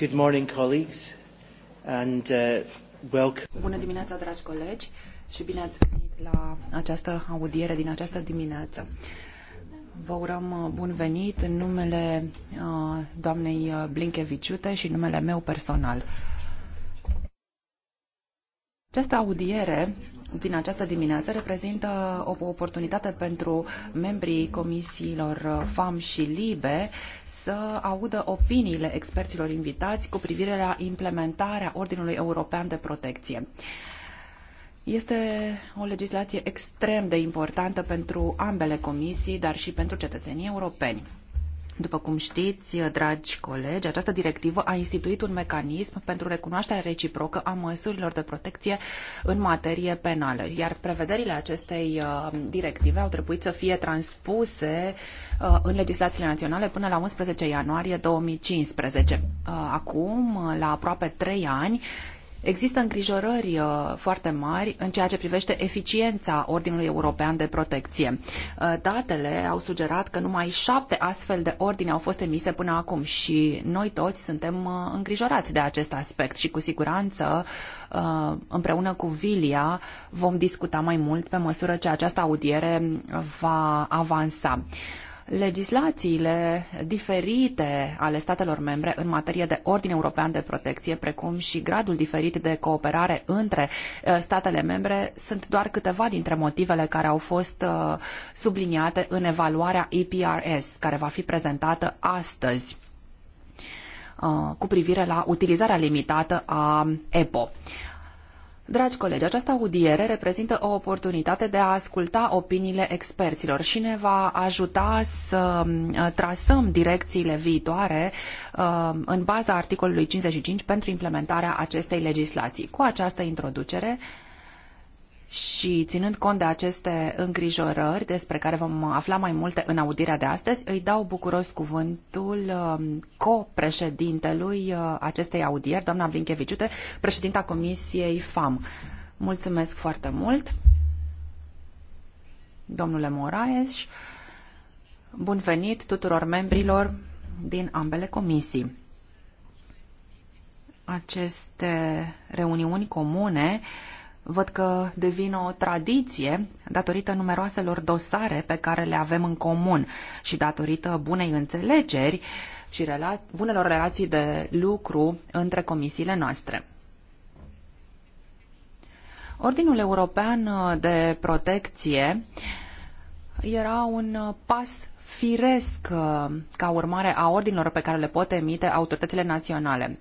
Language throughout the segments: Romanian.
Good morning, colleagues, and uh, welcome. Bună dimineața, dragi colegi, și bine ați venit la această audiere din această dimineață. Vă urăm uh, bun venit în numele uh, doamnei uh, Blinkeviciute și numele meu personal. Această audiere din această dimineață reprezintă o oportunitate pentru membrii comisiilor uh, FAM și LIBE să audă opiniile experților invitați cu privire la implementarea Ordinului European de Protecție. Este o legislație extrem de importantă pentru ambele comisii, dar și pentru cetățenii europeni. După cum știți, dragi colegi, această directivă a instituit un mecanism pentru recunoașterea reciprocă a măsurilor de protecție în materie penală, iar prevederile acestei uh, directive au trebuit să fie transpuse uh, în legislațiile naționale până la 11 ianuarie 2015. Uh, acum, la aproape trei ani, Există îngrijorări uh, foarte mari în ceea ce privește eficiența Ordinului European de Protecție. Uh, datele au sugerat că numai șapte astfel de ordine au fost emise până acum și noi toți suntem uh, îngrijorați de acest aspect și cu siguranță împreună cu Vilia vom discuta mai mult pe măsură ce această audiere va avansa legislațiile diferite ale statelor membre în materie de ordin european de protecție, precum și gradul diferit de cooperare între uh, statele membre, sunt doar câteva dintre motivele care au fost uh, subliniate în evaluarea EPRS, care va fi prezentată astăzi uh, cu privire la utilizarea limitată a EPO. Dragi colegi, această audiere reprezintă o oportunitate de a asculta opiniile experților și ne va ajuta să mm, trasăm direcțiile viitoare mm, în baza articolului 55 pentru implementarea acestei legislații. Cu această introducere, și ținând cont de aceste îngrijorări, despre care vom afla mai multe în audirea de astăzi, îi dau bucuros cuvântul um, copreședintelui uh, acestei audieri, doamna Blinkeviciute, președinta Comisiei FAM. Mulțumesc foarte mult, domnule Moraes. Bun venit tuturor membrilor din ambele comisii. Aceste reuniuni comune uh, Văd că devine o tradiție datorită numeroaselor dosare pe care le avem în comun și datorită bunei înțelegeri și rela- bunelor relații de lucru între comisiile noastre. Ordinul European de Protecție era un pas firesc ca urmare a ordinilor pe care le pot emite autoritățile naționale.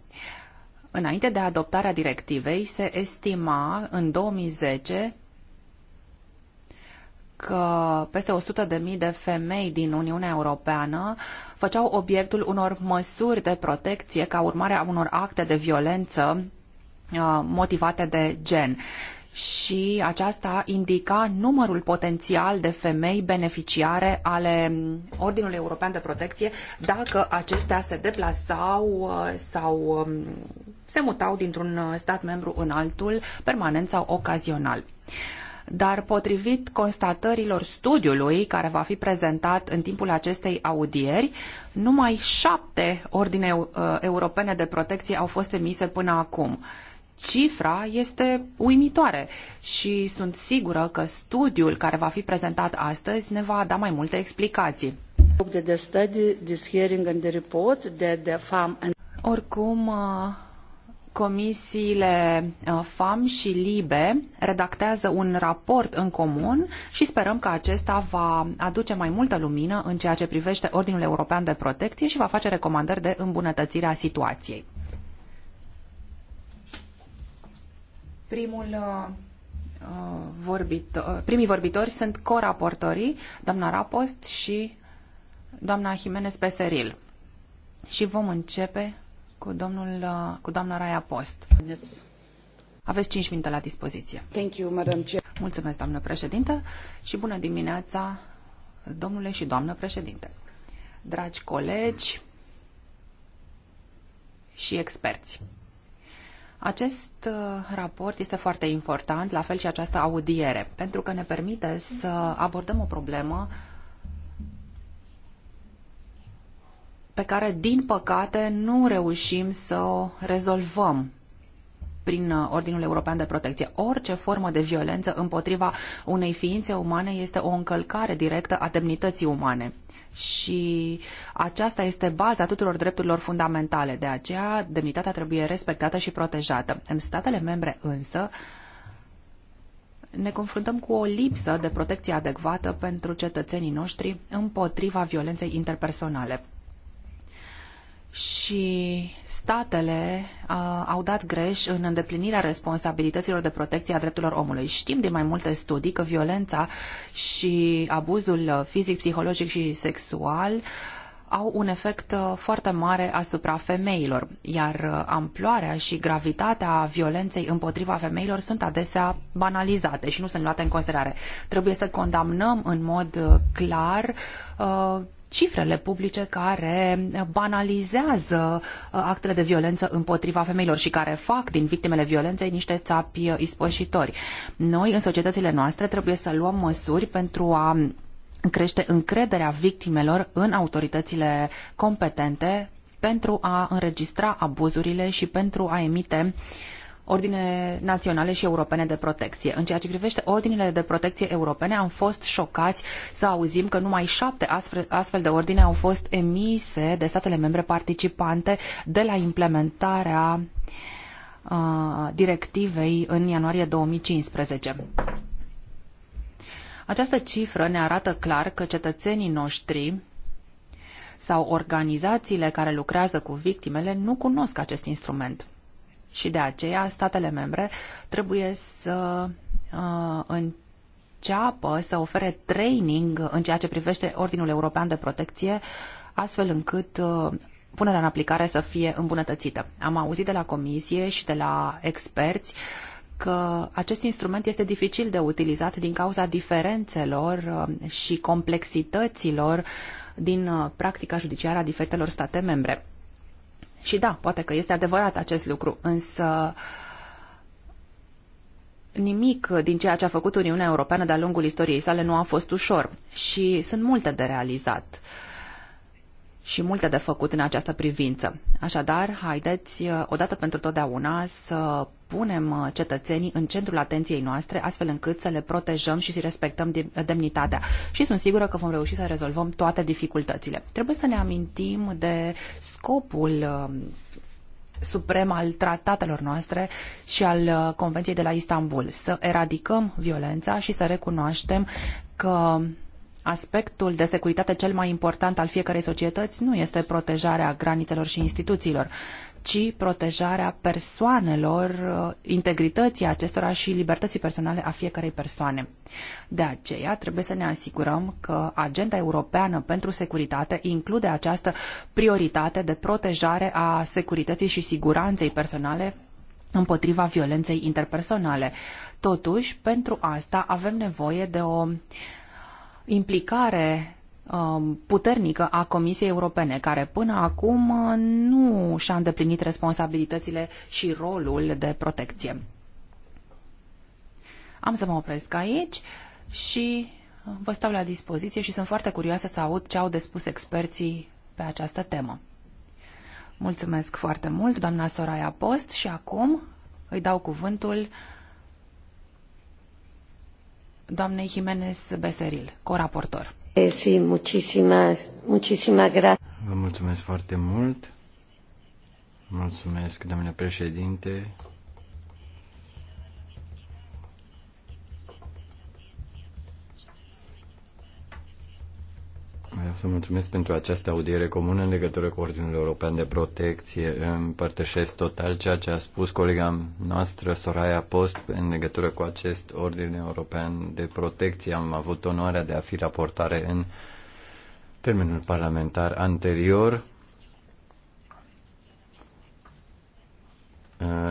Înainte de adoptarea directivei, se estima în 2010 că peste 100.000 de, femei din Uniunea Europeană făceau obiectul unor măsuri de protecție ca urmare a unor acte de violență uh, motivate de gen și aceasta indica numărul potențial de femei beneficiare ale mm, Ordinului European de Protecție dacă acestea se deplasau uh, sau um, se mutau dintr-un uh, stat membru în altul, permanent sau ocazional. Dar potrivit constatărilor studiului care va fi prezentat în timpul acestei audieri, numai șapte ordine uh, europene de protecție au fost emise până acum. Cifra este uimitoare și sunt sigură că studiul care va fi prezentat astăzi ne va da mai multe explicații. Oricum, uh, Comisiile uh, FAM și LIBE redactează un raport în comun și sperăm că acesta va aduce mai multă lumină în ceea ce privește Ordinul European de Protecție și va face recomandări de îmbunătățire a situației. Primul uh, vorbitor, uh, primii vorbitori sunt coraportorii, doamna Rapost și doamna Jimenez Peseril. Și vom începe cu, domnul, uh, cu doamna Raia Post. Aveți 5 minute la dispoziție. Thank you, Madam Chair. Mulțumesc, doamnă președinte, și bună dimineața, domnule și doamnă președinte, dragi colegi și experți. Acest uh, raport este foarte important, la fel și această audiere, pentru că ne permite să abordăm o problemă pe care, din păcate, nu reușim să o rezolvăm prin uh, Ordinul European de Protecție. Orice formă de violență împotriva unei ființe umane este o încălcare directă a demnității umane. Și aceasta este baza tuturor drepturilor fundamentale. De aceea, demnitatea trebuie respectată și protejată. În statele membre însă, ne confruntăm cu o lipsă de protecție adecvată pentru cetățenii noștri împotriva violenței interpersonale și statele uh, au dat greș în îndeplinirea responsabilităților de protecție a drepturilor omului. Știm din mai multe studii că violența și abuzul fizic, psihologic și sexual au un efect uh, foarte mare asupra femeilor, iar uh, amploarea și gravitatea violenței împotriva femeilor sunt adesea banalizate și nu sunt luate în considerare. Trebuie să condamnăm în mod uh, clar uh, cifrele publice care banalizează uh, actele de violență împotriva femeilor și care fac din victimele violenței niște țapi uh, ispășitori. Noi, în societățile noastre, trebuie să luăm măsuri pentru a crește încrederea victimelor în autoritățile competente pentru a înregistra abuzurile și pentru a emite uh, ordine naționale și europene de protecție. În ceea ce privește ordinele de protecție europene, am fost șocați să auzim că numai șapte astfel de ordine au fost emise de statele membre participante de la implementarea uh, directivei în ianuarie 2015. Această cifră ne arată clar că cetățenii noștri sau organizațiile care lucrează cu victimele nu cunosc acest instrument. Și de aceea statele membre trebuie să uh, înceapă să ofere training în ceea ce privește Ordinul European de Protecție, astfel încât uh, punerea în aplicare să fie îmbunătățită. Am auzit de la comisie și de la experți că acest instrument este dificil de utilizat din cauza diferențelor uh, și complexităților din uh, practica judiciară a diferitelor state membre. Și da, poate că este adevărat acest lucru, însă nimic din ceea ce a făcut Uniunea Europeană de-a lungul istoriei sale nu a fost ușor și sunt multe de realizat. Uh, și multe de făcut în această privință. Așadar, haideți uh, odată pentru totdeauna să punem uh, cetățenii în centrul atenției noastre, astfel încât să le protejăm și să respectăm uh, demnitatea. Și sunt sigură că vom reuși să rezolvăm toate dificultățile. Trebuie să ne amintim de scopul suprem al tratatelor noastre și al Convenției de la Istanbul, să eradicăm violența și să recunoaștem că Aspectul de securitate cel mai important al fiecărei societăți nu este protejarea granițelor și instituțiilor, ci protejarea persoanelor, uh, integrității acestora și libertății personale a fiecărei persoane. De aceea trebuie să ne asigurăm că agenda europeană pentru securitate include această prioritate de protejare a securității și siguranței personale împotriva violenței interpersonale. Totuși, pentru asta avem nevoie de o implicare um, puternică a Comisiei Europene, care până acum uh, nu și-a îndeplinit responsabilitățile și rolul de protecție. Am să mă opresc aici și vă stau la dispoziție și sunt foarte curioasă să aud ce au de spus experții pe această temă. Mulțumesc foarte mult, doamna Soraya Post, și acum îi dau cuvântul doamnei Jimenez Beseril, coraportor. Sí, muchísimas, muchísimas gracias. Vă mulțumesc foarte mult. Mulțumesc, domnule președinte, Vreau să mulțumesc pentru această audiere comună în legătură cu Ordinul European de Protecție. Împărtășesc total ceea ce a spus colega noastră, Soraya Post, în legătură cu acest Ordin European de Protecție. Am avut onoarea de a fi raportare în termenul parlamentar anterior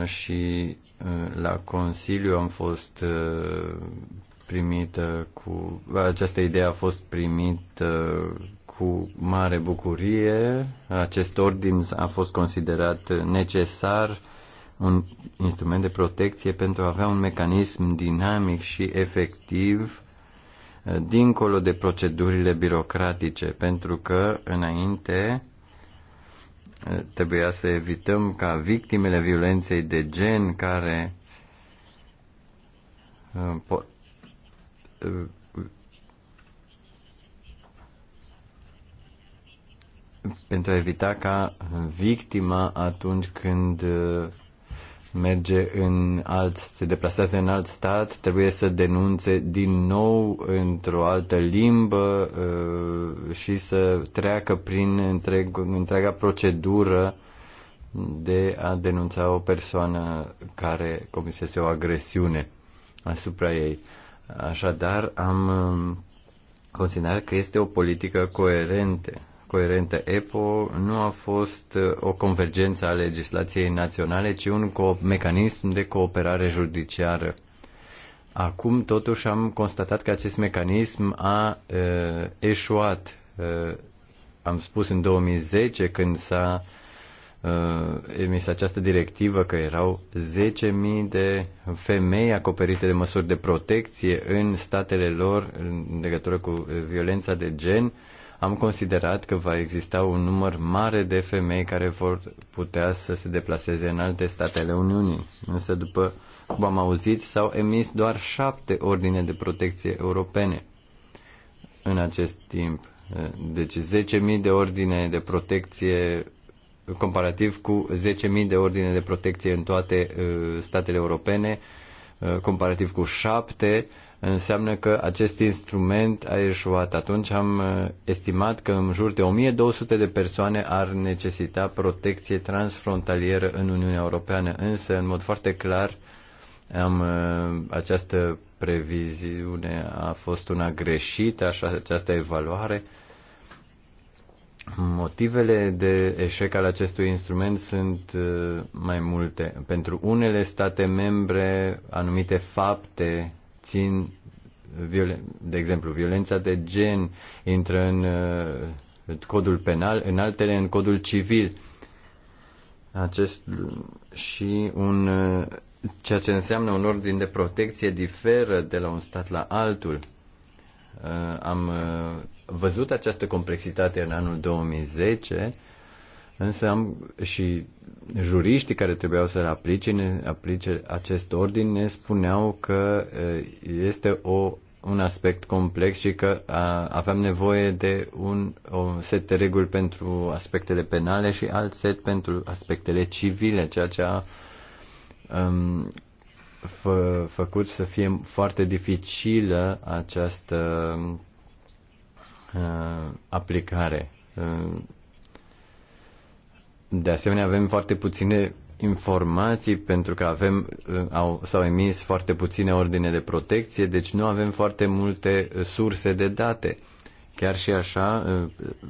uh, și uh, la Consiliu am fost uh, primită cu, această idee a fost primită cu mare bucurie. Acest ordin a fost considerat necesar un instrument de protecție pentru a avea un mecanism dinamic și efectiv dincolo de procedurile birocratice, pentru că înainte trebuia să evităm ca victimele violenței de gen care uh, pentru a evita ca victima atunci când uh, merge în alt, se deplasează în alt stat, trebuie să denunțe din nou într-o altă limbă uh, și să treacă prin întreg, întreaga procedură de a denunța o persoană care comisese o agresiune asupra ei. Așadar, am um, considerat că este o politică coerentă. Coerentă EPO nu a fost uh, o convergență a legislației naționale, ci un mecanism de cooperare judiciară. Acum, totuși, am constatat că acest mecanism a uh, eșuat. Uh, am spus în 2010, când s-a Uh, emis această directivă că erau 10.000 de femei acoperite de măsuri de protecție în statele lor în legătură cu uh, violența de gen, am considerat că va exista un număr mare de femei care vor putea să se deplaseze în alte statele Uniunii. Însă, după cum am auzit, s-au emis doar șapte ordine de protecție europene în acest timp. Uh, deci 10.000 de ordine de protecție comparativ cu 10.000 de ordine de protecție în toate uh, statele europene, uh, comparativ cu 7, înseamnă că acest instrument a ieșuat. Atunci am uh, estimat că în jur de 1200 de persoane ar necesita protecție transfrontalieră în Uniunea Europeană, însă în mod foarte clar am această previziune a fost una greșită, așa această evaluare Motivele de eșec al acestui instrument sunt uh, mai multe. Pentru unele state membre, anumite fapte țin, de exemplu, violența de gen intră în uh, codul penal, în altele în codul civil. Acest și un uh, ceea ce înseamnă un ordin de protecție diferă de la un stat la altul. Am văzut această complexitate în anul 2010, însă am și juriștii care trebuiau să-l aplice, ne, aplice acest ordin ne spuneau că este o, un aspect complex și că a, aveam nevoie de un, un set de reguli pentru aspectele penale și alt set pentru aspectele civile, ceea ce a um, fă, făcut să fie foarte dificilă această Uh, aplicare. Uh, de asemenea, avem foarte puține informații pentru că avem, uh, au, s-au emis foarte puține ordine de protecție, deci nu avem foarte multe surse de date. Chiar și așa,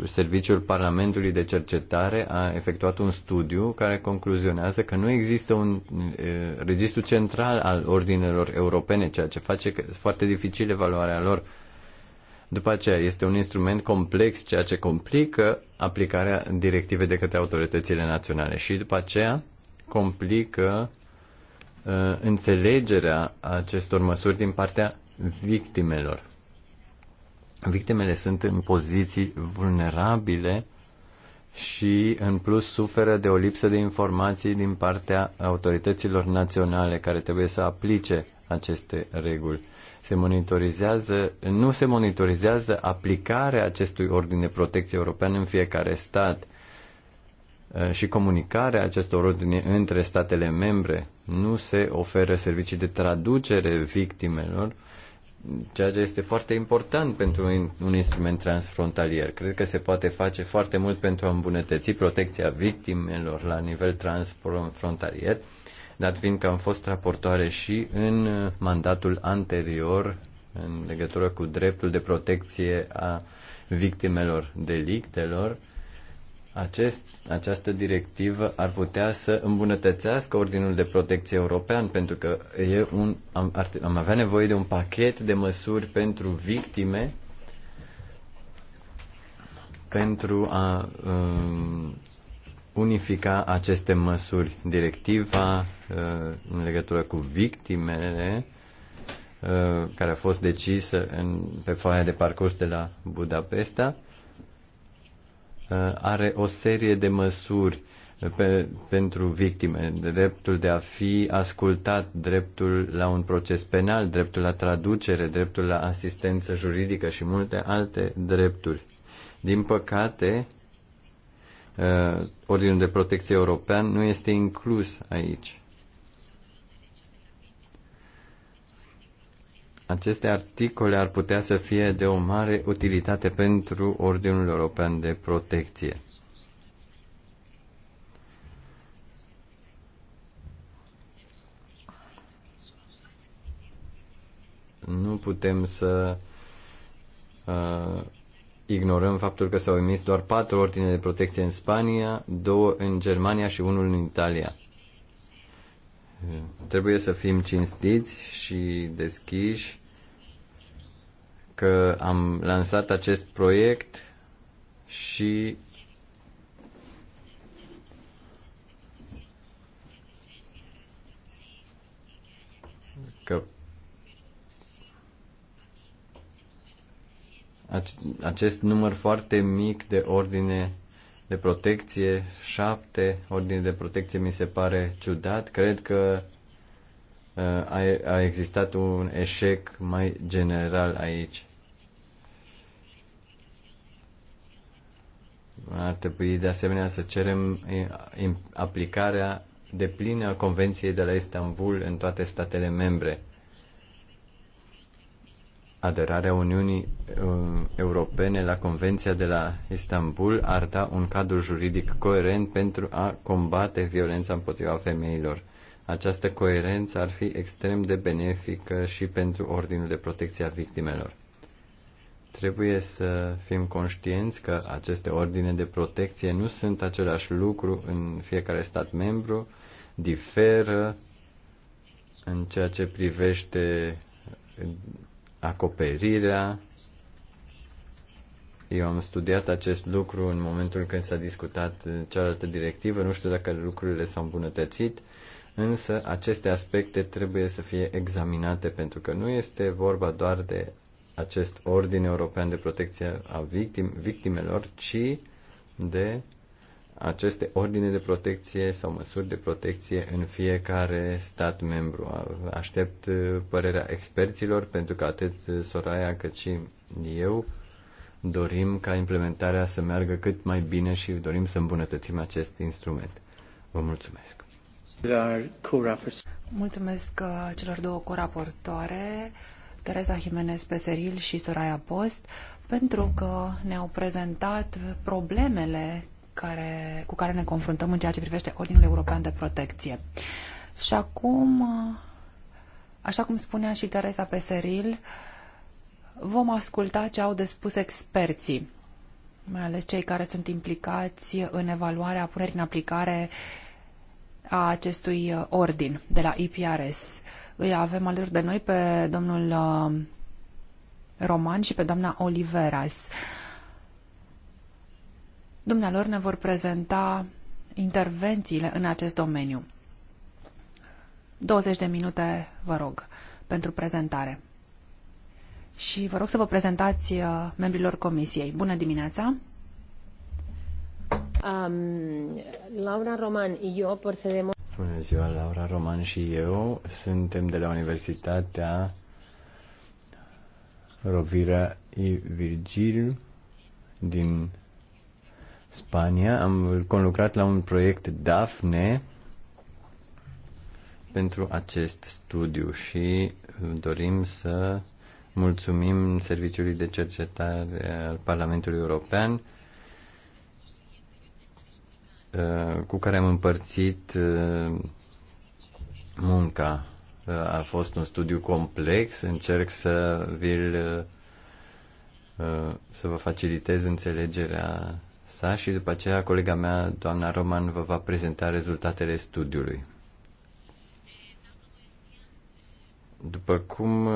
Serviciul Parlamentului de Cercetare a efectuat un studiu care concluzionează că nu există un registru central al ordinelor europene, ceea ce face foarte dificil evaluarea lor. După aceea, este un instrument complex, ceea ce complică aplicarea directivei de către autoritățile naționale și după aceea complică uh, înțelegerea acestor măsuri din partea victimelor. Victimele sunt în poziții vulnerabile și, în plus, suferă de o lipsă de informații din partea autorităților naționale care trebuie să aplice aceste reguli se monitorizează, nu se monitorizează aplicarea acestui ordin de protecție european în fiecare stat uh, și comunicarea acestor ordine între statele membre. Nu se oferă servicii de traducere victimelor, ceea ce este foarte important pentru un instrument transfrontalier. Cred că se poate face foarte mult pentru a îmbunătăți protecția victimelor la nivel transfrontalier dat fiind că am fost raportoare și în mandatul anterior în legătură cu dreptul de protecție a victimelor delictelor, acest, această directivă ar putea să îmbunătățească ordinul de protecție european, pentru că e un, am, ar, am avea nevoie de un pachet de măsuri pentru victime pentru a um, unifica aceste măsuri. Directiva Uh, în legătură cu victimele uh, care a fost decisă în, pe foaia de parcurs de la Budapesta, uh, are o serie de măsuri pe, pentru victime, dreptul de a fi ascultat, dreptul la un proces penal, dreptul la traducere, dreptul la asistență juridică și multe alte drepturi. Din păcate, Ordinul de Protecție European nu este inclus aici. Aceste articole ar putea să fie de o mare utilitate pentru Ordinul European de Protecție. Nu putem să uh, ignorăm faptul că s-au emis doar patru ordine de protecție în Spania, două în Germania și unul în Italia. Trebuie să fim cinstiți și deschiși că am lansat acest proiect și că acest număr foarte mic de ordine de protecție, șapte ordine de protecție mi se pare ciudat. Cred că Uh, a, a existat un eșec mai general aici. Ar trebui de asemenea să cerem aplicarea de plină a Convenției de la Istanbul în toate statele membre. Aderarea Uniunii uh, Europene la Convenția de la Istanbul ar da un cadru juridic coerent pentru a combate violența împotriva femeilor această coerență ar fi extrem de benefică și pentru Ordinul de Protecție a Victimelor. Trebuie să fim conștienți că aceste ordine de protecție nu sunt același lucru în fiecare stat membru, diferă în ceea ce privește acoperirea. Eu am studiat acest lucru în momentul când s-a discutat cealaltă directivă, nu știu dacă lucrurile s-au îmbunătățit, însă aceste aspecte trebuie să fie examinate pentru că nu este vorba doar de acest ordin european de protecție a victim, victimelor, ci de aceste ordine de protecție sau măsuri de protecție în fiecare stat membru. Aștept uh, părerea experților pentru că atât Soraya cât și eu dorim ca implementarea să meargă cât mai bine și dorim să îmbunătățim acest instrument. Vă mulțumesc! Mulțumesc uh, celor două coraportoare, Teresa Jimenez Peseril și Soraya Post, pentru că ne-au prezentat problemele care, cu care ne confruntăm în ceea ce privește Ordinul European de Protecție. Și acum, uh, așa cum spunea și Teresa Peseril, vom asculta ce au de spus experții, mai ales cei care sunt implicați în evaluarea punerii în aplicare a acestui uh, ordin de la IPRS. Îi avem alături de noi pe domnul uh, Roman și pe doamna Oliveras. Dumnealor ne vor prezenta intervențiile în acest domeniu. 20 de minute, vă rog, pentru prezentare. Și vă rog să vă prezentați uh, membrilor comisiei. Bună dimineața! Um, Laura Roman și eu procedem. Bună ziua, Laura Roman și eu suntem de la Universitatea Rovira și Virgil din Spania. Am conlucrat la un proiect DAFNE pentru acest studiu și dorim să mulțumim Serviciului de Cercetare al Parlamentului European Uh, cu care am împărțit uh, munca. Uh, a fost un studiu complex, încerc să vi-l să vă facilitez înțelegerea sa și după aceea colega mea, doamna Roman, vă va prezenta rezultatele studiului. După cum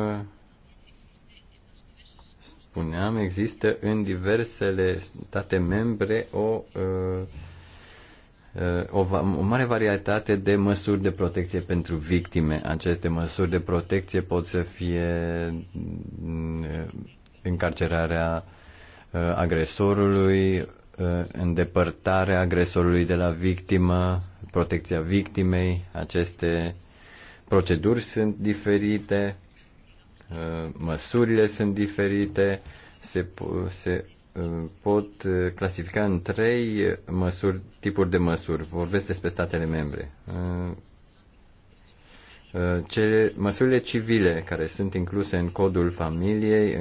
spuneam, există în diversele state membre o uh, Uh, o, o mare varietate de măsuri de protecție pentru victime. Aceste măsuri de protecție pot să fie mm, uh, încarcerarea uh, agresorului, îndepărtarea agresorului de la victimă, protecția victimei. Aceste proceduri sunt diferite, măsurile sunt diferite, se, se pot eh, clasifica în trei măsuri, tipuri de măsuri. Vorbesc despre statele membre. Eh, eh, Cele, măsurile civile care sunt incluse în codul familiei,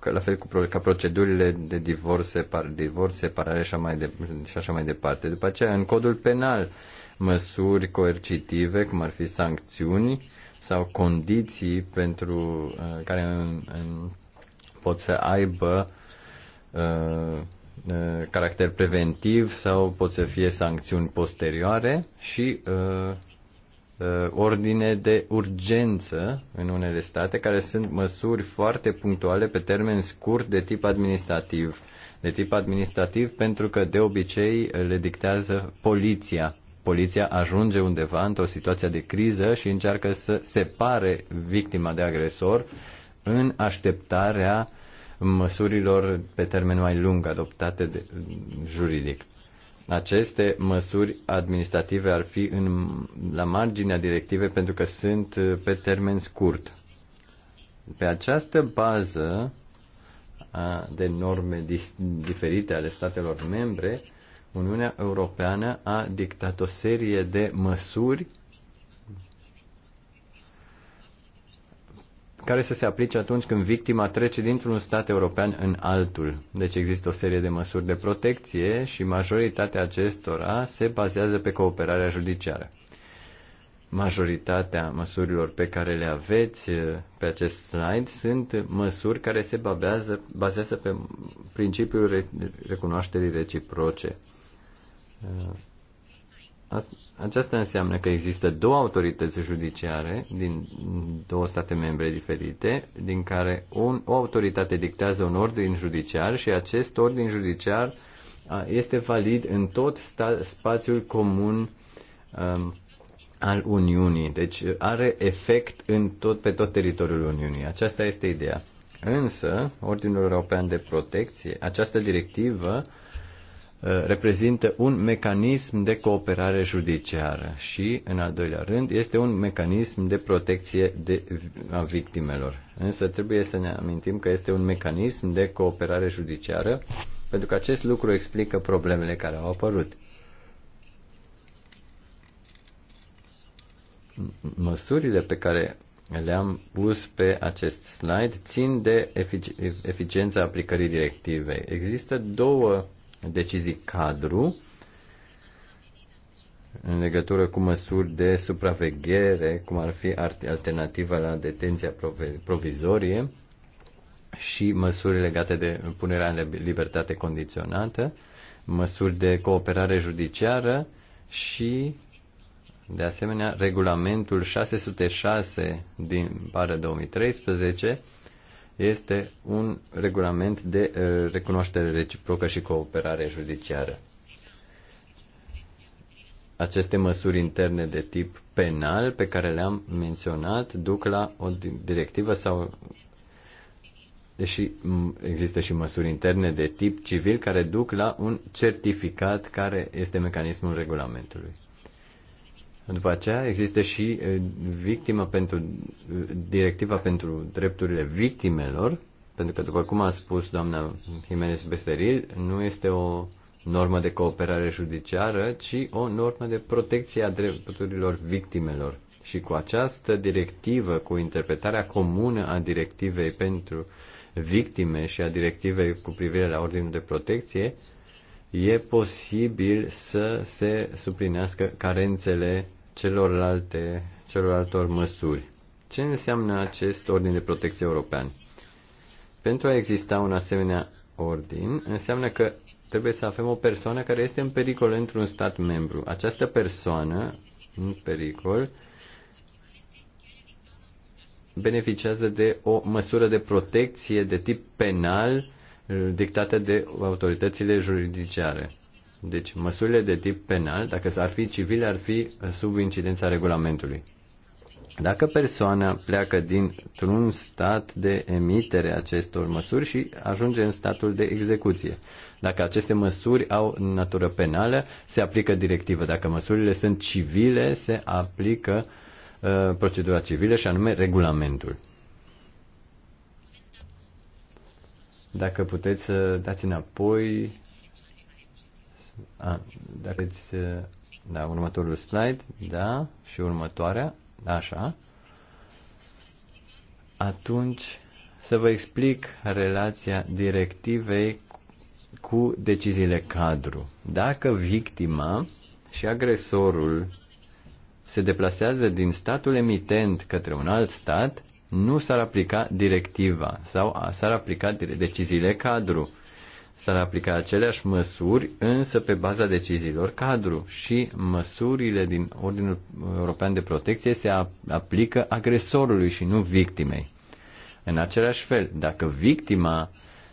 la fel cu, ca procedurile de divorț, separ, divorț separare și așa, mai de, și așa mai departe. După aceea, în codul penal, măsuri coercitive, cum ar fi sancțiuni sau condiții pentru care în, în, pot să aibă Uh, uh, caracter preventiv sau pot să fie sancțiuni posterioare și uh, ordine de urgență în unele state, care sunt măsuri foarte punctuale pe termen scurt de tip administrativ. De tip administrativ pentru că de obicei le dictează poliția. Poliția ajunge undeva într-o situație de criză și încearcă să separe victima de agresor în așteptarea măsurilor pe termen mai lung adoptate de, juridic. Aceste măsuri administrative ar fi în, la marginea directivei pentru că sunt uh, pe termen scurt. Pe această bază a, de norme dis, diferite ale statelor membre, Uniunea Europeană a dictat o serie de măsuri care să se aplice atunci când victima trece dintr-un stat european în altul. Deci există o serie de măsuri de protecție și majoritatea acestora se bazează pe cooperarea judiciară. Majoritatea măsurilor pe care le aveți eh, pe acest slide sunt măsuri care se bazează, bazează pe principiul recunoașterii reciproce. Eh, aceasta înseamnă că există două autorități judiciare din două state membre diferite, din care un, o autoritate dictează un ordin judiciar și acest ordin judiciar este valid în tot sta, spațiul comun um, al Uniunii. Deci are efect în tot, pe tot teritoriul Uniunii. Aceasta este ideea. Însă, Ordinul European de Protecție, această directivă Uh, reprezintă un mecanism de cooperare judiciară și, în al doilea rând, este un mecanism de protecție de, a victimelor. Însă trebuie să ne amintim că este un mecanism de cooperare judiciară, pentru că acest lucru explică problemele care au apărut. Măsurile pe care le-am pus pe acest slide țin de efic- eficiența aplicării directivei. Există două decizii cadru în legătură cu măsuri de supraveghere, cum ar fi alternativa la detenția provizorie și măsuri legate de punerea în libertate condiționată, măsuri de cooperare judiciară și, de asemenea, regulamentul 606 din pară 2013 este un regulament de uh, recunoaștere reciprocă și cooperare judiciară. Aceste măsuri interne de tip penal pe care le-am menționat duc la o directivă sau deși există și măsuri interne de tip civil care duc la un certificat care este mecanismul regulamentului. După aceea există și victima pentru, directiva pentru drepturile victimelor, pentru că, după cum a spus doamna Jimenez Beseril, nu este o normă de cooperare judiciară, ci o normă de protecție a drepturilor victimelor. Și cu această directivă, cu interpretarea comună a directivei pentru victime și a directivei cu privire la ordinul de protecție, e posibil să se suplinească carențele celorlalte, celorlaltor măsuri. Ce înseamnă acest ordin de protecție european? Pentru a exista un asemenea ordin, înseamnă că trebuie să avem o persoană care este în pericol într-un stat membru. Această persoană în pericol beneficiază de o măsură de protecție de tip penal dictată de autoritățile juridiciare. Deci măsurile de tip penal, dacă s ar fi civile, ar fi sub incidența regulamentului. Dacă persoana pleacă dintr-un stat de emitere acestor măsuri și ajunge în statul de execuție. Dacă aceste măsuri au natură penală, se aplică directivă. Dacă măsurile sunt civile, se aplică uh, procedura civilă și anume regulamentul. Dacă puteți să dați înapoi a, dacă îți, uh, da, următorul slide, da, și următoarea, așa. Atunci să vă explic relația directivei cu deciziile cadru. Dacă victima și agresorul se deplasează din statul emitent către un alt stat, nu s-ar aplica directiva sau s-ar aplica deciziile cadru S-ar aplica aceleași măsuri, însă pe baza deciziilor cadru și măsurile din Ordinul European de Protecție se aplică agresorului și nu victimei. În același fel, dacă victima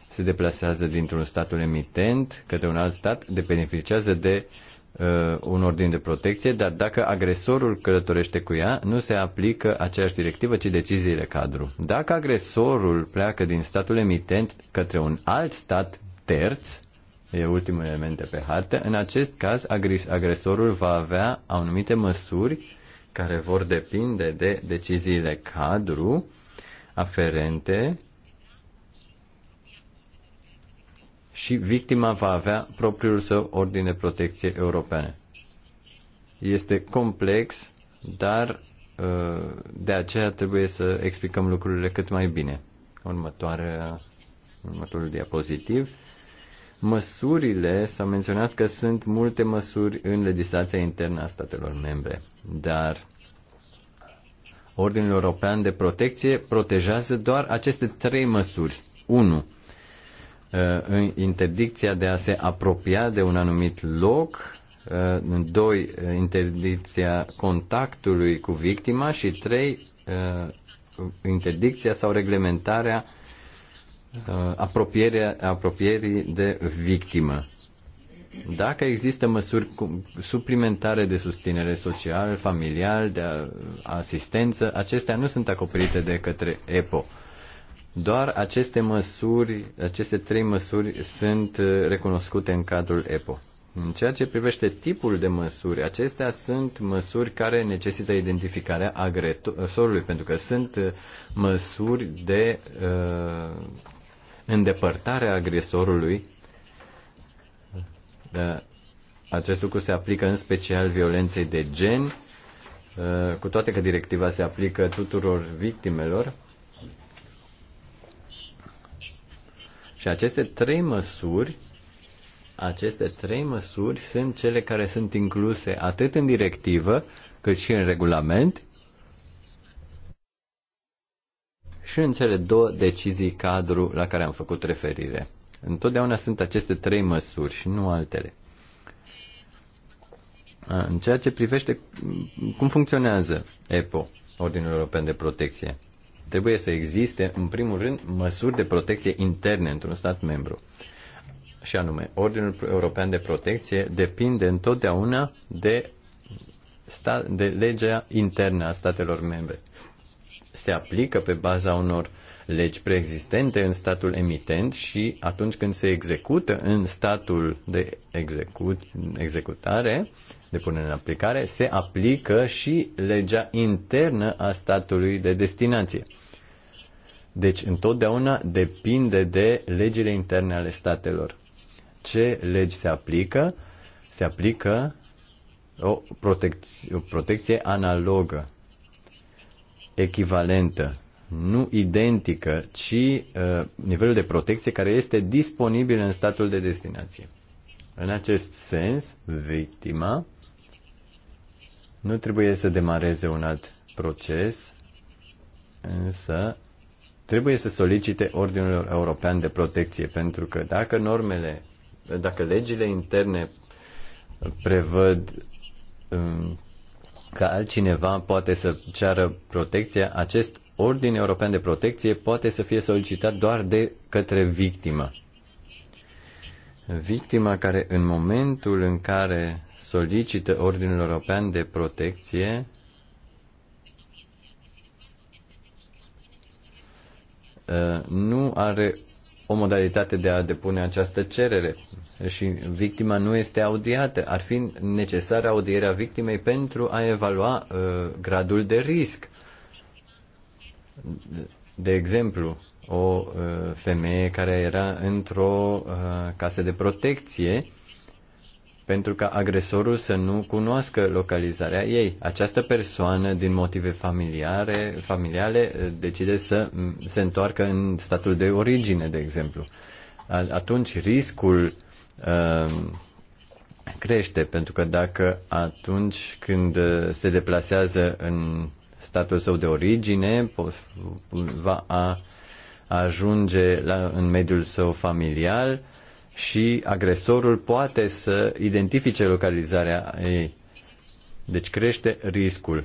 se deplasează dintr-un statul emitent către un alt stat, de beneficiază de uh, un ordin de protecție, dar dacă agresorul călătorește cu ea, nu se aplică aceeași directivă, ci deciziile cadru. Dacă agresorul pleacă din statul emitent către un alt stat terț, e ultimul element de pe hartă, în acest caz agresorul va avea anumite măsuri care vor depinde de deciziile cadru aferente și victima va avea propriul său ordine de protecție europeană. Este complex, dar uh, de aceea trebuie să explicăm lucrurile cât mai bine. Următoarea, următorul diapozitiv măsurile, s-a menționat că sunt multe măsuri în legislația internă a statelor membre, dar Ordinul European de Protecție protejează doar aceste trei măsuri. 1. Uh, interdicția de a se apropia de un anumit loc, 2. Uh, uh, interdicția contactului cu victima și 3. Interdicția sau reglementarea Uh, apropierea, apropierii de victimă. Dacă există măsuri suplimentare de susținere social, familial, de asistență, acestea nu sunt acoperite de către EPO. Doar aceste măsuri, aceste trei măsuri sunt uh, recunoscute în cadrul EPO. În ceea ce privește tipul de măsuri, acestea sunt măsuri care necesită identificarea agresorului, pentru că sunt uh, măsuri de uh, îndepărtarea agresorului. Da, acest lucru se aplică în special violenței de gen, uh, cu toate că directiva se aplică tuturor victimelor. Și aceste trei măsuri aceste trei măsuri sunt cele care sunt incluse atât în directivă cât și în regulament și în cele două decizii cadru la care am făcut referire. Întotdeauna sunt aceste trei măsuri și nu altele. În ceea ce privește cum funcționează EPO, Ordinul European de Protecție, trebuie să existe, în primul rând, măsuri de protecție interne într-un stat membru. Și anume, Ordinul European de Protecție depinde întotdeauna de, sta- de legea internă a statelor membre se aplică pe baza unor legi preexistente în statul emitent și atunci când se execută în statul de execut, executare, de punere în aplicare, se aplică și legea internă a statului de destinație. Deci întotdeauna depinde de legile interne ale statelor. Ce legi se aplică? Se aplică o, protec- o protecție analogă echivalentă, nu identică, ci uh, nivelul de protecție care este disponibil în statul de destinație. În acest sens, victima nu trebuie să demareze un alt proces, însă trebuie să solicite Ordinul European de Protecție, pentru că dacă normele, dacă legile interne prevăd um, ca altcineva poate să ceară protecția, acest ordin european de protecție poate să fie solicitat doar de către victimă. Victima care în momentul în care solicită ordinul european de protecție uh, nu are o modalitate de a depune această cerere și victima nu este audiată. Ar fi necesară audierea victimei pentru a evalua uh, gradul de risc. De exemplu, o uh, femeie care era într-o uh, casă de protecție pentru ca agresorul să nu cunoască localizarea ei. Această persoană, din motive familiare, familiale, uh, decide să se întoarcă în statul de origine, de exemplu. Atunci riscul Um, crește, pentru că dacă atunci când uh, se deplasează în statul său de origine, va a ajunge la, în mediul său familial și agresorul poate să identifice localizarea ei. Deci crește riscul.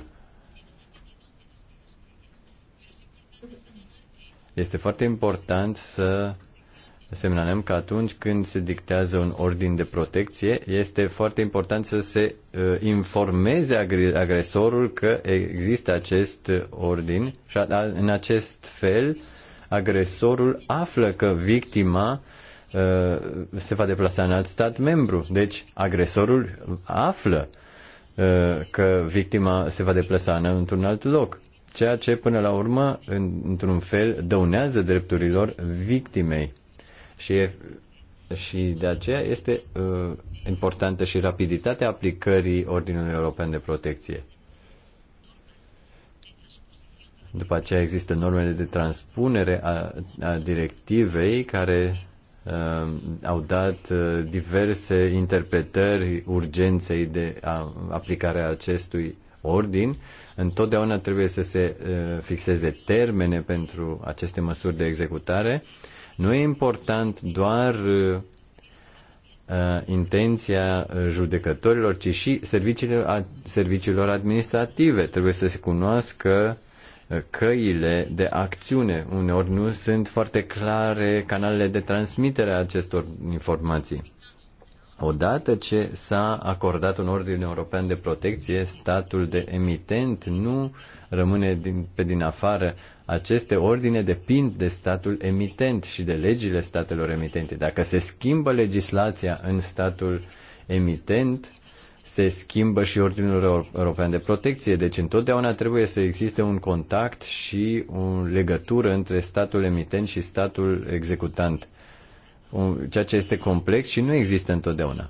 Este foarte important să semnalăm că atunci când se dictează un ordin de protecție, este foarte important să se uh, informeze agresorul că există acest ordin și în acest fel agresorul află că victima uh, se va deplasa în alt stat membru. Deci agresorul află uh, că victima se va deplasa într-un alt loc ceea ce până la urmă, într-un fel, dăunează drepturilor victimei și, și de aceea este uh, importantă și rapiditatea aplicării Ordinului European de Protecție. După aceea există normele de transpunere a, a directivei care uh, au dat uh, diverse interpretări urgenței de a, aplicarea acestui ordin. Întotdeauna trebuie să se uh, fixeze termene pentru aceste măsuri de executare. Uh, nu e important doar uh, uh, intenția uh, judecătorilor, ci și serviciile, serviciilor administrative. Trebuie să se cunoască căile de acțiune. Uneori nu sunt foarte clare canalele de transmitere a acestor informații. Odată ce s-a acordat un ordin european de protecție, statul de emitent nu rămâne din, pe din afară aceste ordine depind de statul emitent și de legile statelor emitente. Dacă se schimbă legislația în statul emitent, se schimbă și Ordinul European de Protecție. Deci întotdeauna trebuie să existe un contact și o legătură între statul emitent și statul executant, ceea ce este complex și nu există întotdeauna.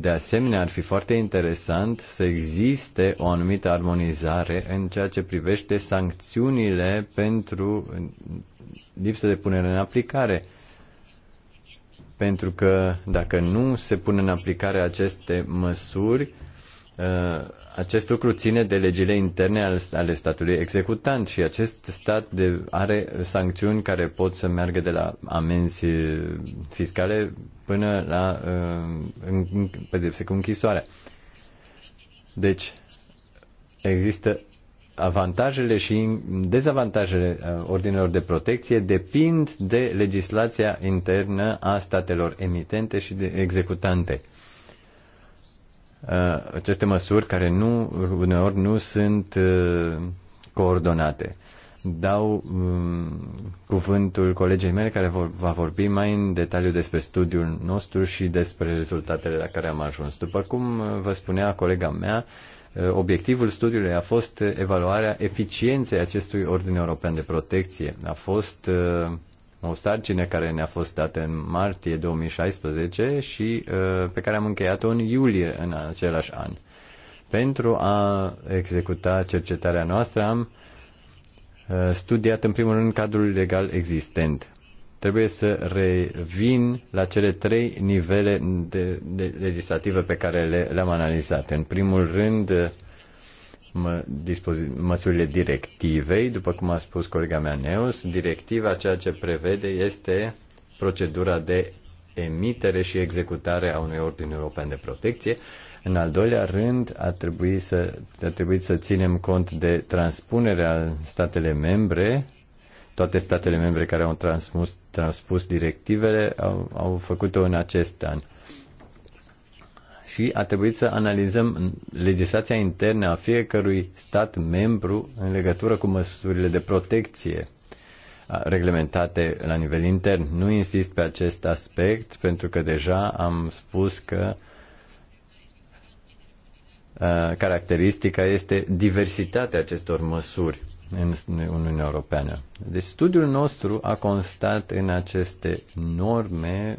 De asemenea, ar fi foarte interesant să existe o anumită armonizare în ceea ce privește sancțiunile pentru lipsă de punere în aplicare. Pentru că dacă nu se pun în aplicare aceste măsuri, Uh, acest lucru ține de legile interne ale statului executant și acest stat de, are sancțiuni care pot să meargă de la amenzi uh, fiscale până la uh, pedepse cu închisoare. Deci, există avantajele și dezavantajele ordinelor de protecție depind de legislația internă a statelor emitente și de executante. Uh, aceste măsuri care nu, uneori nu sunt uh, coordonate. Dau um, cuvântul colegei mele care vor, va vorbi mai în detaliu despre studiul nostru și despre rezultatele la care am ajuns. După cum uh, vă spunea colega mea, obiectivul studiului a fost evaluarea eficienței acestui ordin european de protecție. A fost uh, o sarcină care ne-a fost dată în martie 2016 și uh, pe care am încheiat-o în iulie în același an. Pentru a executa cercetarea noastră am uh, studiat în primul rând cadrul legal existent. Trebuie să revin la cele trei nivele de, de legislative pe care le, le-am analizat. În primul rând, mă, măsurile directivei, după cum a spus colega mea Neus, directiva ceea ce prevede este procedura de emitere și executare a unui ordin european de protecție. În al doilea rând, a trebuit să, a trebuit să ținem cont de transpunerea în statele membre. Toate statele membre care au transpus, transpus directivele au, au făcut-o în acest an și a trebuit să analizăm legislația internă a fiecărui stat membru în legătură cu măsurile de protecție reglementate la nivel intern. Nu insist pe acest aspect pentru că deja am spus că caracteristica este diversitatea acestor măsuri în Uniunea Europeană. Deci studiul nostru a constat în aceste norme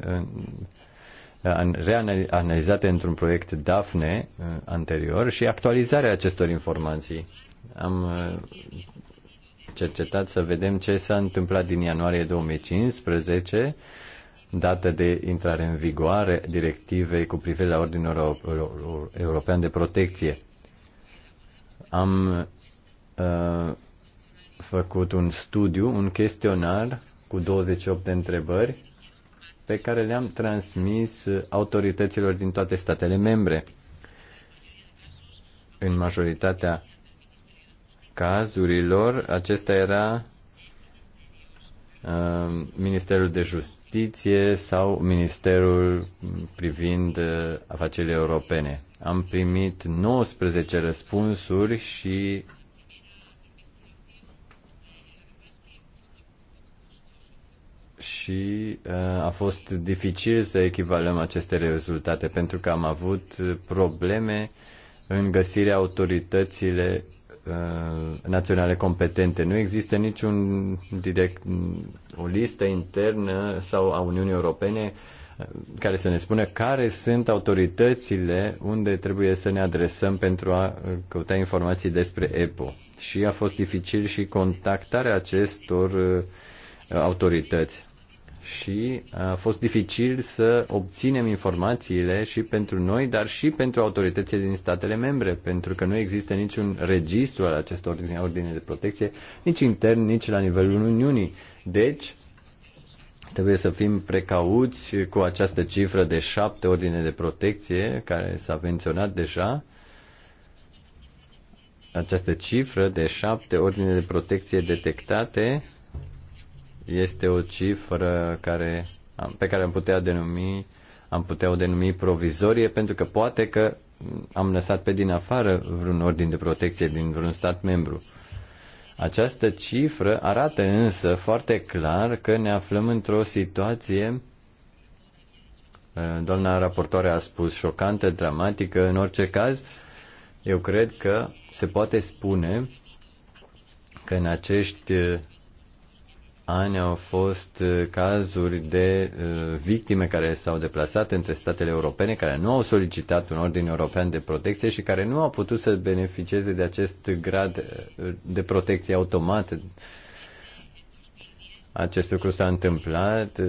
reanalizate într-un proiect DAFNE uh, anterior și actualizarea acestor informații. Am uh, cercetat să vedem ce s-a întâmplat din ianuarie 2015, dată de intrare în vigoare directivei cu privire la Ordinul European de Protecție. Am uh, făcut un studiu, un chestionar cu 28 de întrebări pe care le-am transmis autorităților din toate statele membre. În majoritatea cazurilor, acesta era uh, Ministerul de Justiție sau Ministerul privind uh, afacerile europene. Am primit 19 răspunsuri și și uh, a fost dificil să echivalăm aceste rezultate pentru că am avut probleme în găsirea autoritățile uh, naționale competente. Nu există niciun direct, o listă internă sau a Uniunii Europene uh, care să ne spună care sunt autoritățile unde trebuie să ne adresăm pentru a căuta informații despre EPO. Și a fost dificil și contactarea acestor autorități și a fost dificil să obținem informațiile și pentru noi, dar și pentru autoritățile din statele membre, pentru că nu există niciun registru al acestor ordine de protecție, nici intern, nici la nivelul Uniunii. Deci, trebuie să fim precauți cu această cifră de șapte ordine de protecție, care s-a menționat deja, această cifră de șapte ordine de protecție detectate este o cifră care, pe care am putea denumi am putea o denumi provizorie pentru că poate că am lăsat pe din afară vreun ordin de protecție din vreun stat membru. Această cifră arată însă foarte clar că ne aflăm într-o situație, uh, doamna raportoare a spus, șocantă, dramatică, în orice caz, eu cred că se poate spune că în acești uh, ani au fost uh, cazuri de uh, victime care s-au deplasat între statele europene, care nu au solicitat un ordin european de protecție și care nu au putut să beneficieze de acest grad uh, de protecție automat. Acest lucru s-a întâmplat,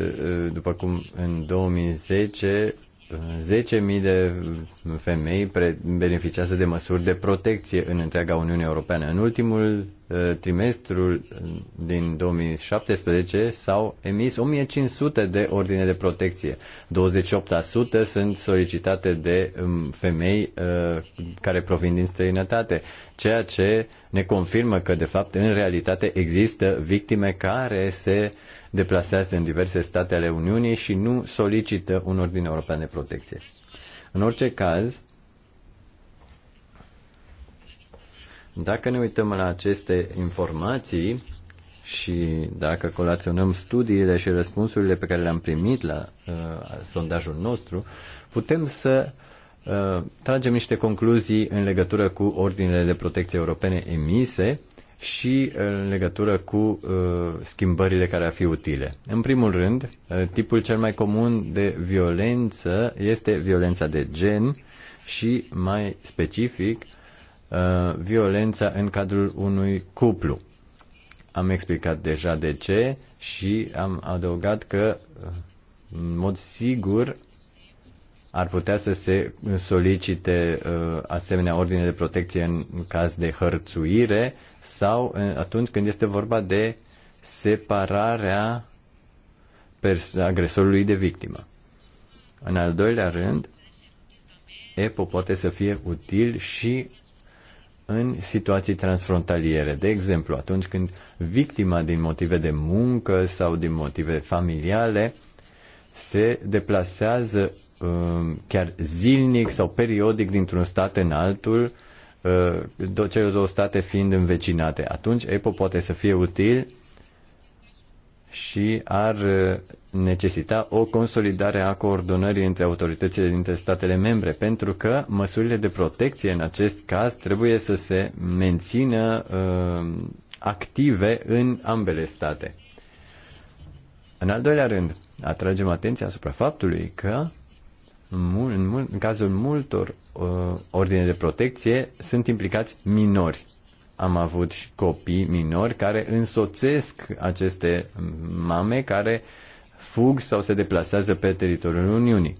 după cum în 2010 10.000 de femei beneficiază de măsuri de protecție în întreaga Uniune Europeană. În ultimul Uh, trimestrul din 2017 s-au emis 1500 de ordine de protecție. 28% sunt solicitate de um, femei uh, care provin din străinătate, ceea ce ne confirmă că, de fapt, în realitate există victime care se deplasează în diverse state ale Uniunii și nu solicită un ordine european de protecție. În orice caz, Dacă ne uităm la aceste informații și dacă colaționăm studiile și răspunsurile pe care le-am primit la uh, sondajul nostru, putem să uh, tragem niște concluzii în legătură cu ordinele de protecție europene emise și uh, în legătură cu uh, schimbările care ar fi utile. În primul rând, uh, tipul cel mai comun de violență este violența de gen și mai specific Uh, violența în cadrul unui cuplu. Am explicat deja de ce și am adăugat că, uh, în mod sigur, ar putea să se solicite uh, asemenea ordine de protecție în, caz de hărțuire sau uh, atunci când este vorba de separarea agresorului de victimă. În al doilea rând, EPO poate să fie util și în situații transfrontaliere. De exemplu, atunci când victima din motive de muncă sau din motive familiale se deplasează um, chiar zilnic sau periodic dintr-un stat în altul, uh, cele două state fiind învecinate. Atunci EPO poate să fie util și ar uh, necesita o consolidare a coordonării între autoritățile dintre statele membre, pentru că măsurile de protecție în acest caz trebuie să se mențină uh, active în ambele state. În al doilea rând, atragem atenția asupra faptului că în, mul- în cazul multor uh, ordine de protecție sunt implicați minori am avut și copii minori care însoțesc aceste mame care fug sau se deplasează pe teritoriul Uniunii.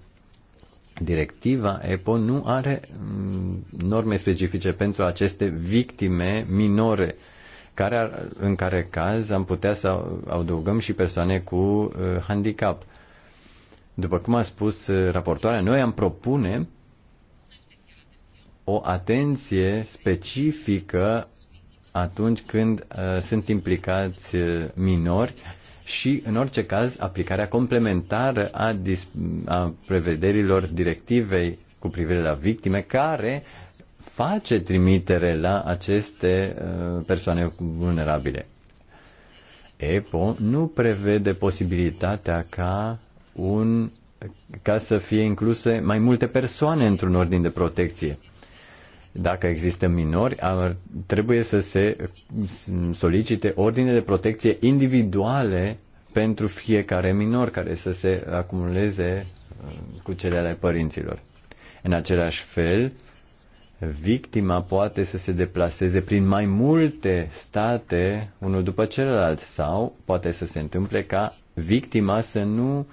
Directiva EPO nu are mm, norme specifice pentru aceste victime minore, care ar, în care caz am putea să adăugăm și persoane cu uh, handicap. După cum a spus uh, raportoarea, noi am propune o atenție specifică atunci când uh, sunt implicați uh, minori și, în orice caz, aplicarea complementară a, a prevederilor directivei cu privire la victime, care face trimitere la aceste uh, persoane vulnerabile. EPO nu prevede posibilitatea ca un ca să fie incluse mai multe persoane într-un ordin de protecție. Dacă există minori, ar, trebuie să se solicite ordine de protecție individuale pentru fiecare minor care să se acumuleze uh, cu cele ale părinților. În același fel, victima poate să se deplaseze prin mai multe state, unul după celălalt, sau poate să se întâmple ca victima să nu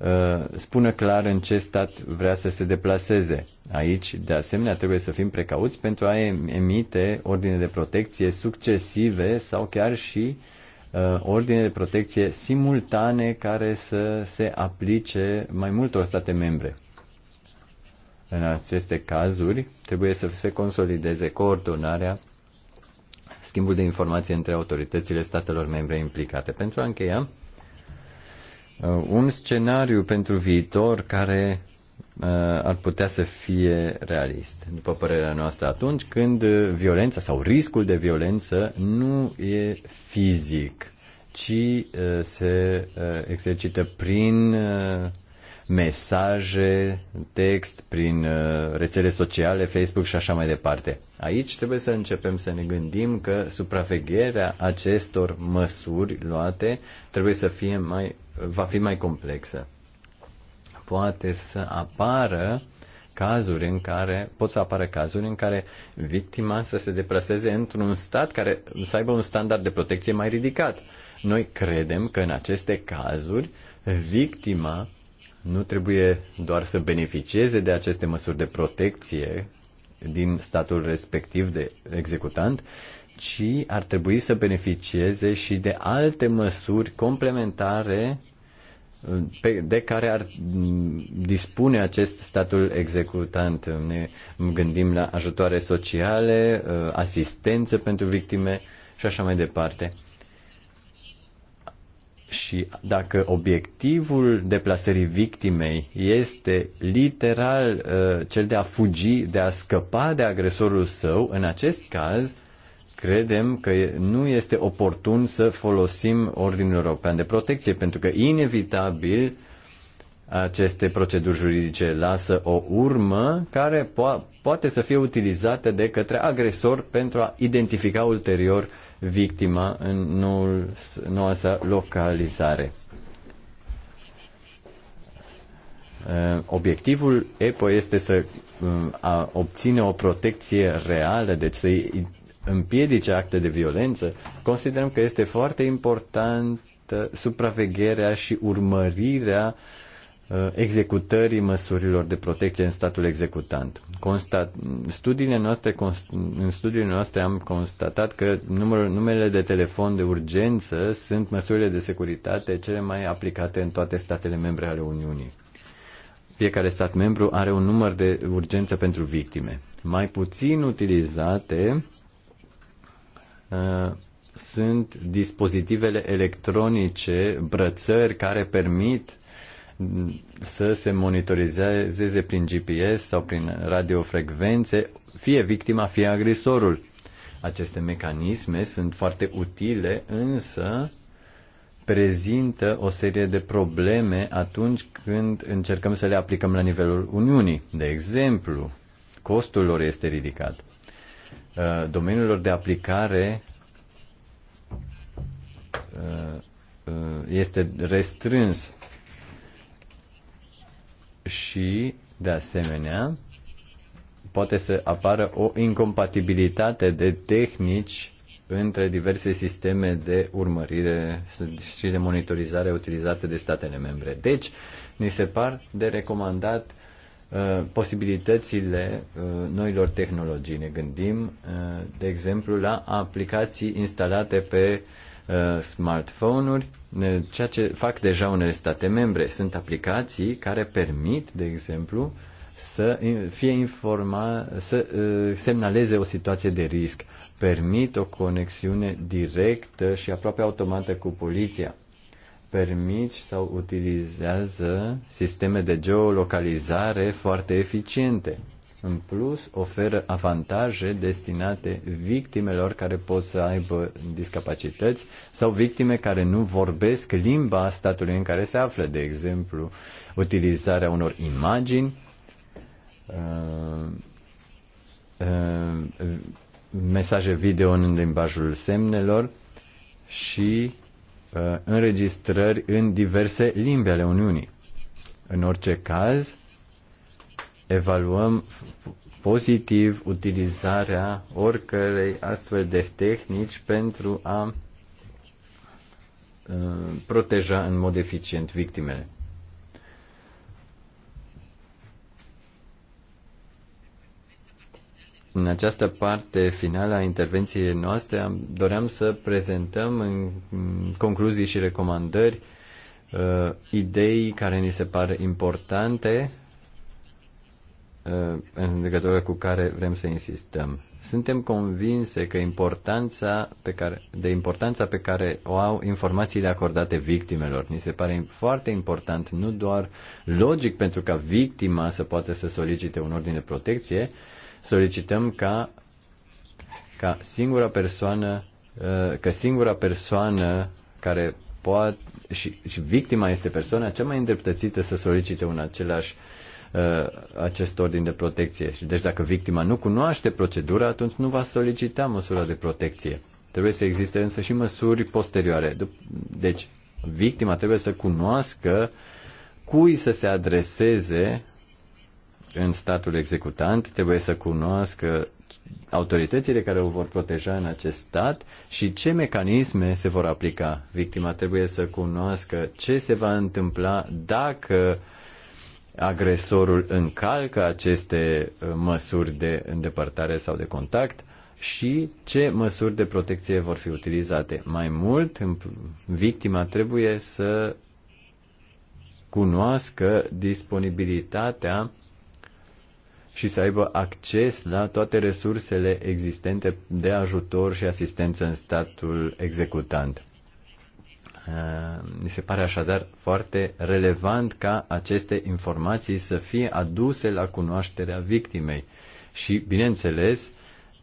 Uh, spună clar în ce stat vrea să se deplaseze. Aici, de asemenea, trebuie să fim precauți pentru a emite ordine de protecție succesive sau chiar și uh, ordine de protecție simultane care să se aplice mai multor state membre. În aceste cazuri, trebuie să se consolideze coordonarea, schimbul de informații între autoritățile statelor membre implicate. Pentru a încheia, Uh, un scenariu pentru viitor care uh, ar putea să fie realist, după părerea noastră, atunci când violența sau riscul de violență nu e fizic, ci uh, se exercită prin mesaje, text, prin uh, rețele sociale, Facebook și așa mai departe. Aici trebuie să începem să ne gândim că supravegherea acestor măsuri luate trebuie să fie mai, va fi mai complexă. Poate să apară cazuri în care pot să apară cazuri în care victima să se deplaseze într-un stat care să aibă un standard de protecție mai ridicat. Noi credem că în aceste cazuri victima nu trebuie doar să beneficieze de aceste măsuri de protecție din statul respectiv de executant, ci ar trebui să beneficieze și de alte măsuri complementare uh, pe, de care ar mm, dispune acest statul executant. Ne gândim la ajutoare sociale, uh, asistență pentru victime și așa mai departe. Și dacă obiectivul deplasării victimei este literal uh, cel de a fugi, de a scăpa de agresorul său, în acest caz credem că nu este oportun să folosim Ordinul European de Protecție, pentru că inevitabil aceste proceduri juridice lasă o urmă care po- poate să fie utilizată de către agresor pentru a identifica ulterior uh, victima în noul, noua sa localizare. Uh, obiectivul EPO este să um, a obține o protecție reală, deci să-i împiedice acte de violență, considerăm că este foarte importantă supravegherea și urmărirea uh, Uh, executării măsurilor de protecție în statul executant. Constat, studiile noastre, const, în studiile noastre am constatat că numărul, numele de telefon de urgență sunt măsurile de securitate cele mai aplicate în toate statele membre ale Uniunii. Fiecare stat membru are un număr de urgență pentru victime. Mai puțin utilizate uh, sunt dispozitivele electronice, brățări care permit uh, să se monitorizeze prin GPS sau prin radiofrecvențe fie victima, fie agresorul. Aceste mecanisme sunt foarte utile, însă prezintă o serie de probleme atunci când încercăm să le aplicăm la nivelul Uniunii. De exemplu, costul lor este ridicat. Uh, domeniul lor de aplicare uh, uh, este restrâns și, de asemenea, poate să apară o incompatibilitate de tehnici între diverse sisteme de urmărire și de monitorizare utilizate de statele membre. Deci, ni se par de recomandat uh, posibilitățile uh, noilor tehnologii. Ne gândim, uh, de exemplu, la aplicații instalate pe uh, smartphone-uri Eh, ceea ce fac deja unele state membre. Sunt aplicații care permit, de exemplu, să fie informa, să eh, semnaleze o situație de risc, permit o conexiune directă și aproape automată cu poliția, permit sau utilizează sisteme de geolocalizare foarte eficiente. În plus, oferă avantaje destinate victimelor care pot să aibă discapacități sau victime care nu vorbesc limba statului în care se află, de exemplu, utilizarea unor imagini, uh, uh, mesaje video în limbajul semnelor și uh, înregistrări în diverse limbi ale Uniunii. În orice caz, evaluăm pozitiv utilizarea oricărei astfel de tehnici pentru a uh, proteja în mod eficient victimele. În această parte finală a intervenției noastre am, doream să prezentăm în concluzii și recomandări uh, idei care ni se par importante Uh, în legătură cu care vrem să insistăm. Suntem convinse că importanța pe care, de importanța pe care o au informațiile acordate victimelor. Ni se pare foarte important, nu doar logic pentru ca victima să poată să solicite un ordin de protecție, solicităm ca, ca singura persoană, uh, că singura persoană care poate și, și victima este persoana cea mai îndreptățită să solicite un același uh, Uh, acest ordin de protecție. Și deci dacă victima nu cunoaște procedura, atunci nu va solicita măsura de protecție. Trebuie să existe însă și măsuri posterioare. Deci, victima trebuie să cunoască cui să se adreseze în statul executant, trebuie să cunoască autoritățile care o vor proteja în acest stat și ce mecanisme se vor aplica. Victima trebuie să cunoască ce se va întâmpla dacă uh, agresorul încalcă aceste uh, măsuri de îndepărtare sau de contact și ce măsuri de protecție vor fi utilizate. Mai mult, victima trebuie să cunoască disponibilitatea și să aibă acces la toate resursele existente de ajutor și asistență în statul executant. Uh, mi se pare așadar foarte relevant ca aceste informații să fie aduse la cunoașterea victimei și, bineînțeles,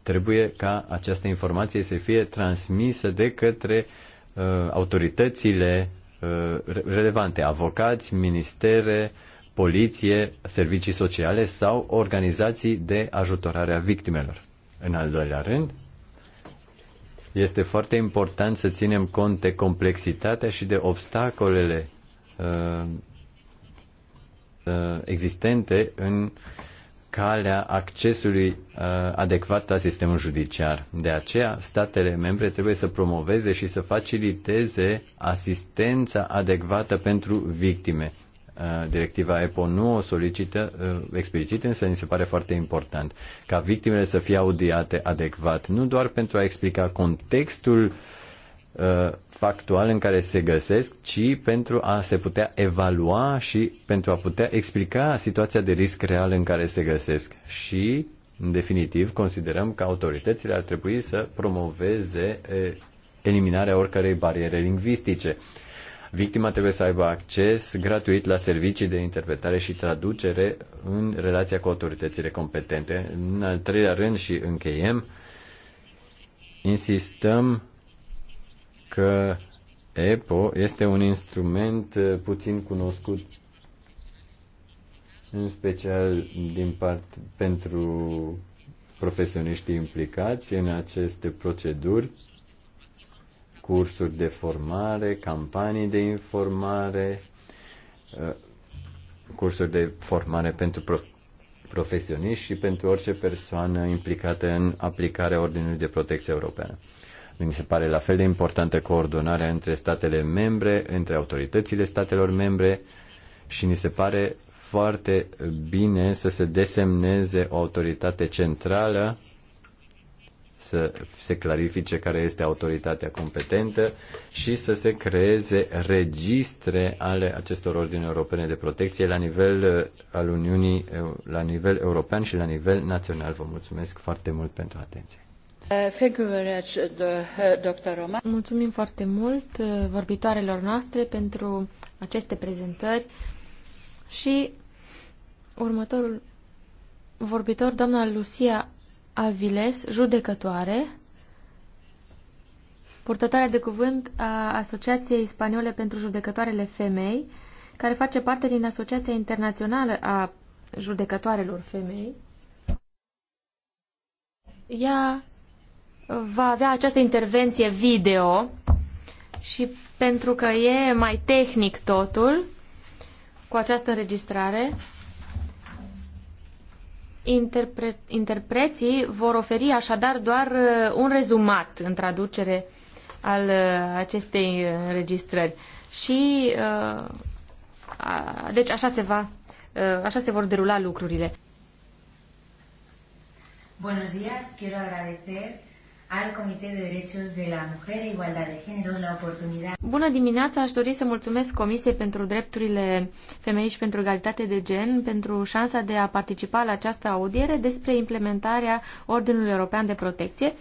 trebuie ca această informație să fie transmisă de către uh, autoritățile uh, relevante, avocați, ministere, poliție, servicii sociale sau organizații de ajutorare a victimelor. În al doilea rând, este foarte important să ținem cont de complexitatea și de obstacolele uh, uh, existente în calea accesului uh, adecvat la sistemul judiciar. De aceea, statele membre trebuie să promoveze și să faciliteze asistența adecvată pentru victime Uh, directiva EPO nu o solicită uh, explicit, însă mi se pare foarte important ca victimele să fie audiate adecvat, nu doar pentru a explica contextul uh, factual în care se găsesc, ci pentru a se putea evalua și pentru a putea explica situația de risc real în care se găsesc. Și, în definitiv, considerăm că autoritățile ar trebui să promoveze eliminarea oricărei bariere lingvistice. Victima trebuie să aibă acces gratuit la servicii de interpretare și traducere în relația cu autoritățile competente. În al treilea rând și încheiem, insistăm că EPO este un instrument uh, puțin cunoscut în special din part pentru profesioniștii implicați în aceste proceduri cursuri de formare, campanii de informare, uh, cursuri de formare pentru profesioniști și pentru orice persoană implicată în aplicarea Ordinului de Protecție Europeană. Mi se pare la fel de importantă coordonarea între statele membre, între autoritățile statelor membre și ni se pare foarte bine să se desemneze o autoritate centrală să se clarifice care este autoritatea competentă și să se creeze registre ale acestor ordine europene de protecție la nivel uh, al Uniunii, uh, la nivel european și la nivel național. Vă mulțumesc foarte mult pentru atenție. Uh, Mulțumim foarte mult vorbitoarelor noastre pentru aceste prezentări și următorul vorbitor, doamna Lucia Aviles, judecătoare, purtătoare de cuvânt a Asociației Spaniole pentru Judecătoarele Femei, care face parte din Asociația Internațională a Judecătoarelor Femei. Ea va avea această intervenție video și pentru că e mai tehnic totul, cu această înregistrare, Interpre- interpreții vor oferi așadar doar uh, un rezumat în traducere al uh, acestei uh, înregistrări. Și deci așa se va așa se vor derula lucrurile. Buenos días, quiero agradecer al Comité de Derechos de la Mujer, Igualdad de Género, la oportunidad. Bună dimineața, aș dori să mulțumesc Comisiei pentru Drepturile Femeii și pentru Egalitate de Gen pentru șansa de a participa la această audiere despre implementarea Ordinului European de Protecție.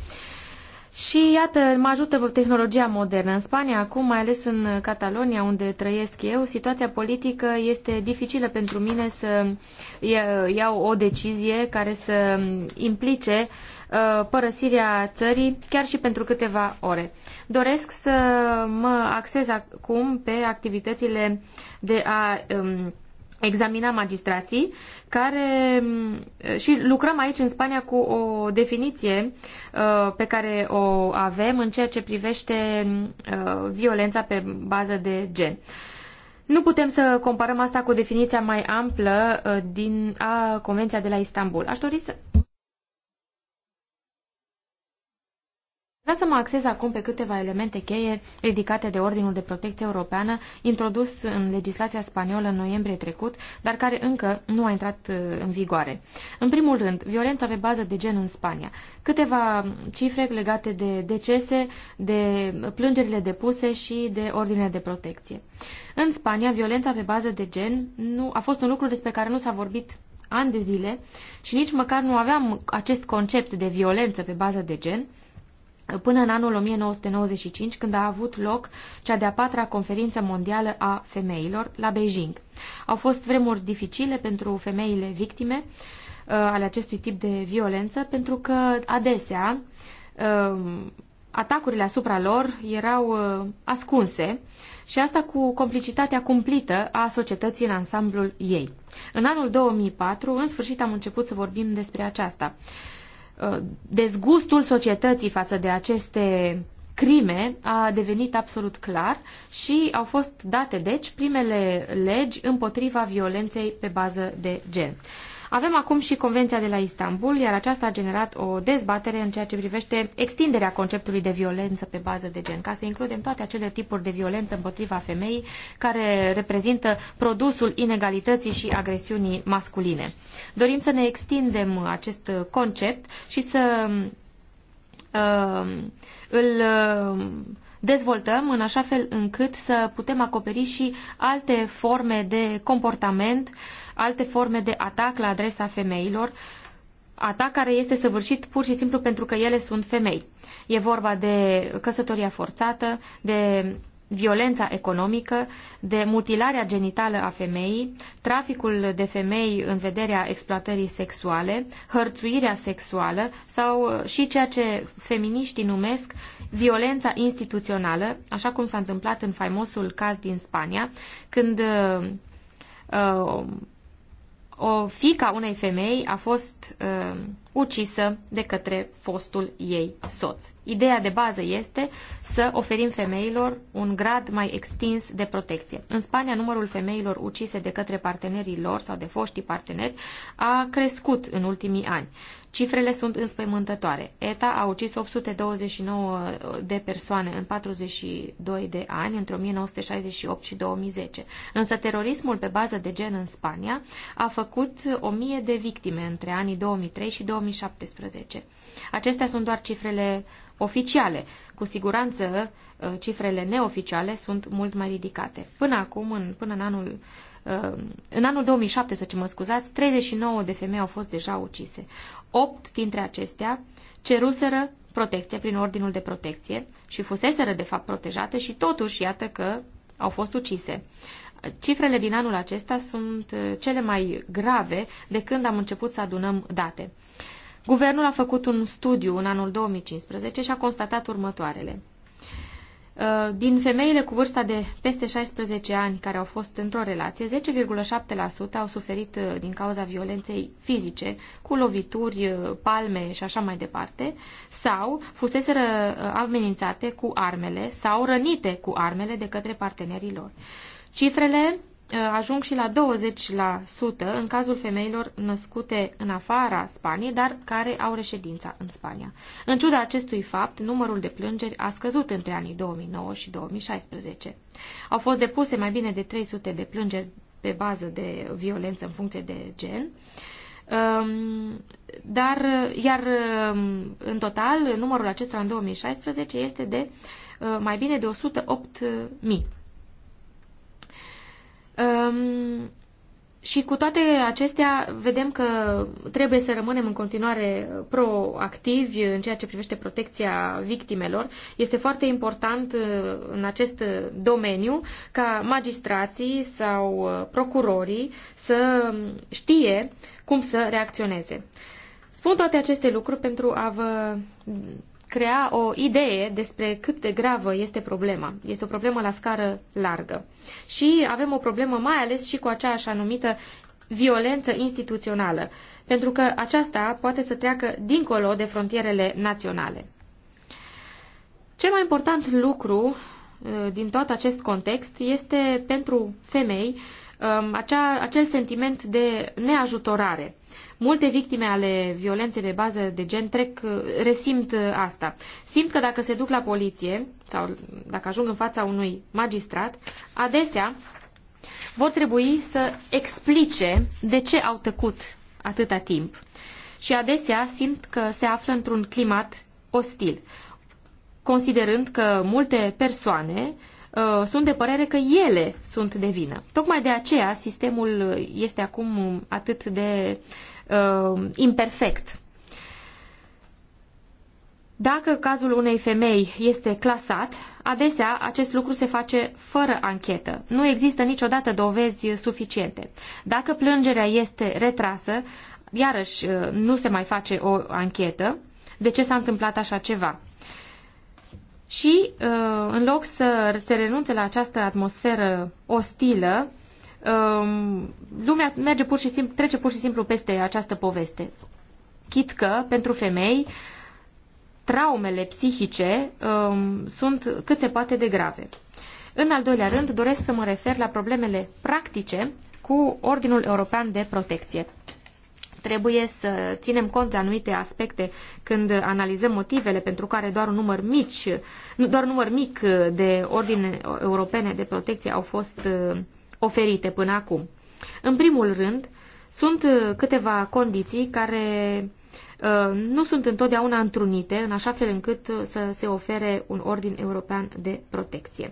Și iată, mă ajută tehnologia modernă. În Spania, acum, mai ales în Catalonia, unde trăiesc eu, situația politică este dificilă pentru mine să iau o decizie care să implice uh, Uh, părăsirea țării, chiar și pentru câteva ore. Doresc să mă axez acum pe activitățile de a um, examina magistrații, care um, și lucrăm aici în Spania cu o definiție uh, pe care o avem în ceea ce privește um, uh, violența pe bază de gen. Nu putem să comparăm asta cu definiția mai amplă din a Convenția de la Istanbul. Aș dori să Vreau să mă axez acum pe câteva elemente cheie ridicate de Ordinul de Protecție Europeană, introdus în legislația spaniolă în noiembrie trecut, dar care încă nu a intrat uh, în vigoare. În primul rând, violența pe bază de gen în Spania. Câteva cifre legate de decese, de plângerile depuse și de ordine de protecție. În Spania, violența pe bază de gen nu, a fost un lucru despre care nu s-a vorbit ani de zile și nici măcar nu aveam acest concept de violență pe bază de gen, până în anul 1995, când a avut loc cea de-a patra conferință mondială a femeilor la Beijing. Au fost vremuri dificile pentru femeile victime uh, ale acestui tip de violență, pentru că adesea uh, atacurile asupra lor erau uh, ascunse și asta cu complicitatea cumplită a societății în ansamblul ei. În anul 2004, în sfârșit, am început să vorbim despre aceasta. Uh, Uh, dezgustul societății față de aceste crime a devenit absolut clar și au fost date, deci, primele legi împotriva violenței pe bază de gen. Avem acum și Convenția de la Istanbul, iar aceasta a generat o dezbatere în ceea ce privește extinderea conceptului de violență pe bază de gen, ca să includem toate acele tipuri de violență împotriva femeii care reprezintă produsul inegalității și agresiunii masculine. Dorim să ne extindem acest concept și să uh, îl uh, dezvoltăm în așa fel încât să putem acoperi și alte forme de comportament uh, alte forme de atac la adresa femeilor, atac care este săvârșit pur și simplu pentru că ele sunt femei. E vorba de căsătoria forțată, de violența economică, de mutilarea genitală a femeii, traficul de femei în vederea exploatării sexuale, hărțuirea sexuală sau uh, și ceea ce feminiștii numesc violența instituțională, așa cum s-a întâmplat în faimosul caz din Spania, când uh, uh o fica unei femei a fost uh, ucisă de către fostul ei soț. Ideea de bază este să oferim femeilor un grad mai extins de protecție. În Spania, numărul femeilor ucise de către partenerii lor sau de foștii parteneri a crescut în ultimii ani. Cifrele sunt înspăimântătoare. ETA a ucis 829 uh, de persoane în 42 de ani, între 1968 și 2010. Însă terorismul pe bază de gen în Spania a făcut 1000 de victime între anii 2003 și 2017. Acestea sunt doar cifrele oficiale. Cu siguranță uh, cifrele neoficiale sunt mult mai ridicate. Până acum, în, până în anul uh, în anul 2017, mă scuzați, 39 de femei au fost deja ucise. Opt dintre acestea ceruseră protecție prin ordinul de protecție și fuseseră, de fapt, protejate și totuși, iată că au fost ucise. Cifrele din anul acesta sunt uh, cele mai grave de când am început să adunăm date. Guvernul a făcut un studiu în anul 2015 și a constatat următoarele. Uh, din femeile cu vârsta de peste 16 ani care au fost într-o relație, 10,7% au suferit uh, din cauza violenței fizice, cu lovituri, uh, palme și așa mai departe, sau fuseseră amenințate cu armele sau rănite cu armele de către partenerii lor. Cifrele ajung și la 20% în cazul femeilor născute în afara Spaniei, dar care au reședința în Spania. În ciuda acestui fapt, numărul de plângeri a scăzut între anii 2009 și 2016. Au fost depuse mai bine de 300 de plângeri pe bază de violență în funcție de gen, um, dar, iar um, în total, numărul acestora în 2016 este de uh, mai bine de 108.000. Um, și cu toate acestea, vedem că trebuie să rămânem în continuare proactivi în ceea ce privește protecția victimelor. Este foarte important uh, în acest domeniu ca magistrații sau uh, procurorii să știe cum să reacționeze. Spun toate aceste lucruri pentru a vă crea o idee despre cât de gravă este problema. Este o problemă la scară largă. Și avem o problemă mai ales și cu acea așa numită violență instituțională, pentru că aceasta poate să treacă dincolo de frontierele naționale. Cel mai important lucru uh, din tot acest context este pentru femei Um, acea, acel sentiment de neajutorare. Multe victime ale violenței pe bază de gen trec, uh, resimt uh, asta. Simt că dacă se duc la poliție sau dacă ajung în fața unui magistrat, adesea vor trebui să explice de ce au tăcut atâta timp. Și adesea simt că se află într-un climat ostil, considerând că multe persoane Uh, sunt de părere că ele sunt de vină. Tocmai de aceea sistemul este acum atât de uh, imperfect. Dacă cazul unei femei este clasat, adesea acest lucru se face fără anchetă. Nu există niciodată dovezi suficiente. Dacă plângerea este retrasă, iarăși uh, nu se mai face o anchetă de ce s-a întâmplat așa ceva. Și uh, în loc să se renunțe la această atmosferă ostilă, um, lumea merge pur și simplu, trece pur și simplu peste această poveste. Chit că, pentru femei, traumele psihice uh, sunt cât se poate de grave. În al doilea rând, doresc să mă refer la problemele practice cu Ordinul European de Protecție. Trebuie să ținem cont de anumite aspecte când analizăm motivele pentru care doar un număr, mici, doar un număr mic de ordine europene de protecție au fost uh, oferite până acum. În primul rând, sunt uh, câteva condiții care uh, nu sunt întotdeauna întrunite, în așa fel încât să se ofere un ordin european de protecție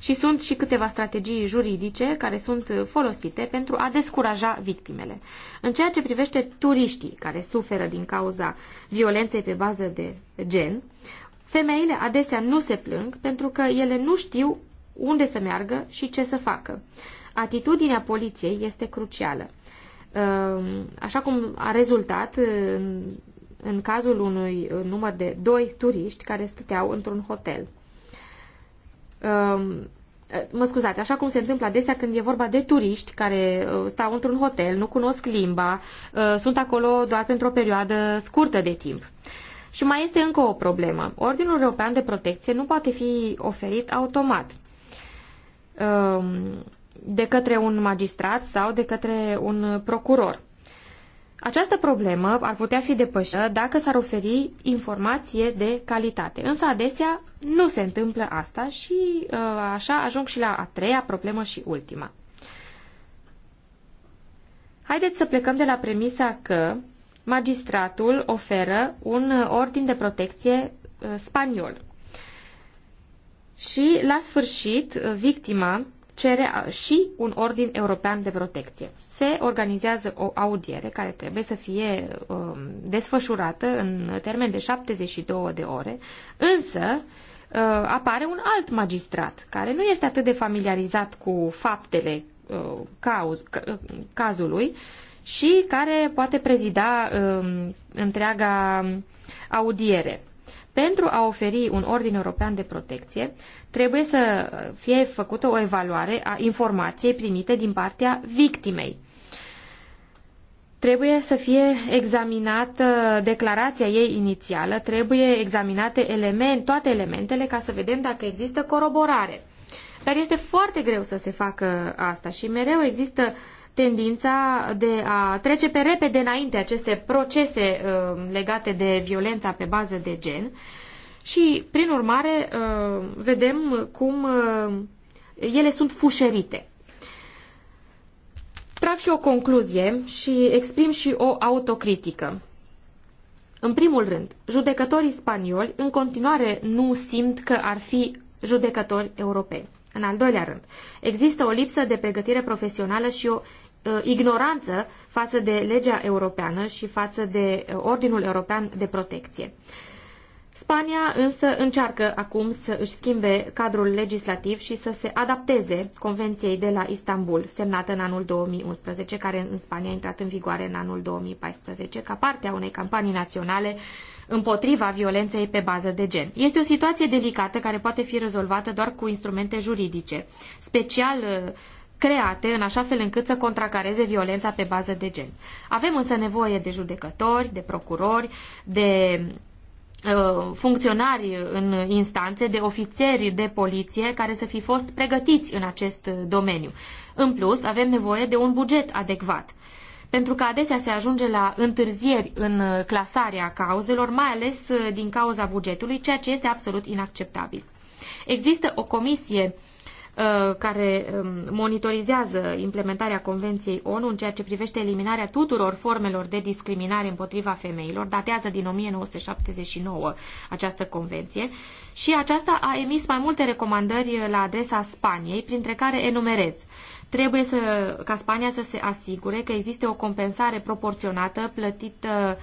și sunt și câteva strategii juridice care sunt folosite pentru a descuraja victimele. În ceea ce privește turiștii care suferă din cauza violenței pe bază de gen, femeile adesea nu se plâng pentru că ele nu știu unde să meargă și ce să facă. Atitudinea poliției este crucială. Ehm, așa cum a rezultat în cazul unui număr de doi turiști care stăteau într-un hotel. Um, mă scuzați, așa cum se întâmplă adesea când e vorba de turiști care uh, stau într-un hotel, nu cunosc limba, uh, sunt acolo doar pentru o perioadă scurtă de timp. Și mai este încă o problemă. Ordinul European de Protecție nu poate fi oferit automat um, de către un magistrat sau de către un procuror. Această problemă ar putea fi depășită dacă s-ar oferi informație de calitate. Însă adesea nu se întâmplă asta și uh, așa ajung și la a treia problemă și ultima. Haideți să plecăm de la premisa că magistratul oferă un ordin de protecție uh, spaniol. Și la sfârșit, victima cere și un ordin european de protecție. Se organizează o audiere care trebuie să fie um, desfășurată în termen de 72 de ore, însă uh, apare un alt magistrat care nu este atât de familiarizat cu faptele uh, cauz, uh, cazului și care poate prezida um, întreaga audiere. Pentru a oferi un ordin european de protecție, trebuie să fie făcută o evaluare a informației primite din partea victimei. Trebuie să fie examinată declarația ei inițială, trebuie examinate element, toate elementele ca să vedem dacă există coroborare. Dar este foarte greu să se facă asta și mereu există tendința de a trece pe repede înainte aceste procese uh, legate de violența pe bază de gen și, prin urmare, uh, vedem cum uh, ele sunt fușerite. Trag și o concluzie și exprim și o autocritică. În primul rând, judecătorii spanioli în continuare nu simt că ar fi judecători europeni. În al doilea rând, există o lipsă de pregătire profesională și o Uh, ignoranță față de legea europeană și față de uh, Ordinul European de Protecție. Spania însă încearcă acum să își schimbe cadrul legislativ și să se adapteze Convenției de la Istanbul, semnată în anul 2011, care în Spania a intrat în vigoare în anul 2014, ca parte a unei campanii naționale împotriva violenței pe bază de gen. Este o situație delicată care poate fi rezolvată doar cu instrumente juridice, special uh, create în așa fel încât să contracareze violența pe bază de gen. Avem însă nevoie de judecători, de procurori, de uh, funcționari în instanțe, de ofițeri de poliție care să fi fost pregătiți în acest domeniu. În plus, avem nevoie de un buget adecvat. Pentru că adesea se ajunge la întârzieri în clasarea cauzelor, mai ales din cauza bugetului, ceea ce este absolut inacceptabil. Există o comisie uh, Uh, care um, monitorizează implementarea Convenției ONU în ceea ce privește eliminarea tuturor formelor de discriminare împotriva femeilor, datează din 1979 această convenție și aceasta a emis mai multe recomandări la adresa Spaniei, printre care enumerez Trebuie să, ca Spania să se asigure că există o compensare proporționată, plătită,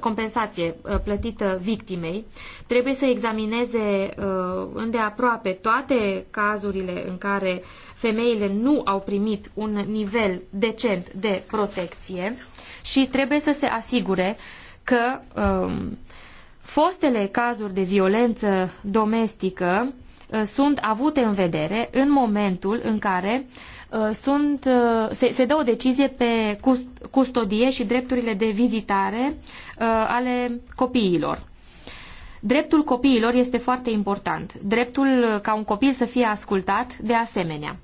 compensație uh, plătită victimei. Trebuie să examineze uh, îndeaproape toate cazurile în care femeile nu au primit un nivel decent de protecție și trebuie să se asigure că um, fostele cazuri de violență domestică uh, sunt avute în vedere în momentul în care Uh, sunt, uh, se, se dă o decizie pe custodie și drepturile de vizitare uh, ale copiilor. Dreptul copiilor este foarte important. Dreptul ca un copil să fie ascultat de asemenea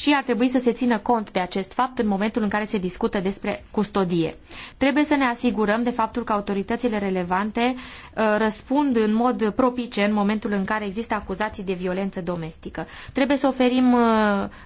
și ar trebui să se țină cont de acest fapt în momentul în care se discută despre custodie. Trebuie să ne asigurăm de faptul că autoritățile relevante uh, răspund în mod propice în momentul în care există acuzații de violență domestică. Trebuie să oferim uh,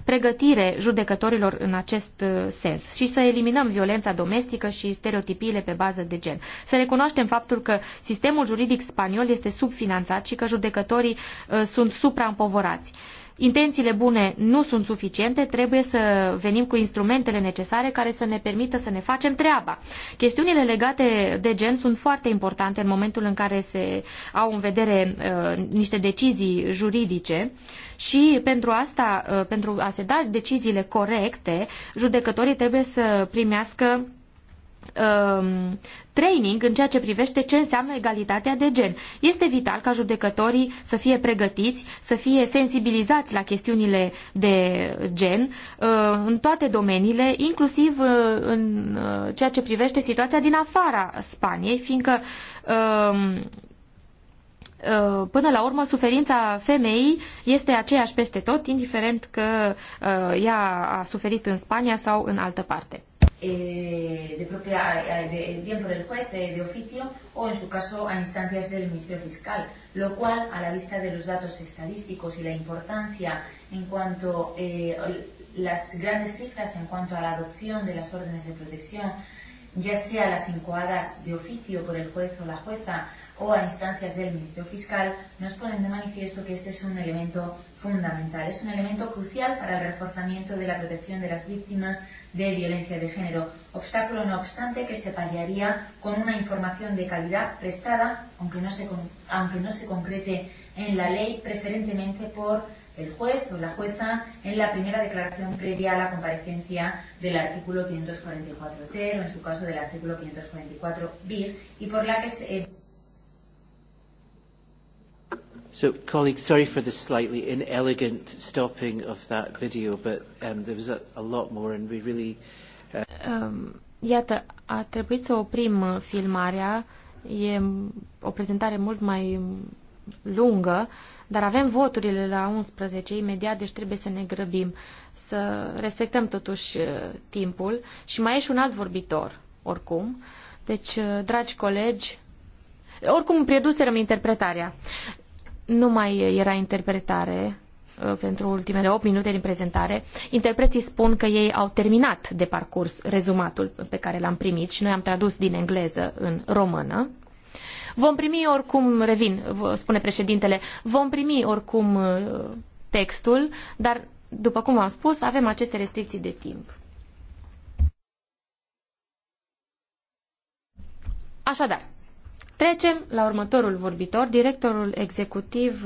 pregătire judecătorilor în acest uh, sens și să eliminăm violența domestică și stereotipiile pe bază de gen. Să recunoaștem faptul că sistemul juridic spaniol este subfinanțat și că judecătorii sunt supraîmpovorați intențiile bune nu sunt suficiente, trebuie să venim cu instrumentele necesare care să ne permită să ne facem treaba. Chestiunile legate de gen sunt foarte importante în momentul în care se au în vedere uh, niște decizii juridice și pentru asta, uh, pentru a se da deciziile corecte, judecătorii trebuie să primească Um, training în ceea ce privește ce înseamnă egalitatea de gen. Este vital ca judecătorii să fie pregătiți, să fie sensibilizați la chestiunile de gen uh, în toate domeniile, inclusiv uh, în uh, ceea ce privește situația din afara Spaniei, fiindcă um, până la urmă suferința femeii este aceeași peste tot, indiferent că ea a suferit în Spania sau în altă parte eh, de propia, eh, de, eh, bien por el juez de, de, oficio o, en su caso, a instancias del Ministerio Fiscal, lo cual, a la vista de los datos estadísticos y la importancia en cuanto eh, las grandes cifras en cuanto a la adopción de las órdenes de protección, ya sea las incoadas de oficio por el juez o la jueza, o a instancias del Ministerio Fiscal, nos ponen de manifiesto que este es un elemento fundamental, es un elemento crucial para el reforzamiento de la protección de las víctimas de violencia de género, obstáculo no obstante que se paliaría con una información de calidad prestada, aunque no se, aunque no se concrete en la ley, preferentemente por el juez o la jueza en la primera declaración previa a la comparecencia del artículo 544 ter o en su caso del artículo 544 bir y por la que se So, colleagues, sorry for the slightly inelegant stopping of that video, but um, there was a, a lot more and we really... Uh... Um, iată, a trebuit să oprim uh, filmarea. E o prezentare mult mai lungă, dar avem voturile la 11 imediat, deci trebuie să ne grăbim, să respectăm totuși uh, timpul și mai e și un alt vorbitor, oricum. Deci, uh, dragi colegi, oricum pierduserăm interpretarea nu mai era interpretare uh, pentru ultimele 8 minute din prezentare, interpreții spun că ei au terminat de parcurs rezumatul pe care l-am primit și noi am tradus din engleză în română. Vom primi oricum, revin, spune președintele, vom primi oricum uh, textul, dar, după cum am spus, avem aceste restricții de timp. Așadar, Trecem la următorul vorbitor, directorul executiv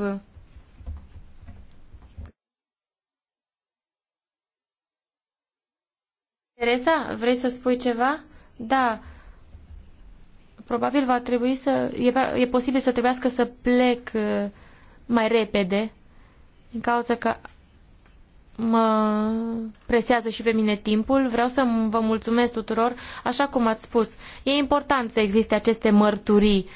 Teresa, vrei să spui ceva? Da. Probabil va trebui să... E, e posibil să trebuiască să plec uh, mai repede din cauza că mă presează și pe mine timpul. Vreau să vă mulțumesc tuturor. Așa cum ați spus, e important să existe aceste mărturii.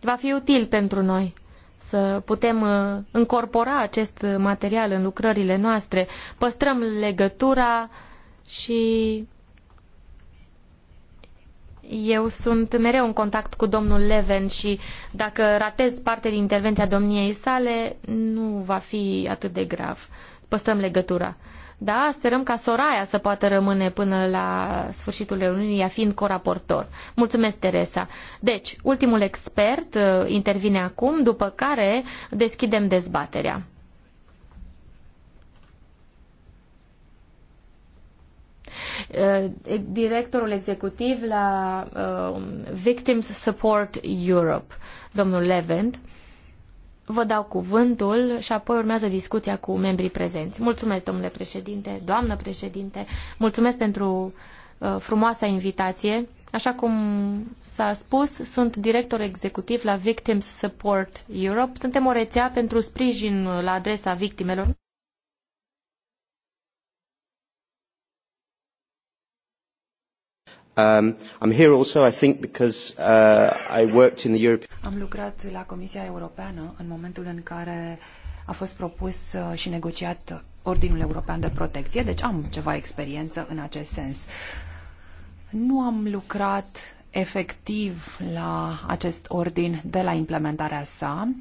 Va fi util pentru noi să putem uh, încorpora acest material în lucrările noastre. Păstrăm legătura și eu sunt mereu în contact cu domnul Leven și dacă ratez parte din intervenția domniei sale, nu va fi atât de grav. Păstrăm legătura. Da, sperăm ca Soraya să poată rămâne până la sfârșitul reuniunii, ea fiind coraportor. Mulțumesc, Teresa. Deci, ultimul expert uh, intervine acum, după care deschidem dezbaterea. Uh, directorul executiv la uh, um, Victims Support Europe, domnul Levent. Vă dau cuvântul și apoi urmează discuția cu membrii prezenți. Mulțumesc, domnule președinte, doamnă președinte, mulțumesc pentru uh, frumoasa invitație. Așa cum s-a spus, sunt director executiv la Victims Support Europe. Suntem o rețea pentru sprijin la adresa victimelor. Um, I'm here also, I think, because uh, I worked in the Europe... Am lucrat la Comisia Europeană în momentul în care a fost propus uh, și negociat Ordinul European de Protecție, deci am ceva experiență în acest sens. Nu am lucrat efectiv la acest ordin de la implementarea sa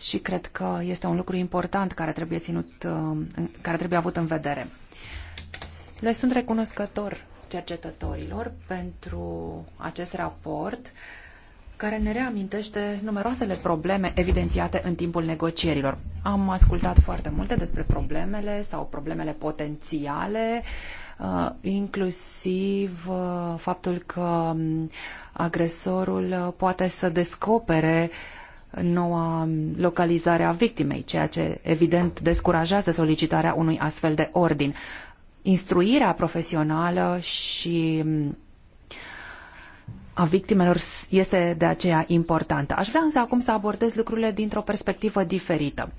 și cred că este un lucru important care trebuie, ținut, uh, care trebuie avut în vedere. Le sunt recunoscător cercetătorilor pentru acest raport care ne reamintește numeroasele probleme evidențiate în timpul negocierilor. Am ascultat foarte multe despre problemele sau problemele potențiale, uh, inclusiv uh, faptul că um, agresorul poate să descopere noua um, localizare a victimei, ceea ce evident descurajează solicitarea unui astfel de ordin instruirea profesională și mm, a victimelor este de aceea importantă. Aș vrea însă acum să abordez lucrurile dintr-o perspectivă diferită.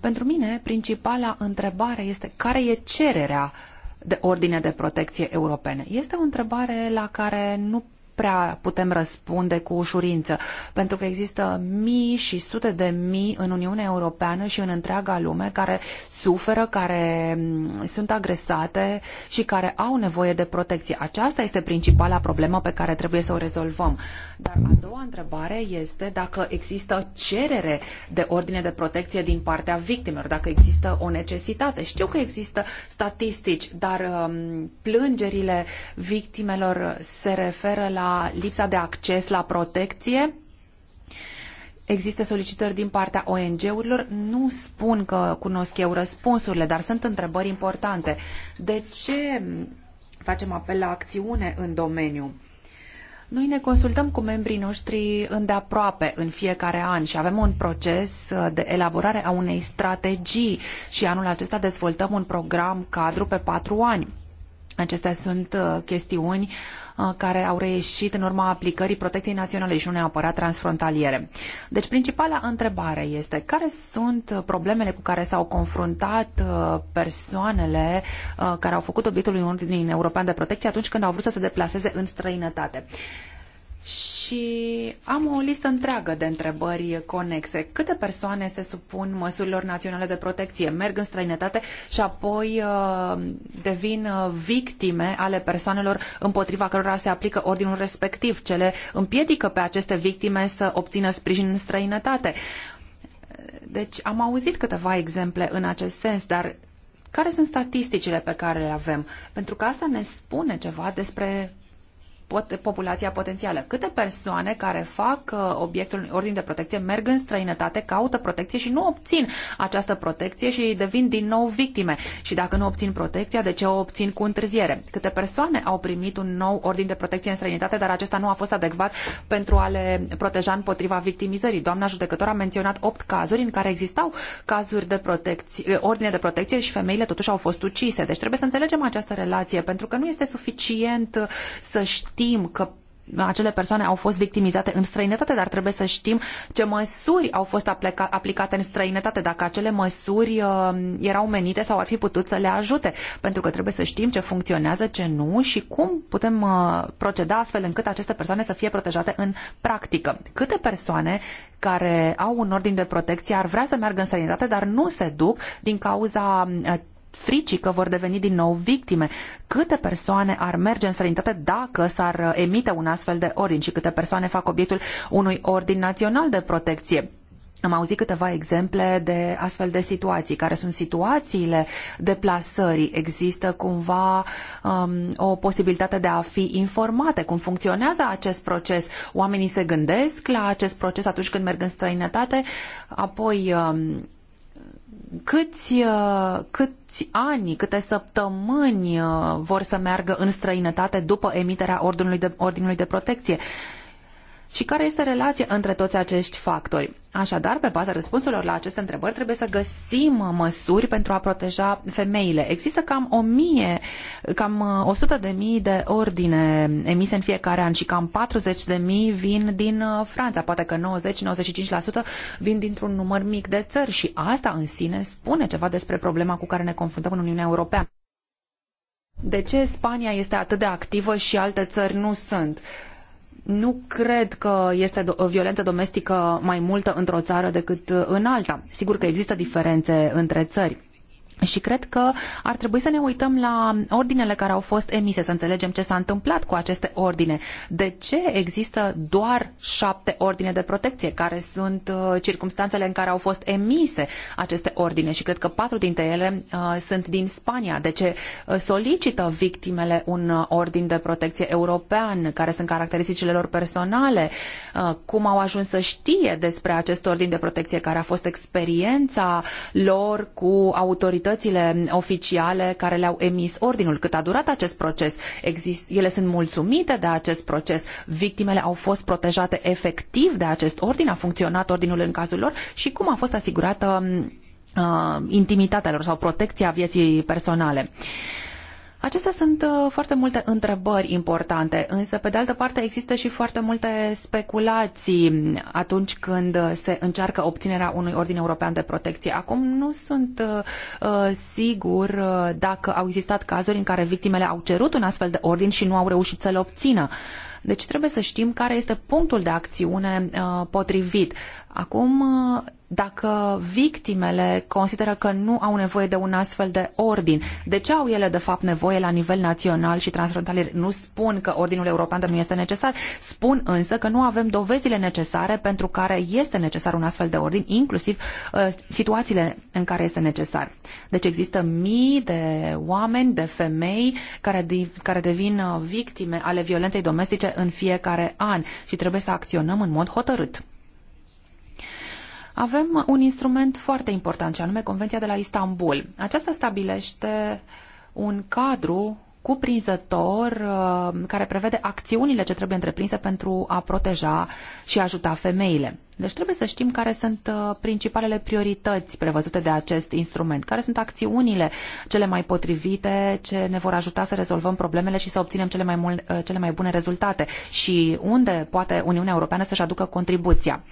Pentru mine, principala întrebare este care e cererea de ordine de protecție europene. Este o întrebare la care nu prea putem răspunde cu ușurință, pentru că există mii și sute de mii în Uniunea Europeană și în întreaga lume care suferă, care mm, sunt agresate și care au nevoie de protecție. Aceasta este principala problemă pe care trebuie să o rezolvăm. Dar a doua întrebare este dacă există cerere de ordine de protecție din partea victimelor, dacă există o necesitate. Știu că există statistici, dar mm, plângerile victimelor se referă la lipsa de acces la protecție. Există solicitări din partea ONG-urilor. Nu spun că cunosc eu răspunsurile, dar sunt întrebări importante. De ce facem apel la acțiune în domeniu? Noi ne consultăm cu membrii noștri îndeaproape în fiecare an și avem un proces uh, de elaborare a unei strategii și anul acesta dezvoltăm un program cadru pe patru ani. Acestea sunt uh, chestiuni uh, care au reieșit în urma aplicării protecției naționale și nu neapărat transfrontaliere. Deci, principala întrebare este care sunt problemele cu care s-au confruntat uh, persoanele care au făcut obiectul unui ordin european de protecție atunci când au vrut să se deplaseze în străinătate și am o listă întreagă de întrebări conexe. Câte persoane se supun măsurilor naționale de protecție, merg în străinătate și apoi uh, devin uh, victime ale persoanelor împotriva cărora se aplică ordinul respectiv, ce le împiedică pe aceste victime să obțină sprijin în străinătate. Deci am auzit câteva exemple în acest sens, dar care sunt statisticile pe care le avem? Pentru că asta ne spune ceva despre pot, populația potențială. Câte persoane care fac uh, obiectul ordin de protecție merg în străinătate, caută protecție și nu obțin această protecție și devin din nou victime. Și dacă nu obțin protecția, de ce o obțin cu întârziere? Câte persoane au primit un nou ordin de protecție în străinătate, dar acesta nu a fost adecvat pentru a le proteja împotriva victimizării? Doamna judecător a menționat opt cazuri în care existau cazuri de protecție, eh, ordine de protecție și femeile totuși au fost ucise. Deci trebuie să înțelegem această relație, pentru că nu este suficient eh, să știi știm că acele persoane au fost victimizate în străinătate, dar trebuie să știm ce măsuri au fost aplica aplicate în străinătate, dacă acele măsuri uh, erau menite sau ar fi putut să le ajute, pentru că trebuie să știm ce funcționează, ce nu și cum putem uh, proceda astfel încât aceste persoane să fie protejate în practică. Câte persoane care au un ordin de protecție ar vrea să meargă în străinătate, dar nu se duc din cauza uh, fricii că vor deveni din nou victime. Câte persoane ar merge în străinătate dacă s-ar emite un astfel de ordin și câte persoane fac obiectul unui ordin național de protecție? Am auzit câteva exemple de astfel de situații. Care sunt situațiile deplasării? Există cumva um, o posibilitate de a fi informate? Cum funcționează acest proces? Oamenii se gândesc la acest proces atunci când merg în străinătate? Apoi, um, câți, uh, câți ani, câte săptămâni uh, vor să meargă în străinătate după emiterea ordinului de, ordinului de protecție și care este relația între toți acești factori. Așadar, pe baza răspunsurilor la aceste întrebări, trebuie să găsim măsuri pentru a proteja femeile. Există cam o mie, cam 100 uh, de mii de ordine emise în fiecare an și cam 40 de mii vin din uh, Franța. Poate că 90-95% vin dintr-un număr mic de țări și asta în sine spune ceva despre problema cu care ne confruntăm în Uniunea Europeană. De ce Spania este atât de activă și alte țări nu sunt? nu cred că este o violență domestică mai multă într-o țară decât în alta. Sigur că există diferențe între țări. Și cred că ar trebui să ne uităm la ordinele care au fost emise, să înțelegem ce s-a întâmplat cu aceste ordine. De ce există doar șapte ordine de protecție? Care sunt uh, circumstanțele în care au fost emise aceste ordine? Și cred că patru dintre ele uh, sunt din Spania. De ce uh, solicită victimele un uh, ordin de protecție european? Care sunt caracteristicile lor personale? Uh, cum au ajuns să știe despre acest ordin de protecție? Care a fost experiența lor cu autorități? autoritățile oficiale care le-au emis ordinul, cât a durat acest proces. Exist, ele sunt mulțumite de acest proces, victimele au fost protejate efectiv de acest ordin, a funcționat ordinul în cazul lor și cum a fost asigurată uh, intimitatea lor sau protecția vieții personale. Uh, Acestea sunt uh, foarte multe întrebări importante, însă pe de altă parte există și foarte multe speculații atunci când se încearcă obținerea unui ordin european de protecție. Acum nu sunt uh, uh sigur uh, dacă au existat cazuri în care victimele au cerut un astfel de ordin și nu au reușit să-l obțină. Deci trebuie să știm care este punctul de acțiune uh, potrivit. Acum dacă victimele consideră că nu au nevoie de un astfel de ordin. De ce au ele, de fapt, nevoie la nivel național și transfrontalier? Nu spun că ordinul european nu este necesar, spun însă că nu avem dovezile necesare pentru care este necesar un astfel de ordin, inclusiv uh, situațiile în care este necesar. Deci există mii de oameni, de femei, care, care devin uh, victime ale violenței domestice în fiecare an și trebuie să acționăm în mod hotărât avem un instrument foarte important, și anume Convenția de la Istanbul. Aceasta stabilește un cadru cuprinzător uh, care prevede acțiunile ce trebuie întreprinse pentru a proteja și ajuta femeile. Deci trebuie să știm care sunt uh, principalele priorități prevăzute de acest instrument, care sunt acțiunile cele mai potrivite, ce ne vor ajuta să rezolvăm problemele și să obținem cele mai, mul, uh, cele mai bune rezultate și unde poate Uniunea Europeană să-și aducă contribuția.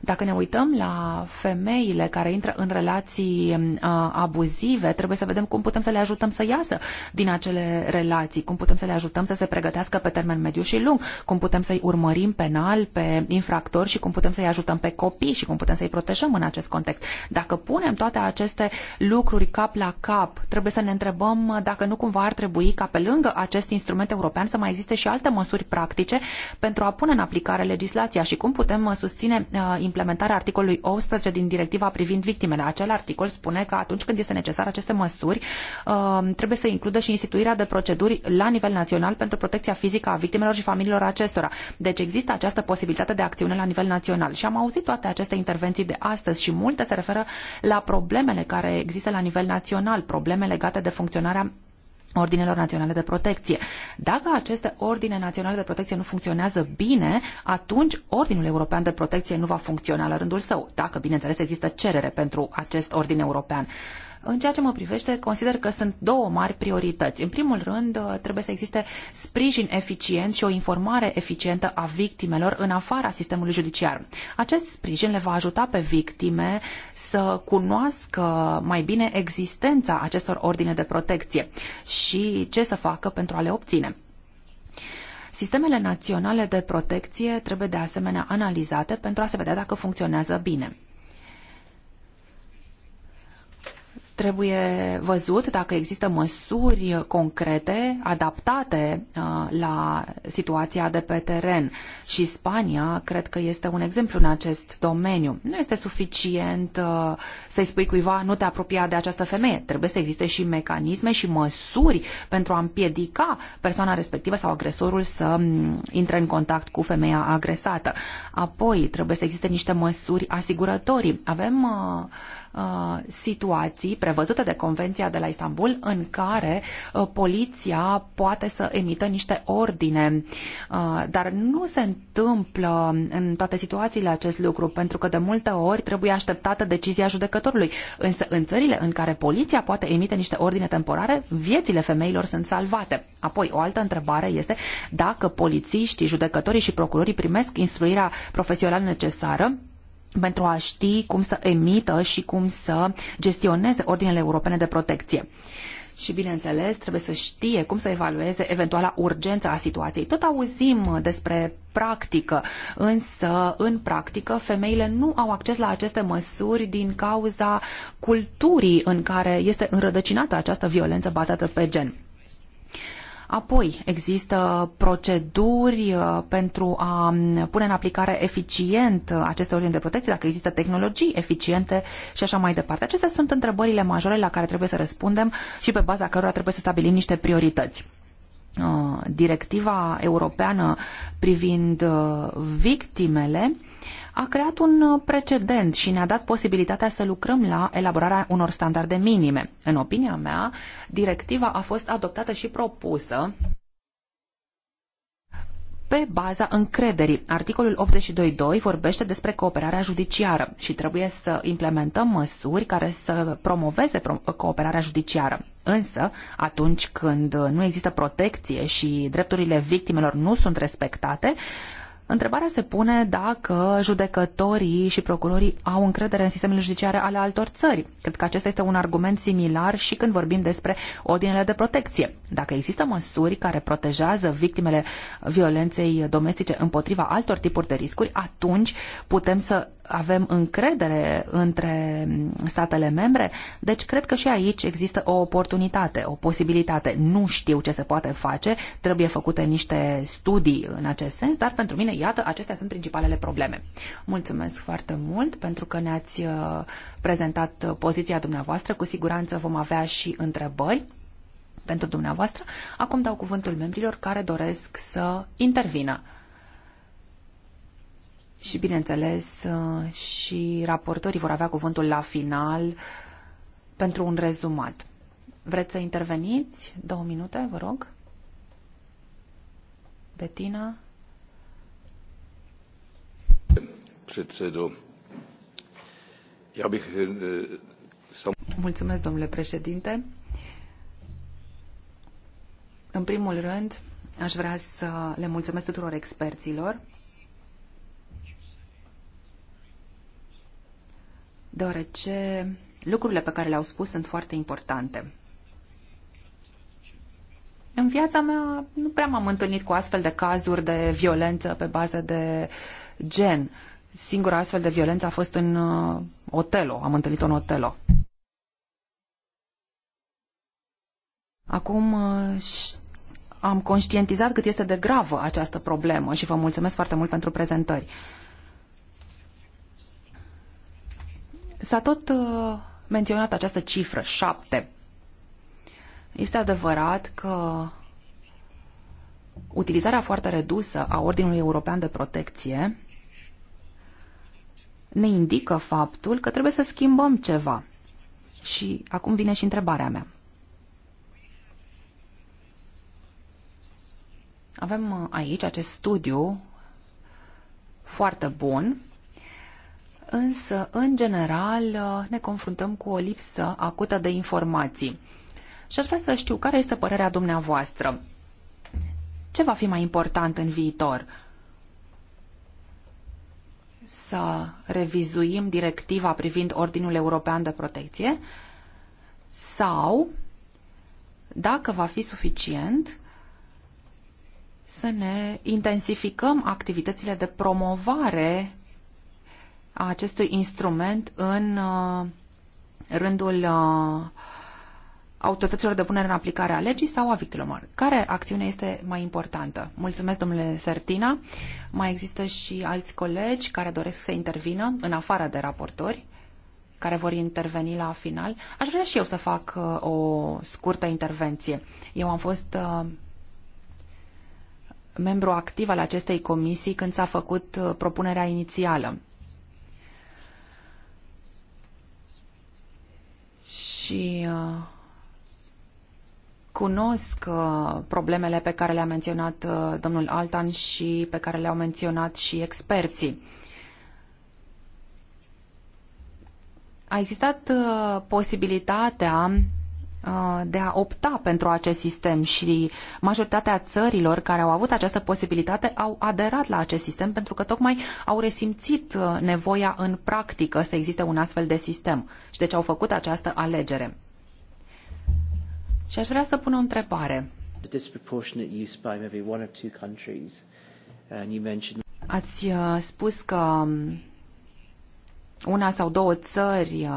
Dacă ne uităm la femeile care intră în relații uh, abuzive, trebuie să vedem cum putem să le ajutăm să iasă din acele relații, cum putem să le ajutăm să se pregătească pe termen mediu și lung, cum putem să-i urmărim penal pe infractori și cum putem să-i ajutăm ajutăm pe copii și cum putem să-i protejăm în acest context. Dacă punem toate aceste lucruri cap la cap, trebuie să ne întrebăm dacă nu cumva ar trebui ca pe lângă acest instrument european să mai existe și alte măsuri practice pentru a pune în aplicare legislația și cum putem susține uh, implementarea articolului 18 din directiva privind victimele. Acel articol spune că atunci când este necesar aceste măsuri, uh, trebuie să includă și instituirea de proceduri la nivel național pentru protecția fizică a victimelor și familiilor acestora. Deci există această posibilitate de acțiune la nivel național. Și am am auzit toate aceste intervenții de astăzi și multe se referă la problemele care există la nivel național, probleme legate de funcționarea ordinelor naționale de protecție. Dacă aceste ordine naționale de protecție nu funcționează bine, atunci Ordinul European de Protecție nu va funcționa la rândul său, dacă, bineînțeles, există cerere pentru acest ordin european. În ceea ce mă privește, consider că sunt două mari priorități. În primul rând, uh, trebuie să existe sprijin eficient și o informare eficientă a victimelor în afara sistemului judiciar. Acest sprijin le va ajuta pe victime să cunoască mai bine existența acestor ordine de protecție și ce să facă pentru a le obține. Sistemele naționale de protecție trebuie de asemenea analizate pentru a se vedea dacă funcționează bine. Trebuie văzut dacă există măsuri concrete adaptate uh, la situația de pe teren și Spania cred că este un exemplu în acest domeniu. Nu este suficient uh, să-i spui cuiva nu te apropia de această femeie. Trebuie să existe și mecanisme și măsuri pentru a împiedica persoana respectivă sau agresorul să mm, intre în contact cu femeia agresată. Apoi trebuie să existe niște măsuri asigurătorii. Avem uh, Uh, situații prevăzute de Convenția de la Istanbul în care uh, poliția poate să emită niște ordine, uh, dar nu se întâmplă în toate situațiile acest lucru, pentru că de multe ori trebuie așteptată decizia judecătorului. Însă în țările în care poliția poate emite niște ordine temporare, viețile femeilor sunt salvate. Apoi, o altă întrebare este dacă polițiștii, judecătorii și procurorii primesc instruirea profesională necesară pentru a ști cum să emită și cum să gestioneze ordinele europene de protecție. Și, bineînțeles, trebuie să știe cum să evalueze eventuala urgență a situației. Tot auzim despre practică, însă, în practică, femeile nu au acces la aceste măsuri din cauza culturii în care este înrădăcinată această violență bazată pe gen. Apoi există proceduri uh, pentru a pune în aplicare eficient uh, aceste ordini de protecție, dacă există tehnologii eficiente și așa mai departe. Acestea sunt întrebările majore la care trebuie să răspundem și pe baza cărora trebuie să stabilim niște priorități uh, directiva europeană privind victimele a creat un uh, precedent și ne-a dat posibilitatea să lucrăm la elaborarea unor standarde minime. În opinia mea, directiva a fost adoptată și propusă pe baza încrederii. Articolul 82.2 vorbește despre cooperarea judiciară și trebuie să implementăm măsuri care să promoveze cooperarea judiciară. Însă, atunci când nu există protecție și drepturile victimelor nu sunt respectate, Întrebarea se pune dacă judecătorii și procurorii au încredere în sistemele judiciare ale altor țări. Cred că acesta este un argument similar și când vorbim despre ordinele de protecție. Dacă există măsuri care protejează victimele violenței domestice împotriva altor tipuri de riscuri, atunci putem să avem încredere între statele membre, deci cred că și aici există o oportunitate, o posibilitate. Nu știu ce se poate face, trebuie făcute niște studii în acest sens, dar pentru mine, iată, acestea sunt principalele probleme. Mulțumesc foarte mult pentru că ne-ați uh, prezentat poziția dumneavoastră. Cu siguranță vom avea și întrebări pentru dumneavoastră. Acum dau cuvântul membrilor care doresc să intervină. Și, bineînțeles, uh, și raportorii vor avea cuvântul la final pentru un rezumat. Vreți să interveniți? Două minute, vă rog. Betina. Predsedo, ja bih... Eh, mulțumesc, domnule președinte. În primul rând, aș vrea să le mulțumesc tuturor experților deoarece lucrurile pe care le-au spus sunt foarte importante. În viața mea nu prea m-am întâlnit cu astfel de cazuri de violență pe bază de gen. Singura astfel de violență a fost în uh, Otelo. Am întâlnit-o în Otelo. Acum uh, am conștientizat cât este de gravă această problemă și vă mulțumesc foarte mult pentru prezentări. S-a tot uh, menționat această cifră, șapte, Este adevărat că utilizarea foarte redusă a Ordinului European de Protecție ne indică faptul că trebuie să schimbăm ceva. Și acum vine și întrebarea mea. Avem uh, aici acest studiu foarte bun însă, în general, ne confruntăm cu o lipsă acută de informații. Și aș vrea să știu care este părerea dumneavoastră. Ce va fi mai important în viitor? Să revizuim directiva privind Ordinul European de Protecție sau, dacă va fi suficient, să ne intensificăm activitățile de promovare a acestui instrument în uh, rândul uh, autorităților de punere în aplicare a legii sau a victimelor. Care acțiune este mai importantă? Mulțumesc, domnule Sertina. Mai există și alți colegi care doresc să intervină, în afară de raportori, care vor interveni la final. Aș vrea și eu să fac uh, o scurtă intervenție. Eu am fost membru activ al acestei comisii când s-a făcut propunerea inițială și uh, cunosc uh, problemele pe care le-a menționat uh, domnul Altan și pe care le-au menționat și experții. A existat posibilitatea Uh, de a opta pentru acest sistem și majoritatea țărilor care au avut această posibilitate au aderat la acest sistem pentru că tocmai au resimțit uh, nevoia în practică să existe un astfel de sistem și deci au făcut această alegere. Și aș vrea să pun o întrebare. Ați uh, spus că um, una sau două țări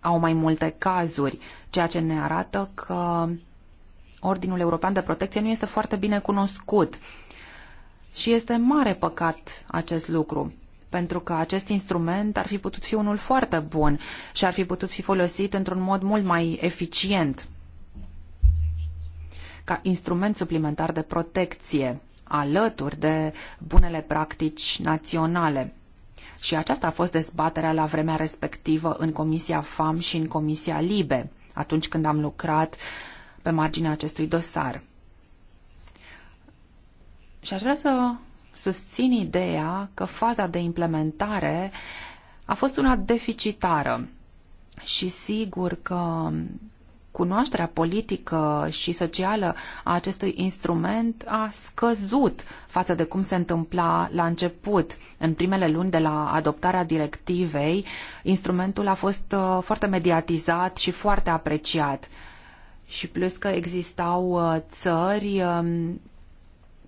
au mai multe cazuri, ceea ce ne arată că Ordinul European de Protecție nu este foarte bine cunoscut. Și este mare păcat acest lucru, pentru că acest instrument ar fi putut fi unul foarte bun și ar fi putut fi folosit într-un mod mult mai eficient ca instrument suplimentar de protecție alături de bunele practici naționale. Și aceasta a fost dezbaterea la vremea respectivă în Comisia FAM și în Comisia LIBE, atunci când am lucrat pe marginea acestui dosar. Și aș vrea să susțin ideea că faza de implementare a fost una deficitară și sigur că cunoașterea politică și socială a acestui instrument a scăzut față de cum se întâmpla la început. În primele luni de la adoptarea directivei, instrumentul a fost uh, foarte mediatizat și foarte apreciat. Și plus că existau uh, țări um,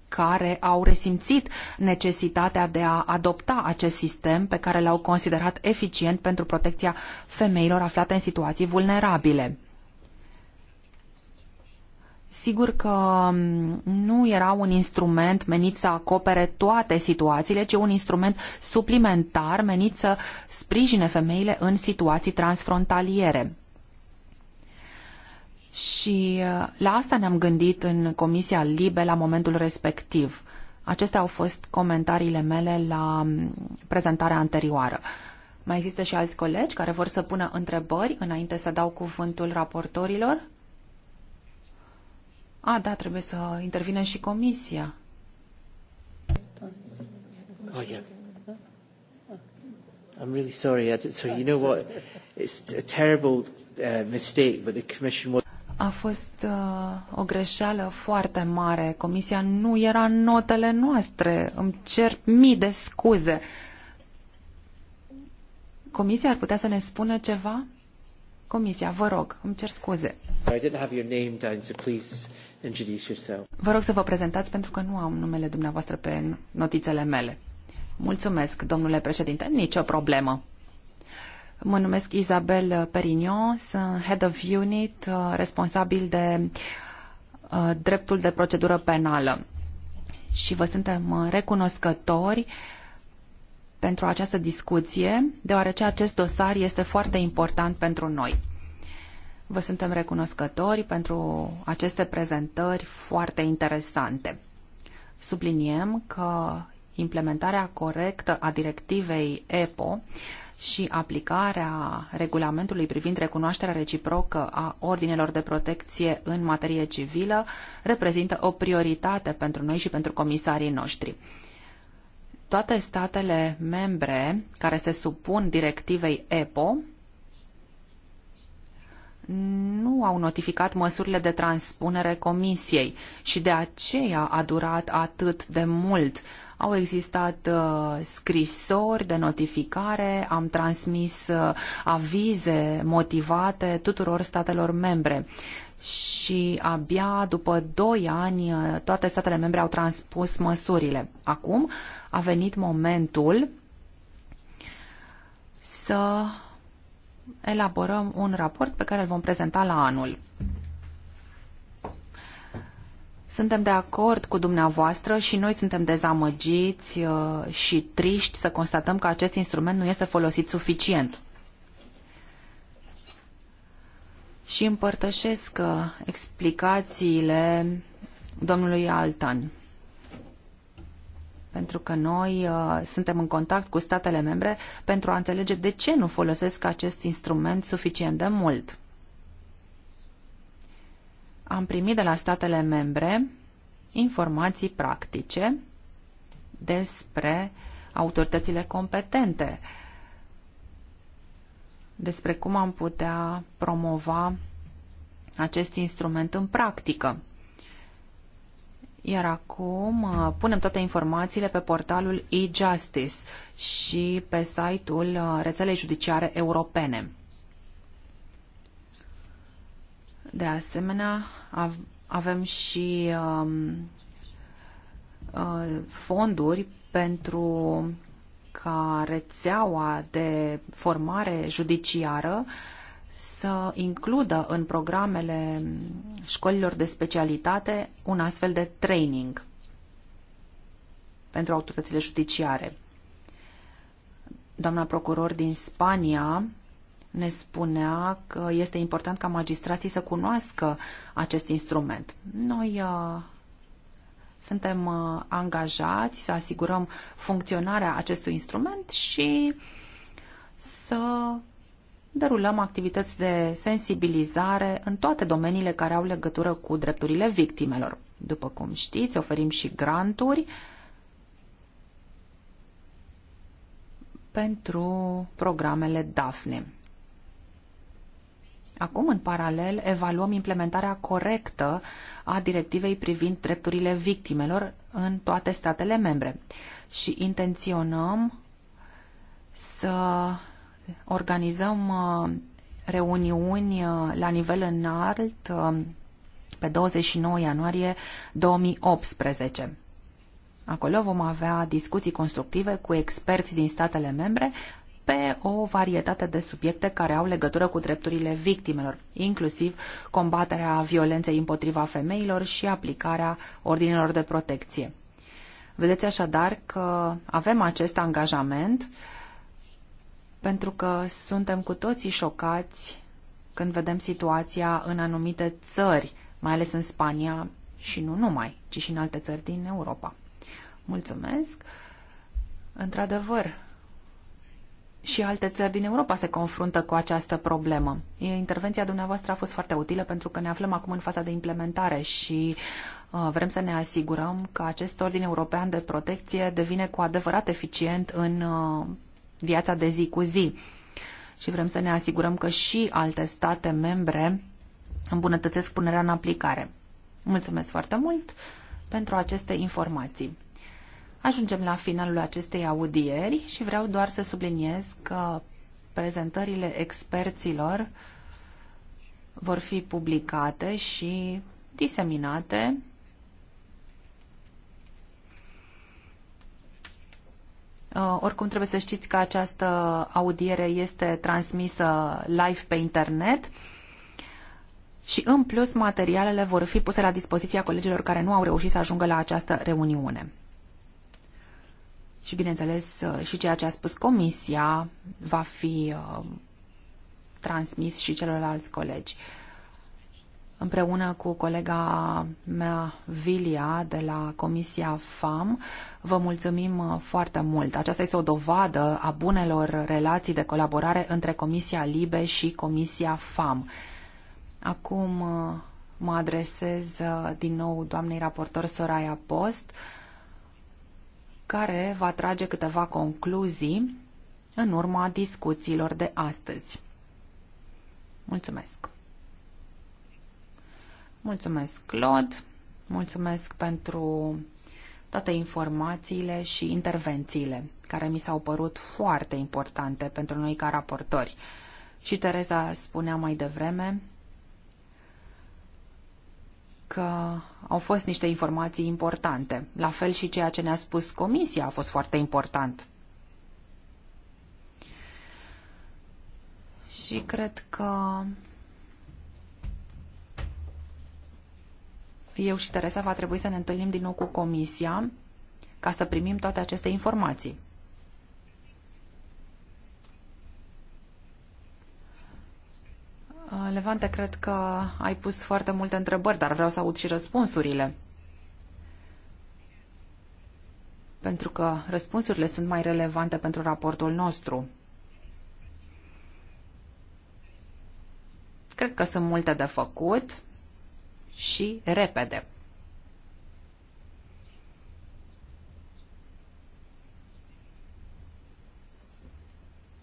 care au resimțit necesitatea de a adopta acest sistem pe care l-au considerat eficient pentru protecția femeilor aflate în situații vulnerabile. Sigur că mm, nu era un instrument menit să acopere toate situațiile, ci un instrument suplimentar menit să sprijine femeile în situații transfrontaliere. Și la asta ne-am gândit în Comisia Libe la momentul respectiv. Acestea au fost comentariile mele la mm, prezentarea anterioară. Mai există și alți colegi care vor să pună întrebări înainte să dau cuvântul raportorilor? A, da, trebuie să intervină și comisia. Oh, yeah. I'm really sorry. So you know what? It's a terrible uh, mistake, but the commission was... A fost uh, o greșeală foarte mare. Comisia nu era în notele noastre. Îmi cer mii de scuze. Comisia ar putea să ne spună ceva? Comisia, vă rog, îmi cer scuze. I didn't have your name down, so please Vă rog să vă prezentați pentru că nu am numele dumneavoastră pe notițele mele. Mulțumesc, domnule președinte. Nicio problemă. Mă numesc Isabel Perignon, sunt Head of Unit, uh, responsabil de uh, dreptul de procedură penală. Și vă suntem uh, recunoscători pentru această discuție, deoarece acest dosar este foarte important pentru noi. Vă suntem recunoscători pentru aceste prezentări foarte interesante. Subliniem că implementarea corectă a directivei EPO și aplicarea regulamentului privind recunoașterea reciprocă a ordinelor de protecție în materie civilă reprezintă o prioritate pentru noi și pentru comisarii noștri. Toate statele membre care se supun directivei EPO nu au notificat măsurile de transpunere comisiei și de aceea a durat atât de mult. Au existat uh, scrisori de notificare, am transmis uh, avize motivate tuturor statelor membre și abia după 2 ani uh, toate statele membre au transpus măsurile. Acum a venit momentul să elaborăm un raport pe care îl vom prezenta la anul. Suntem de acord cu dumneavoastră și noi suntem dezamăgiți uh, și triști să constatăm că acest instrument nu este folosit suficient. Și împărtășesc uh, explicațiile domnului Altan pentru că noi uh, suntem în contact cu statele membre pentru a înțelege de ce nu folosesc acest instrument suficient de mult. Am primit de la statele membre informații practice despre autoritățile competente, despre cum am putea promova acest instrument în practică. Iar acum uh, punem toate informațiile pe portalul e-Justice și pe site-ul uh, rețelei judiciare europene. De asemenea, avem și um, uh, fonduri pentru ca rețeaua de formare judiciară uh, să includă în programele școlilor de specialitate un astfel de training pentru autoritățile judiciare. Doamna procuror din Spania ne spunea că este important ca magistrații să cunoască acest instrument. Noi uh, suntem uh, angajați să asigurăm funcționarea acestui instrument și să derulăm activități de sensibilizare în toate domeniile care au legătură cu drepturile victimelor. După cum știți, oferim și granturi pentru programele DAFNE. Acum, în paralel, evaluăm implementarea corectă a directivei privind drepturile victimelor în toate statele membre și intenționăm să organizăm uh, reuniuni uh, la nivel înalt uh, pe 29 ianuarie 2018. Acolo vom avea discuții constructive cu experți din statele membre pe o varietate de subiecte care au legătură cu drepturile victimelor, inclusiv combaterea violenței împotriva femeilor și aplicarea ordinelor de protecție. Vedeți așadar că avem acest angajament uh, pentru că suntem cu toții șocați când vedem situația în anumite țări, mai ales în Spania și nu numai, ci și în alte țări din Europa. Mulțumesc! Într-adevăr, și alte țări din Europa se confruntă cu această problemă. Intervenția dumneavoastră a fost foarte utilă pentru că ne aflăm acum în faza de implementare și uh, vrem să ne asigurăm că acest ordin european de protecție devine cu adevărat eficient în uh, viața de zi cu zi. Și vrem să ne asigurăm că și alte state membre îmbunătățesc punerea în aplicare. Mulțumesc foarte mult pentru aceste informații. Ajungem la finalul acestei audieri și vreau doar să subliniez că prezentările experților vor fi publicate și diseminate Uh, oricum trebuie să știți că această audiere este transmisă live pe internet și în plus materialele vor fi puse la dispoziția colegilor care nu au reușit să ajungă la această reuniune. Și bineînțeles uh, și ceea ce a spus comisia va fi uh, transmis și celorlalți colegi. Împreună cu colega mea, Vilia, de la Comisia FAM, vă mulțumim uh, foarte mult. Aceasta este o dovadă a bunelor relații de colaborare între Comisia LIBE și Comisia FAM. Acum uh, mă adresez uh, din nou doamnei raportor Soraya Post, care va trage câteva concluzii în urma discuțiilor de astăzi. Mulțumesc! Mulțumesc, Claude. Mulțumesc pentru toate informațiile și intervențiile, care mi s-au părut foarte importante pentru noi ca raportori. Și Tereza spunea mai devreme că au fost niște informații importante. La fel și ceea ce ne-a spus comisia a fost foarte important. Și cred că eu și Teresa va trebui să ne întâlnim din nou cu Comisia ca să primim toate aceste informații. Uh, Levante, cred că ai pus foarte multe întrebări, dar vreau să aud și răspunsurile. Pentru că răspunsurile sunt mai relevante pentru raportul nostru. Cred că sunt multe de făcut și repede.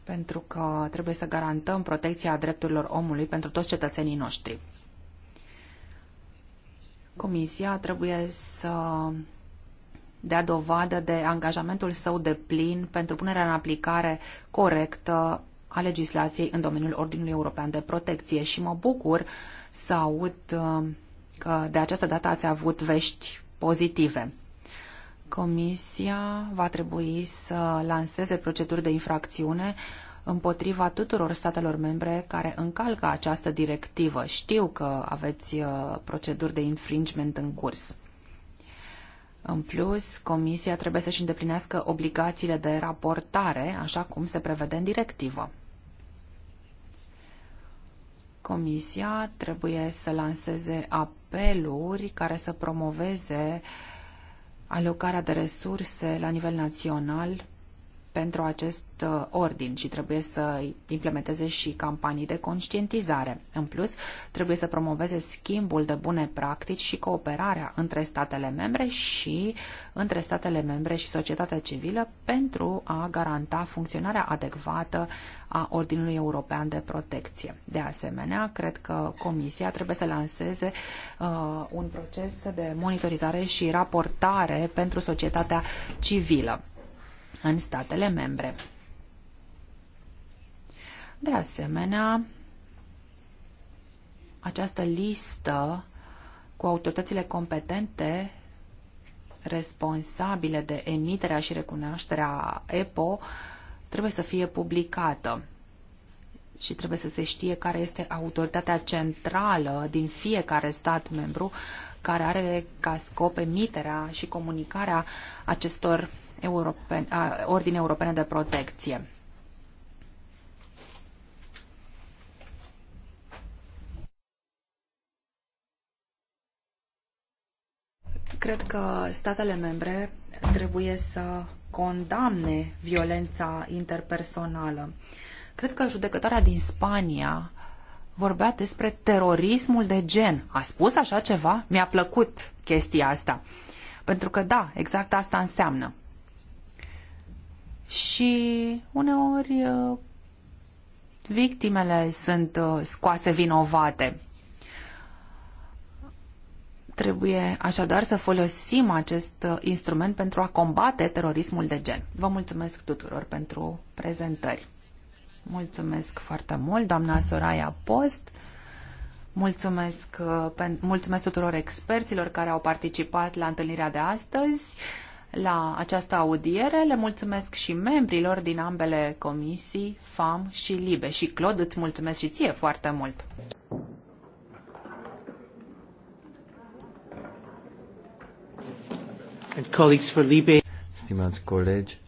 pentru că trebuie să garantăm protecția drepturilor omului pentru toți cetățenii noștri. Comisia trebuie să dea dovadă de angajamentul său de plin pentru punerea în aplicare corectă a legislației în domeniul Ordinului European de Protecție și mă bucur să aud uh, că de această dată ați avut vești pozitive. Comisia va trebui să lanseze proceduri de infracțiune împotriva tuturor statelor membre care încalcă această directivă. Știu că aveți uh, proceduri de infringement în curs. În plus, Comisia trebuie să-și îndeplinească obligațiile de raportare, așa cum se prevede în directivă. Comisia trebuie să lanseze a apeluri care să promoveze alocarea de resurse la nivel național pentru acest uh, ordin și trebuie să implementeze și campanii de conștientizare. În plus, trebuie să promoveze schimbul de bune practici și cooperarea între statele membre și între statele membre și societatea civilă pentru a garanta funcționarea adecvată a Ordinului European de Protecție. De asemenea, cred că Comisia trebuie să lanseze uh, un proces de monitorizare și raportare pentru societatea civilă în statele membre. De asemenea, această listă cu autoritățile competente responsabile de emiterea și recunoașterea EPO trebuie să fie publicată și trebuie să se știe care este autoritatea centrală din fiecare stat membru care are ca scop emiterea și comunicarea acestor europene, a Ordinii Europene de Protecție. Cred că statele membre trebuie să condamne violența interpersonală. Cred că judecătoarea din Spania vorbea despre terorismul de gen. A spus așa ceva? Mi-a plăcut chestia asta. Pentru că, da, exact asta înseamnă și uneori uh, victimele sunt uh, scoase vinovate. Trebuie așadar să folosim acest uh, instrument pentru a combate terorismul de gen. Vă mulțumesc tuturor pentru prezentări. Mulțumesc foarte mult, doamna Soraya Post. Mulțumesc, mulțumesc tuturor experților care au participat la întâlnirea de astăzi la această audiere. Le mulțumesc și membrilor din ambele comisii, FAM și LIBE. Și, Claude, îți mulțumesc și ție foarte mult! Libe. Stimați colegi,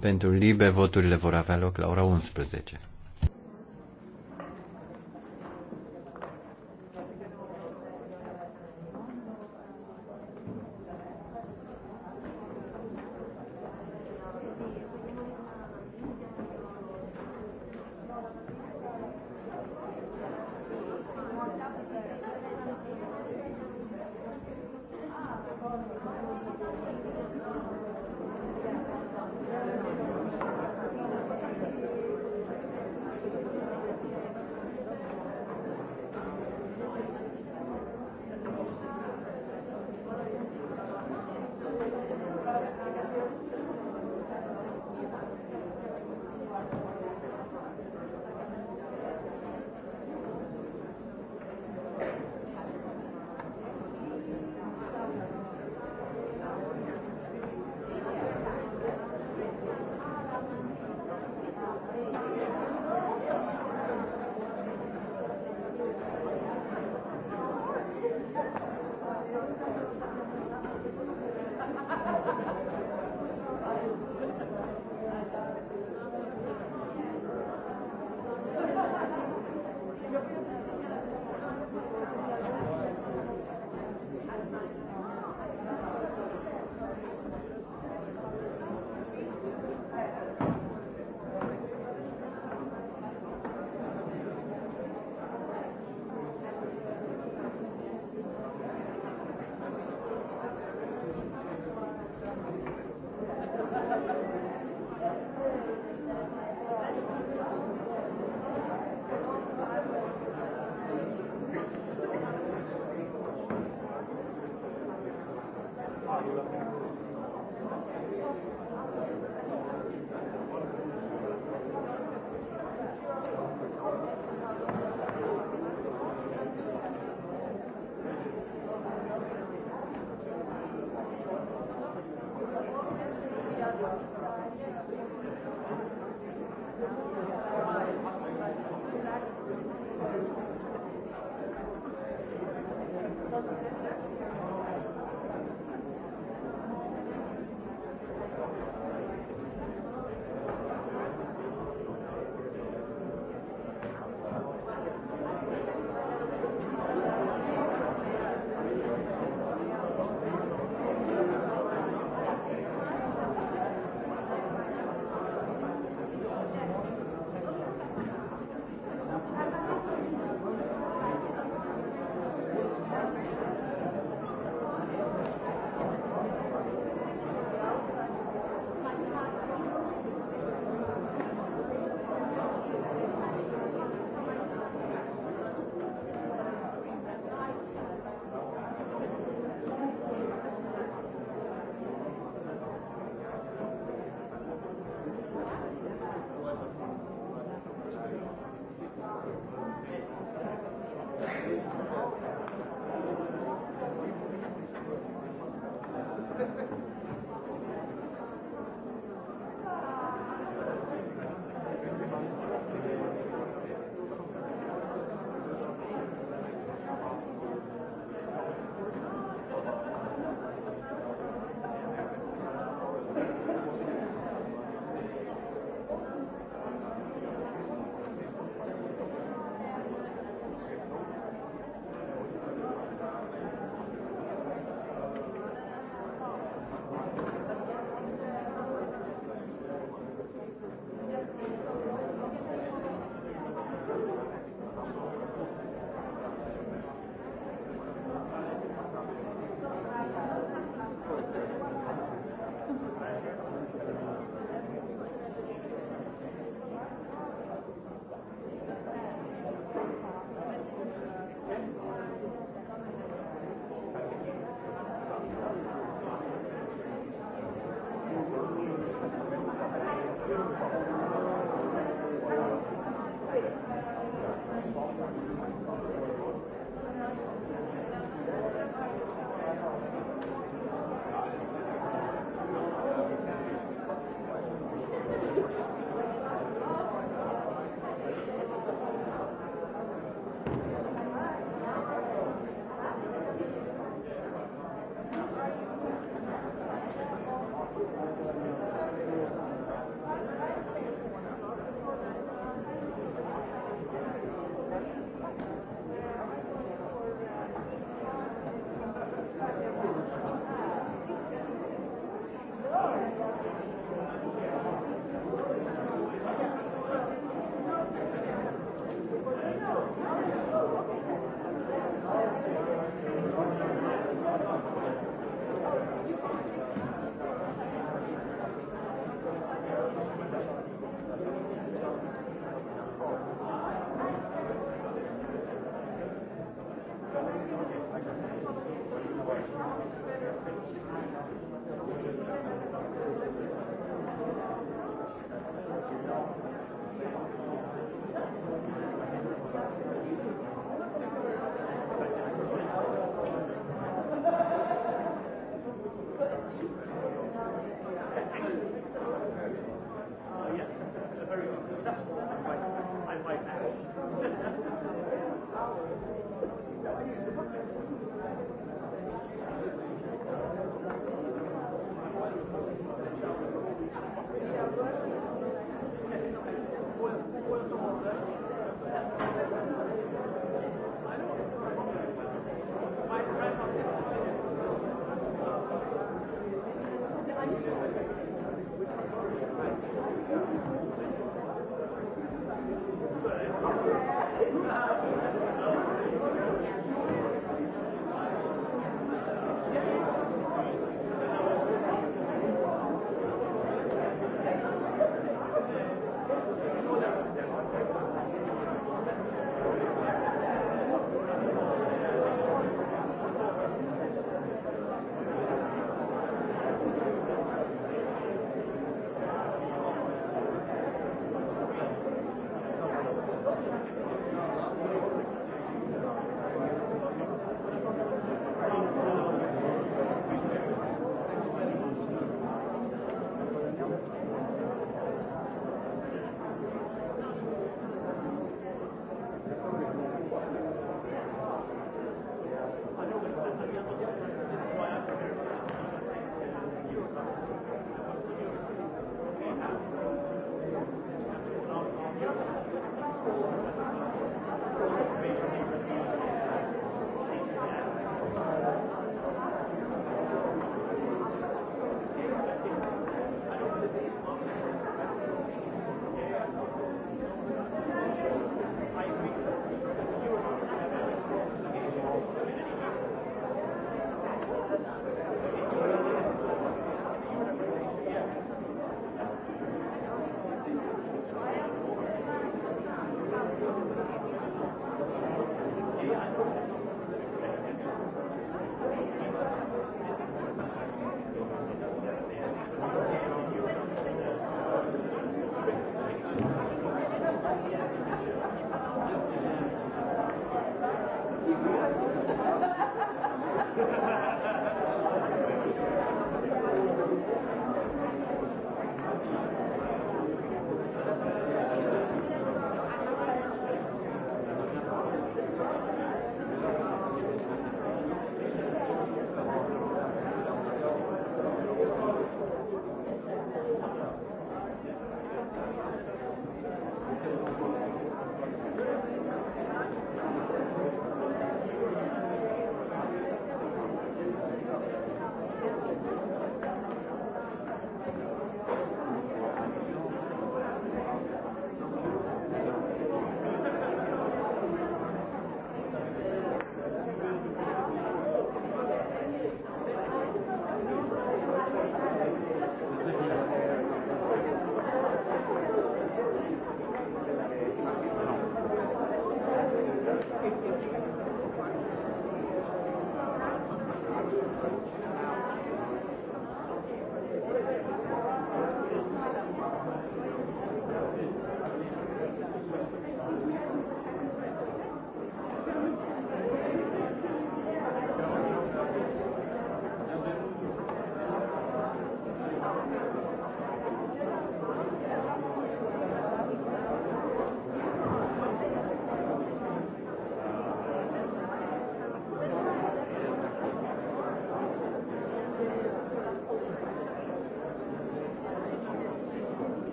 pentru Libe voturile vor avea loc la ora 11.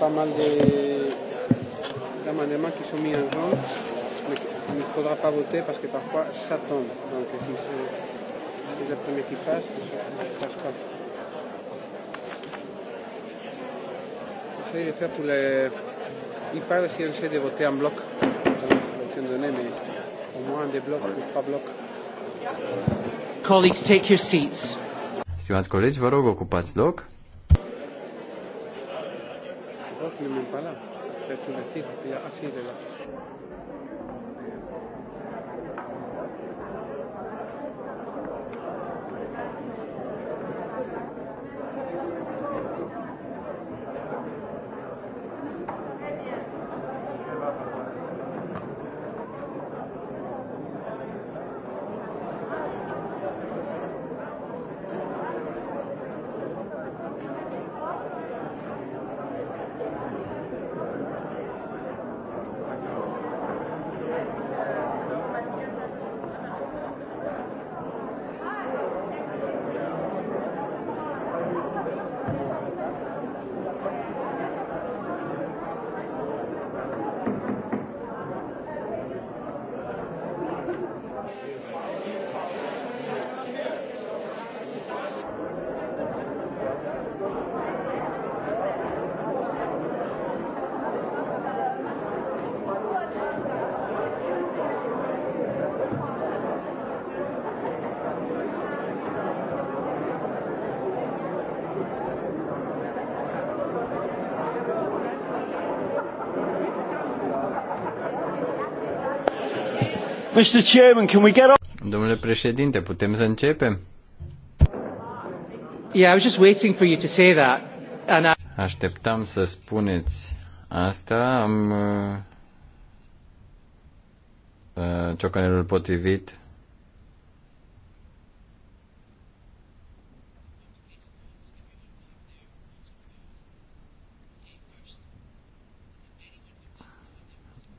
pas mal de d'amendements qui sont mis en jaune, mais il ne faudra pas voter parce que parfois ça tombe. Donc si c'est le premier qui passe, ça ne passe pas. J'essaie de faire pour les... Il parle si on essaie de voter en bloc, donné, mais au moins des blocs ou trois blocs. Colleagues, take your seats. Stimați colegi, vă rog, ocupați loc n'est même pas là. Peut-être une assise, il y Mr. Chairman, can we get on? Domnule președinte, putem să începem? Yeah, I was just waiting for you to say that. And I... Așteptam să spuneți asta. Am uh, uh ciocanelul potrivit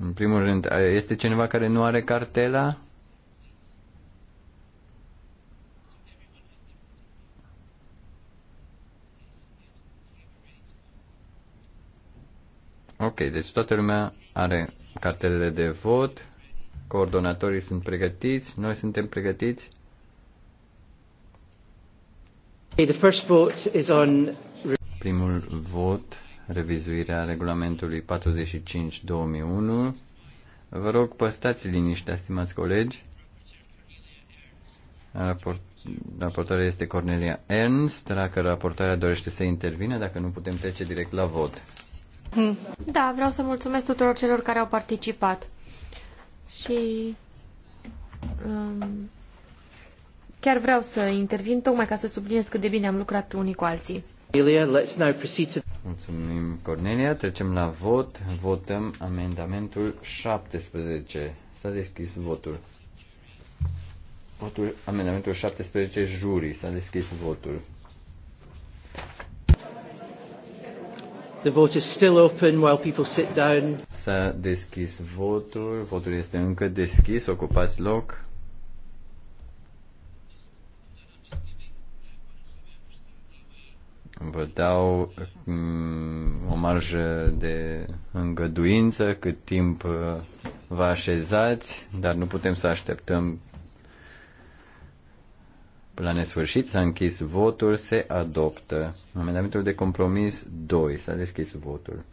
În primul rând, este cineva care nu are cartela? Ok, deci toată lumea are cartelele de vot, coordonatorii sunt pregătiți, noi suntem pregătiți. Okay, the first vote is on... Primul vot revizuirea regulamentului 45-2001. Vă rog, păstați liniștea, stimați colegi. Raport, raportarea este Cornelia Ernst. Dacă raportarea dorește să intervine dacă nu putem trece direct la vot. Da, vreau să mulțumesc tuturor celor care au participat. Și um, chiar vreau să intervin, tocmai ca să subliniez cât de bine am lucrat unii cu alții. Ilia, let's now proceed to... Mulțumim, Cornelia. Trecem la vot. Votăm amendamentul 17. S-a deschis votul. Votul, amendamentul 17, jurii. S-a deschis votul. The vote is still open while people sit down. S-a deschis votul. Votul este încă deschis. Ocupați loc. Vă dau mm, o marjă de îngăduință cât timp uh, vă așezați, dar nu putem să așteptăm la nesfârșit. S-a închis votul, se adoptă. Amendamentul de compromis 2. S-a deschis votul.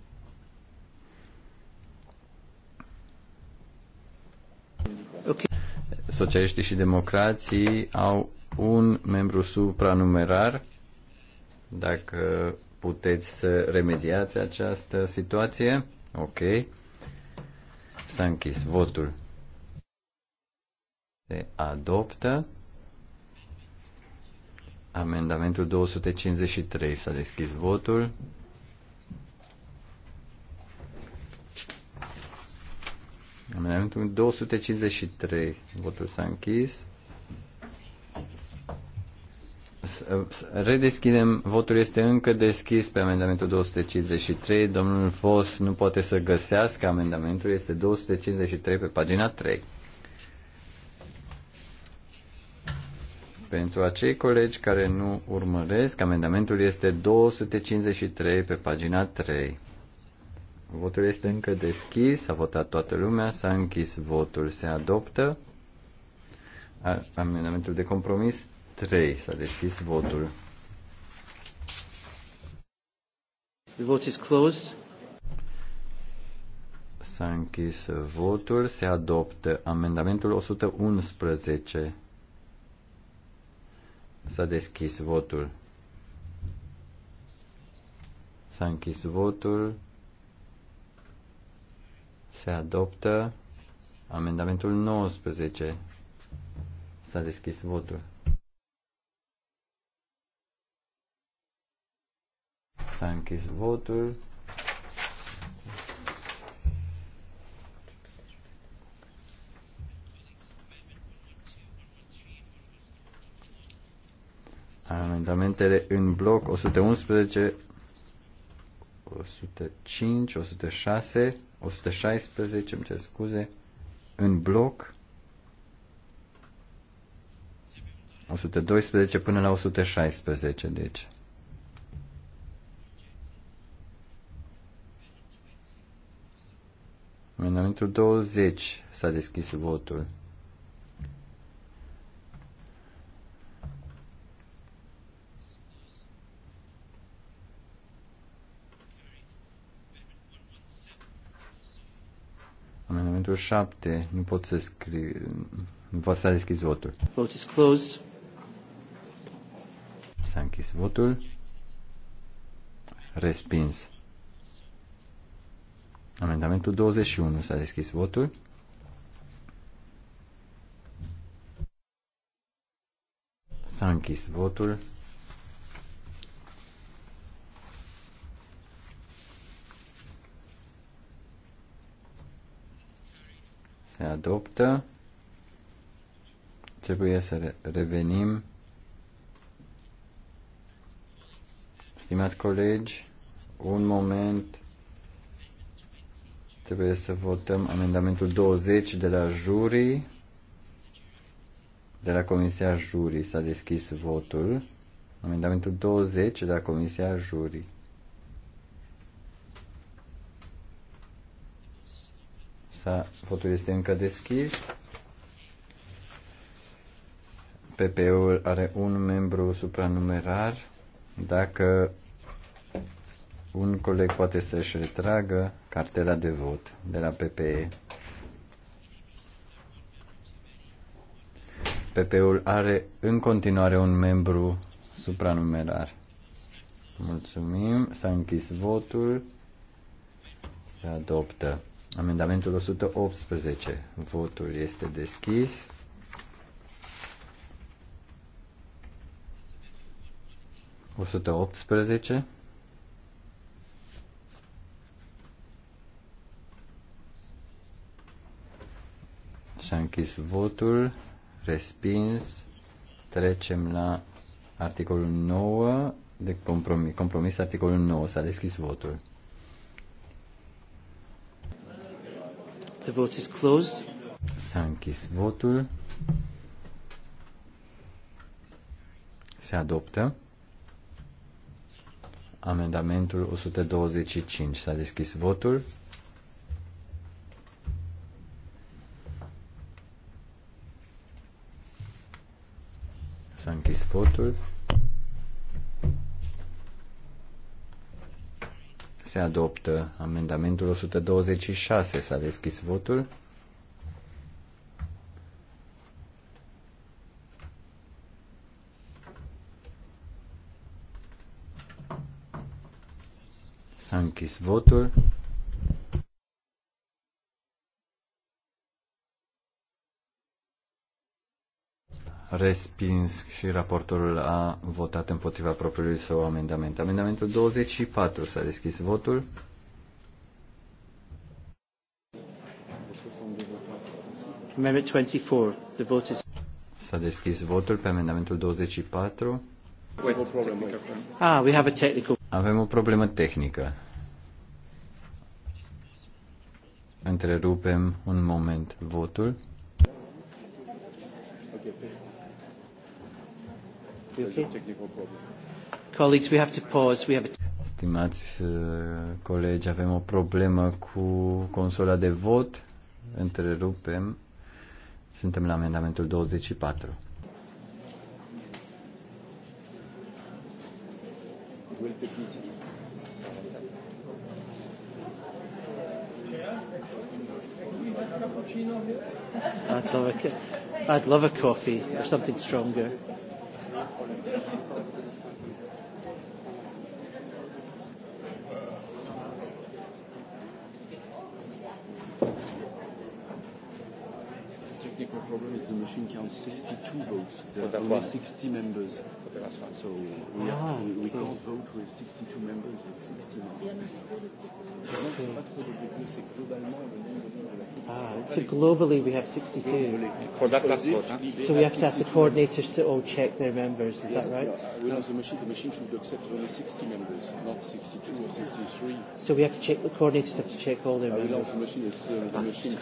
Okay. Socialiștii și democrații au un membru supranumerar dacă puteți să remediați această situație, ok. S-a închis votul. Se adoptă. Amendamentul 253 s-a deschis votul. Amendamentul 253. Votul s-a închis redeschidem, votul este încă deschis pe amendamentul 253. Domnul Fos nu poate să găsească amendamentul, este 253 pe pagina 3. Pentru acei colegi care nu urmăresc, amendamentul este 253 pe pagina 3. Votul este încă deschis, a votat toată lumea, s-a închis votul, se adoptă. Amendamentul de compromis 3. S-a deschis votul. The vote is closed. S-a închis votul. Se adoptă amendamentul 111. S-a deschis votul. S-a închis votul. Se adoptă amendamentul 19. S-a deschis votul. S-a închis votul. Amendamentele în bloc 111, 105, 106, 116, îmi cer scuze, în bloc 112 până la 116, deci Amendamentul 20 s-a deschis votul. Amendamentul 7, nu pot să scriu, nu pot să deschis votul. Vote is closed. S-a închis votul. Respins. Amendamentul 21. S-a deschis votul. S-a închis votul. Se adoptă. Trebuie să revenim. Stimați colegi, un moment Trebuie să votăm amendamentul 20 de la jury. de la Comisia Jurii. S-a deschis votul. Amendamentul 20 de la Comisia Jurii. S-a, votul este încă deschis. PP-ul are un membru supranumerar. Dacă un coleg poate să-și retragă cartela de vot de la PPE. ppe ul are în continuare un membru supranumerar. Mulțumim. S-a închis votul. Se adoptă. Amendamentul 118. Votul este deschis. O Și a închis votul, respins. Trecem la articolul 9 de compromis. Compromis articolul 9. S-a deschis votul. The vote is closed. S-a închis votul. Se adoptă. Amendamentul 125. S-a deschis votul. S-a închis votul. Se adoptă amendamentul 126. S-a deschis votul. S-a închis votul. respins și raportorul a votat împotriva propriului său amendament. Amendamentul 24 s-a deschis votul. Amendment 24. The vote is... S-a deschis votul pe amendamentul 24. Ah, we have a technical... Avem o problemă tehnică. Întrerupem un moment votul. Okay. Colleagues, we have to pause. We have a... Stimați uh, colegi, avem o problemă cu consola de vot. Întrerupem. Suntem la amendamentul 24. I'd love a, I'd love a coffee or something stronger. Mulțumesc. problem is the machine counts 62 votes. There are only 60 members. So we, have, ah, we, we, we can't vote with 62 members, with 60 members. Ah, so globally we have 62. For that last vote, huh? So we have to have the coordinators to all check their members, is yes, that right? No, no, the machine, the machine should accept only 60 members, not 62 or 63. So we have to check, the coordinators have to check all their uh, members. the machine is, uh, the machine.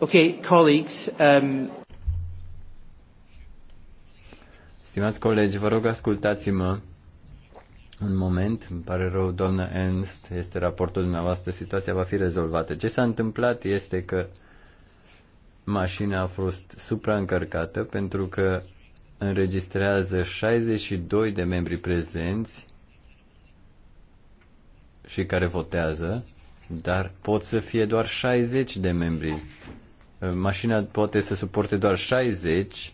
Okay, colleagues, um... Stimați colegi, vă rog ascultați-mă un moment. Îmi pare rău, doamnă Ernst, este raportul dumneavoastră, situația va fi rezolvată. Ce s-a întâmplat este că mașina a fost supraîncărcată pentru că înregistrează 62 de membri prezenți și care votează, dar pot să fie doar 60 de membri Uh, mașina poate să suporte doar 60,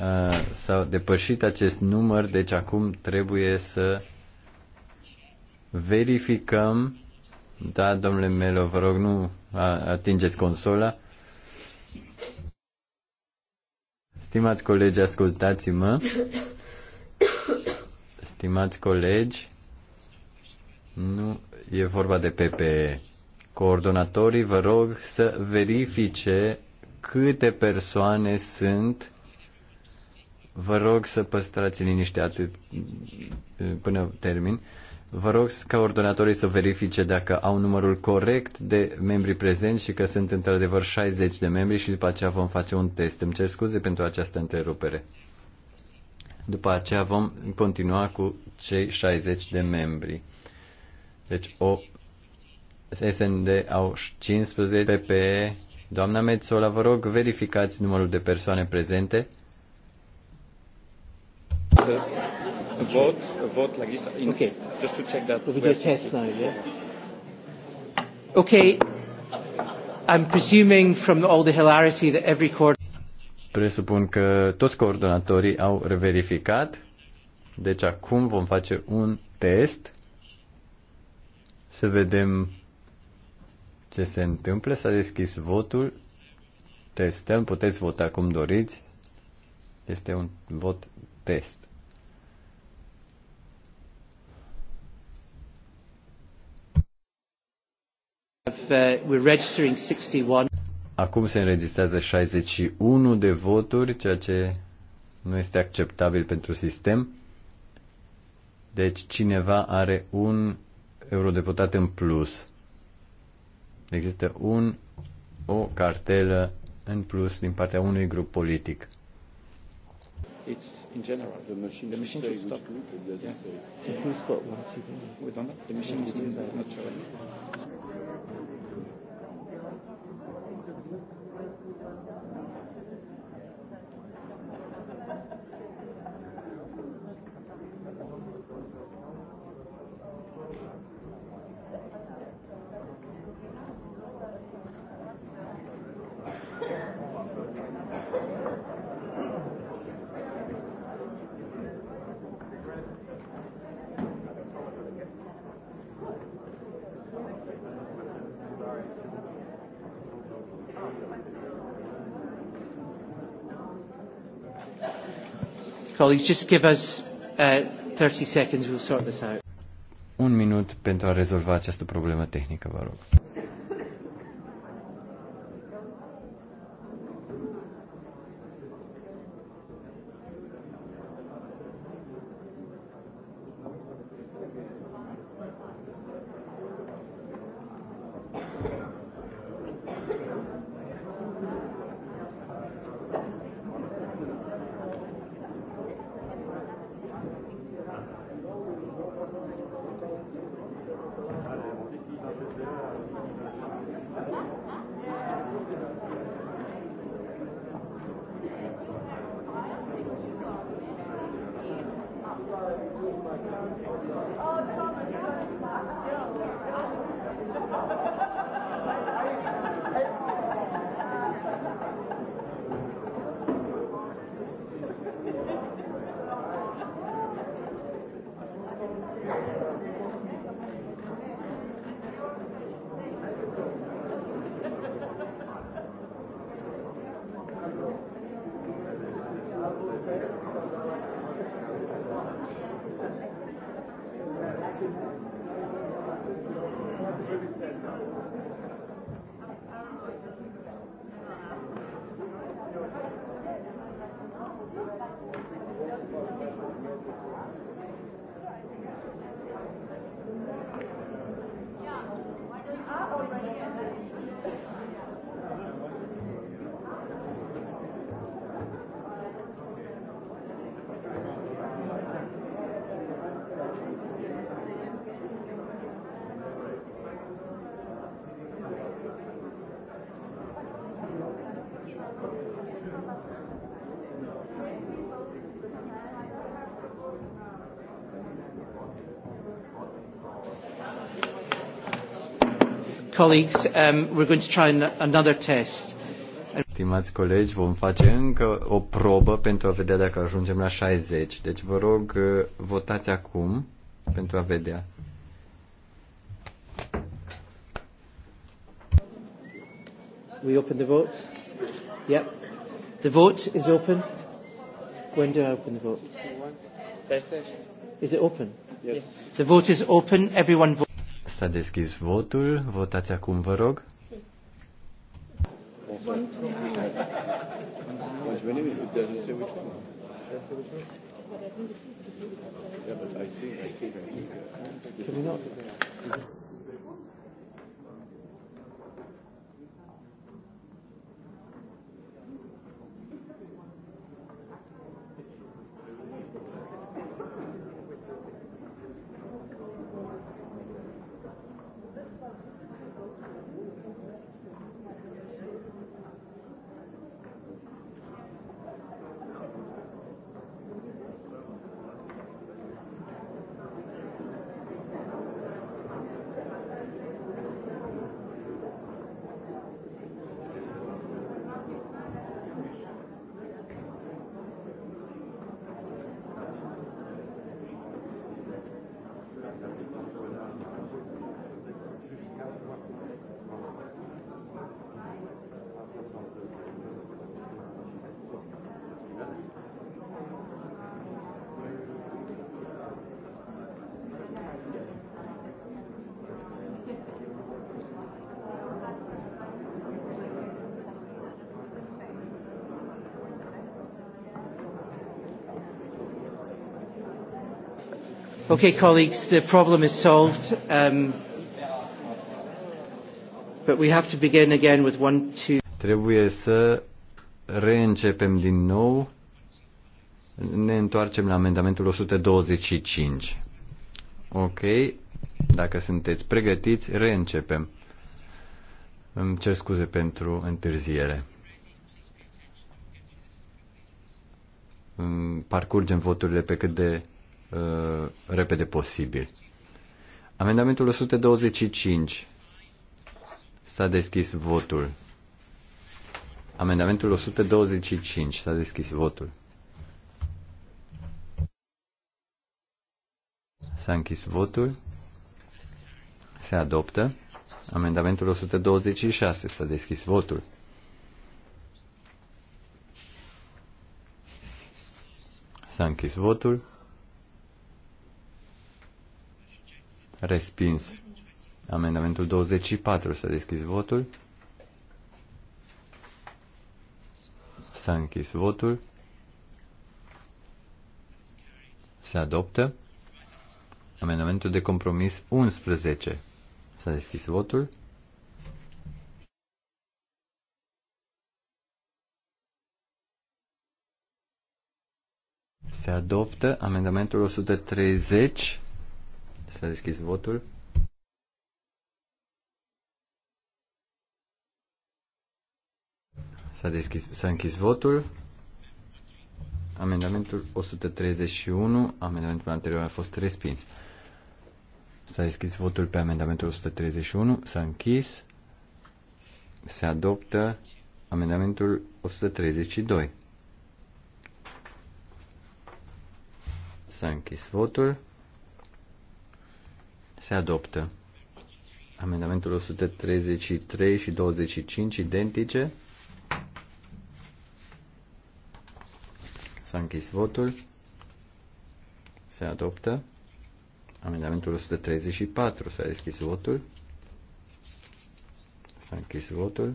uh, sau a depășit acest număr, deci acum trebuie să verificăm. Da, domnule Melo, vă rog, nu atingeți consola. Stimați colegi, ascultați-mă. Stimați colegi, nu e vorba de PPE. Coordonatorii vă rog să verifice câte persoane sunt. Vă rog să păstrați liniște atât până termin. Vă rog ca ordonatorii să verifice dacă au numărul corect de membri prezenți și că sunt într-adevăr 60 de membri și după aceea vom face un test. Îmi cer scuze pentru această întrerupere. După aceea vom continua cu cei 60 de membri. Deci o SND au 15, PPE, doamna Metzola, vă rog, verificați numărul de persoane prezente. vote, vote like this. In, okay. Just to check that. We do test now, yeah? Okay. I'm presuming from all the hilarity that every court... Presupun că toți coordonatorii au reverificat. Deci acum vom face un test să vedem ce se întâmplă. S-a deschis votul. Testăm. Puteți vota cum doriți. Este un vot test. Acum se înregistrează 61 de voturi, ceea ce nu este acceptabil pentru sistem. Deci cineva are un eurodeputat în plus există un, o cartelă în plus din partea unui grup politic. It's in general the machine. The machine should stop. Yeah. We don't know. The machine is not showing. colleagues, just give us uh, 30 seconds, we'll sort this out. Un minut pentru a rezolva această problemă tehnică, vă rog. colleagues, um, we're going to try another test. Stimați colegi, vom face încă o probă pentru a vedea dacă ajungem la 60. Deci vă rog, uh, votați acum pentru a vedea. We open the vote? Yep. The vote is open. When do I open the vote? Is it open? Yes. The vote is open. Everyone vote. S-a deschis votul. Votați acum, vă rog. Can we not? Okay, colleagues, the problem is solved. Um, but we have to begin again with one, two. Trebuie să reîncepem din nou. Ne întoarcem la amendamentul 125. Ok, dacă sunteți pregătiți, reîncepem. Îmi cer scuze pentru întârziere. Parcurgem voturile pe cât de Uh, repede posibil. Amendamentul 125. S-a deschis votul. Amendamentul 125. S-a deschis votul. S-a închis votul. Se adoptă. Amendamentul 126. S-a deschis votul. S-a închis votul. Respins. Amendamentul 24. S-a deschis votul. S-a închis votul. Se adoptă. Amendamentul de compromis 11. S-a deschis votul. Se adoptă amendamentul 130. S-a deschis votul. S-a, deschis, s-a închis votul. Amendamentul 131, amendamentul anterior a fost respins. S-a deschis votul pe amendamentul 131, s-a închis, se adoptă amendamentul 132. S-a închis votul. Se adoptă. Amendamentul 133 și 25 identice. S-a închis votul. Se adoptă. Amendamentul 134. S-a deschis votul. S-a închis votul.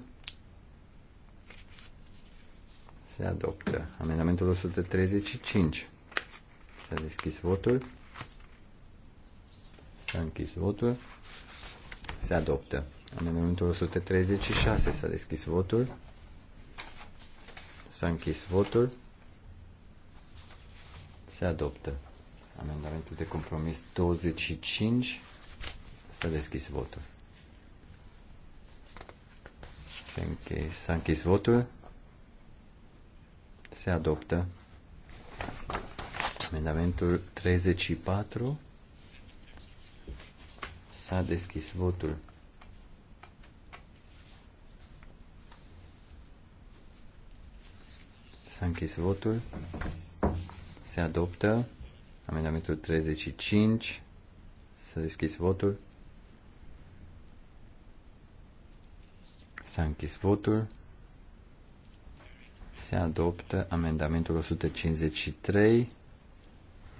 Se adoptă. Amendamentul 135. S-a deschis votul. S-a închis votul. Se adoptă. Amendamentul 136 s-a deschis votul. S-a închis votul. Se adoptă. Amendamentul de compromis 25 s-a deschis votul. S-a închis, s-a închis votul. Se adoptă. Amendamentul 34 S-a deschis votul. S-a închis votul. Se adoptă amendamentul 35. S-a deschis votul. S-a închis votul. Se adoptă amendamentul 153.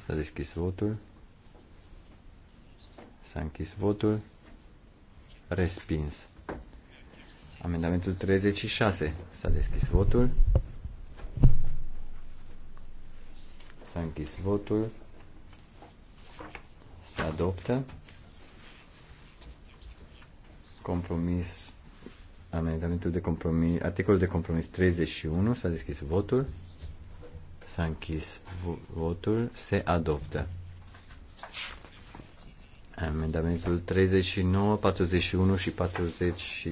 S-a deschis votul. S-a închis votul. Respins. Amendamentul 36. S-a deschis votul. S-a închis votul. Se adoptă. Compromis. Amendamentul de compromis. Articolul de compromis 31. S-a deschis votul. S-a închis votul. Se adoptă. Amendamentul 39, 41 și 40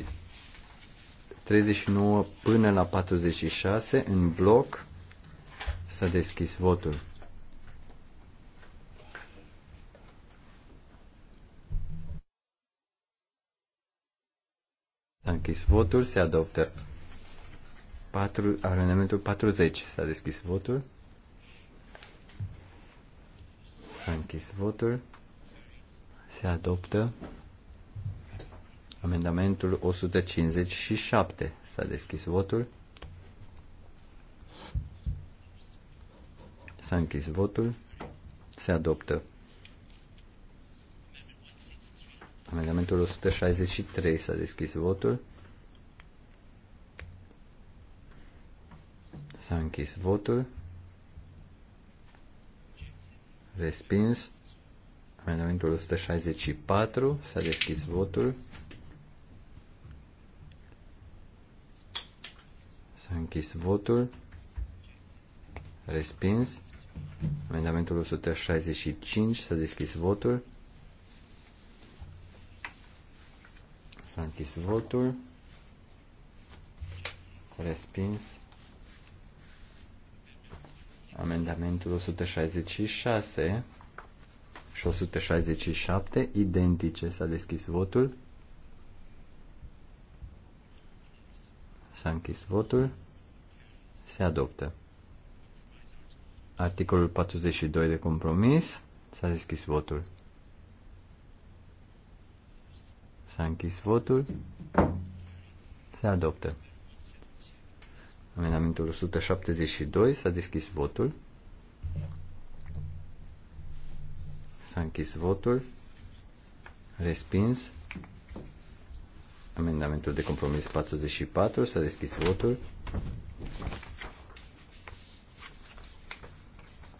39 până la 46 în bloc s-a deschis votul. S-a închis votul, se adoptă. 4, amendamentul 40 s-a deschis votul. S-a închis votul. Se adoptă amendamentul 157. S-a deschis votul. S-a închis votul. Se adoptă. Amendamentul 163 s-a deschis votul. S-a închis votul. Respins. Amendamentul 164. S-a deschis votul. S-a închis votul. Respins. Amendamentul 165. S-a deschis votul. S-a închis votul. Respins. Amendamentul 166 și 167, identice, s-a deschis votul. S-a închis votul. Se adoptă. Articolul 42 de compromis. S-a deschis votul. S-a închis votul. Se adoptă. Amendamentul 172. S-a deschis votul. S-a închis votul. Respins. Amendamentul de compromis 44. S-a deschis votul.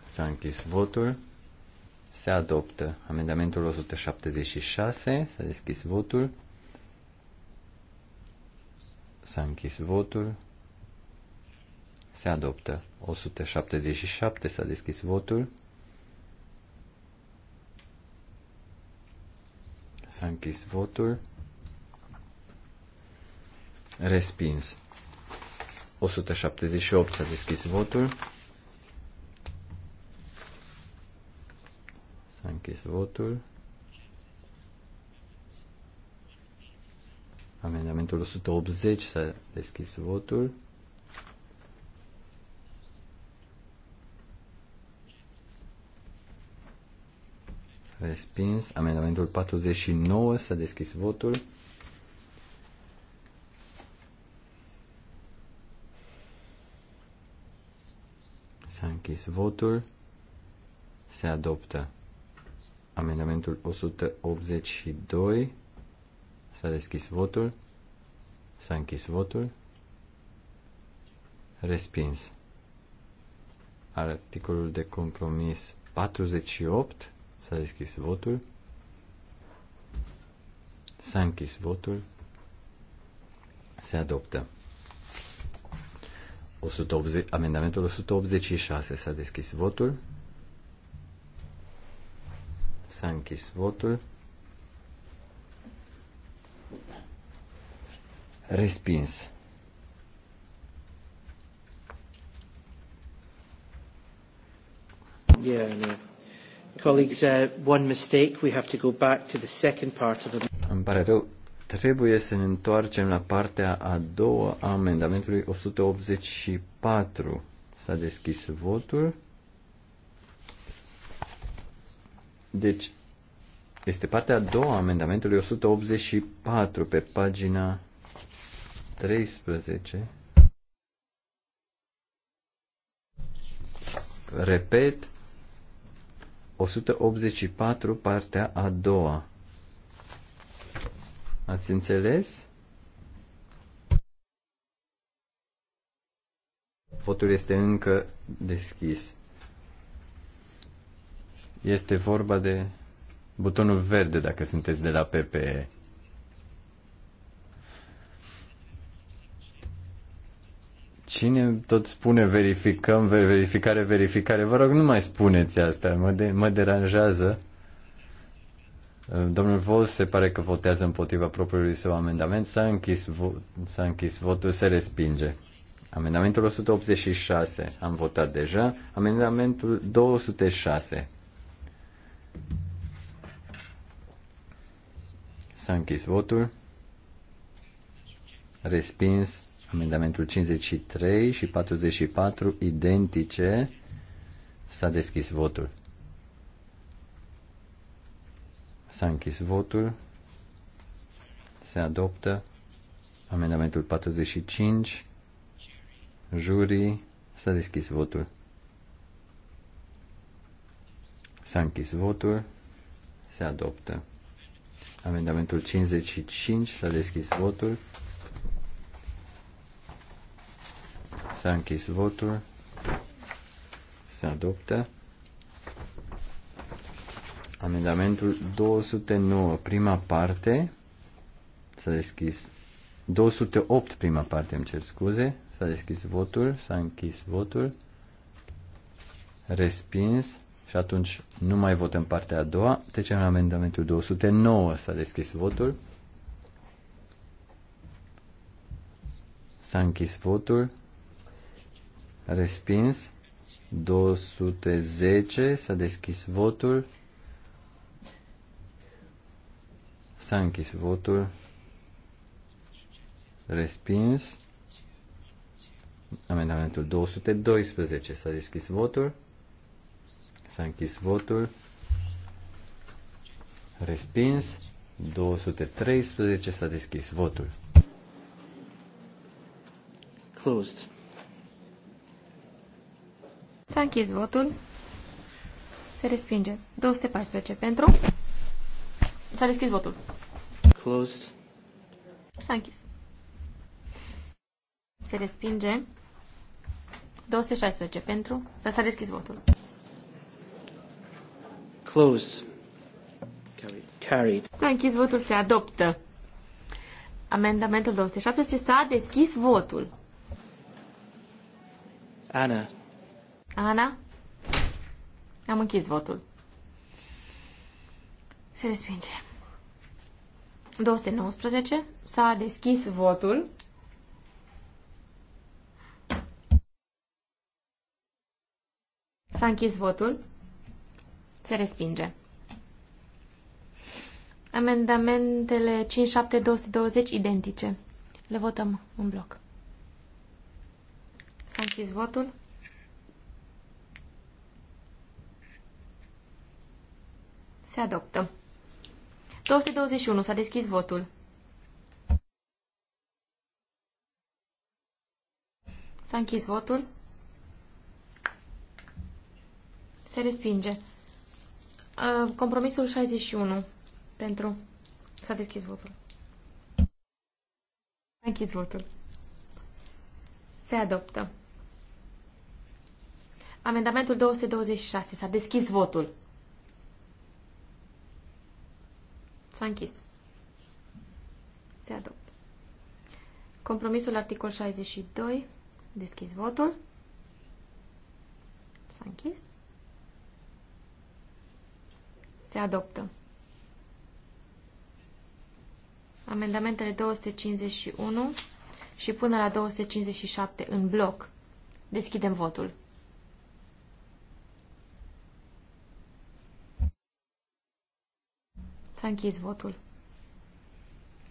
S-a închis votul. Se adoptă. Amendamentul 176. S-a deschis votul. S-a închis votul. Se adoptă. 177. S-a deschis votul. S-a închis votul. Respins. 178 s-a deschis votul. S-a închis votul. Amendamentul 180 s-a deschis votul. Respins. Amendamentul 49. S-a deschis votul. S-a închis votul. Se adoptă. Amendamentul 182. S-a deschis votul. S-a închis votul. Respins. Articolul de compromis 48. S-a deschis votul. S-a închis votul. Se adoptă. 180, amendamentul 186 s-a deschis votul. S-a închis votul. Respins. Yeah, I know. Colleagues, uh, one mistake. We have to go back to the second part of the... Îmi pare rău. Trebuie să ne întoarcem la partea a doua a amendamentului 184. S-a deschis votul. Deci, este partea a doua a amendamentului 184 pe pagina 13. Repet, 184, partea a doua. Ați înțeles? Fotul este încă deschis. Este vorba de butonul verde, dacă sunteți de la PPE. Cine tot spune verificăm, verificare, verificare? Vă rog, nu mai spuneți asta, mă, de- mă deranjează. Domnul Vos se pare că votează împotriva propriului său amendament. S-a închis, vo- s-a închis votul, se respinge. Amendamentul 186 am votat deja. Amendamentul 206 s-a închis votul. Respins Amendamentul 53 și 44 identice. S-a deschis votul. S-a închis votul. Se adoptă amendamentul 45. Jurii. S-a deschis votul. S-a închis votul. Se adoptă. Amendamentul 55. S-a deschis votul. S-a închis votul. Se adoptă. Amendamentul 209, prima parte. S-a deschis. 208, prima parte, îmi cer scuze. S-a deschis votul, s-a închis votul. Respins. Și atunci nu mai votăm partea a doua. Trecem la amendamentul 209. S-a deschis votul. S-a închis votul. Respins. 210. S-a deschis votul. S-a închis votul. Respins. Amendamentul 212. S-a deschis votul. S-a închis votul. Respins. 213. S-a deschis votul. Closed. S-a închis votul. Se respinge. 214 pentru. S-a deschis votul. Closed. S-a închis. Se respinge. 216 pentru. Dar s-a deschis votul. Close. Carried. S-a închis votul, se adoptă. Amendamentul 217 s-a deschis votul. Ana, Ana? Am închis votul. Se respinge. 219. S-a deschis votul. S-a închis votul. Se respinge. Amendamentele 57220 identice. Le votăm în bloc. S-a închis votul. Se adoptă. 221. S-a deschis votul. S-a închis votul. Se respinge. Uh, compromisul 61. Pentru. S-a deschis votul. S-a închis votul. Se adoptă. Amendamentul 226. S-a deschis votul. S-a închis. Se adoptă. Compromisul articol 62. Deschis votul. S-a închis. Se adoptă. Amendamentele 251 și până la 257 în bloc. Deschidem votul. S-a închis votul.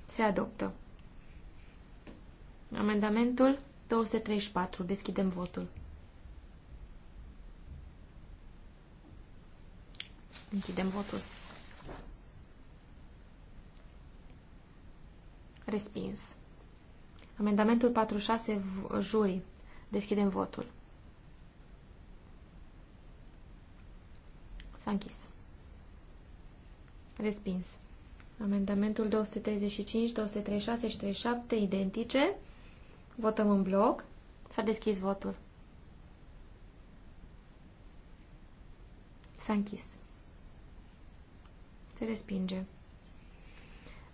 Se adoptă. Amendamentul 234. Deschidem votul. Închidem votul. Respins. Amendamentul 46, juri Deschidem votul. S-a închis. Respins. Amendamentul 235, 236 și 37 identice. Votăm în bloc. S-a deschis votul. S-a închis. Se respinge.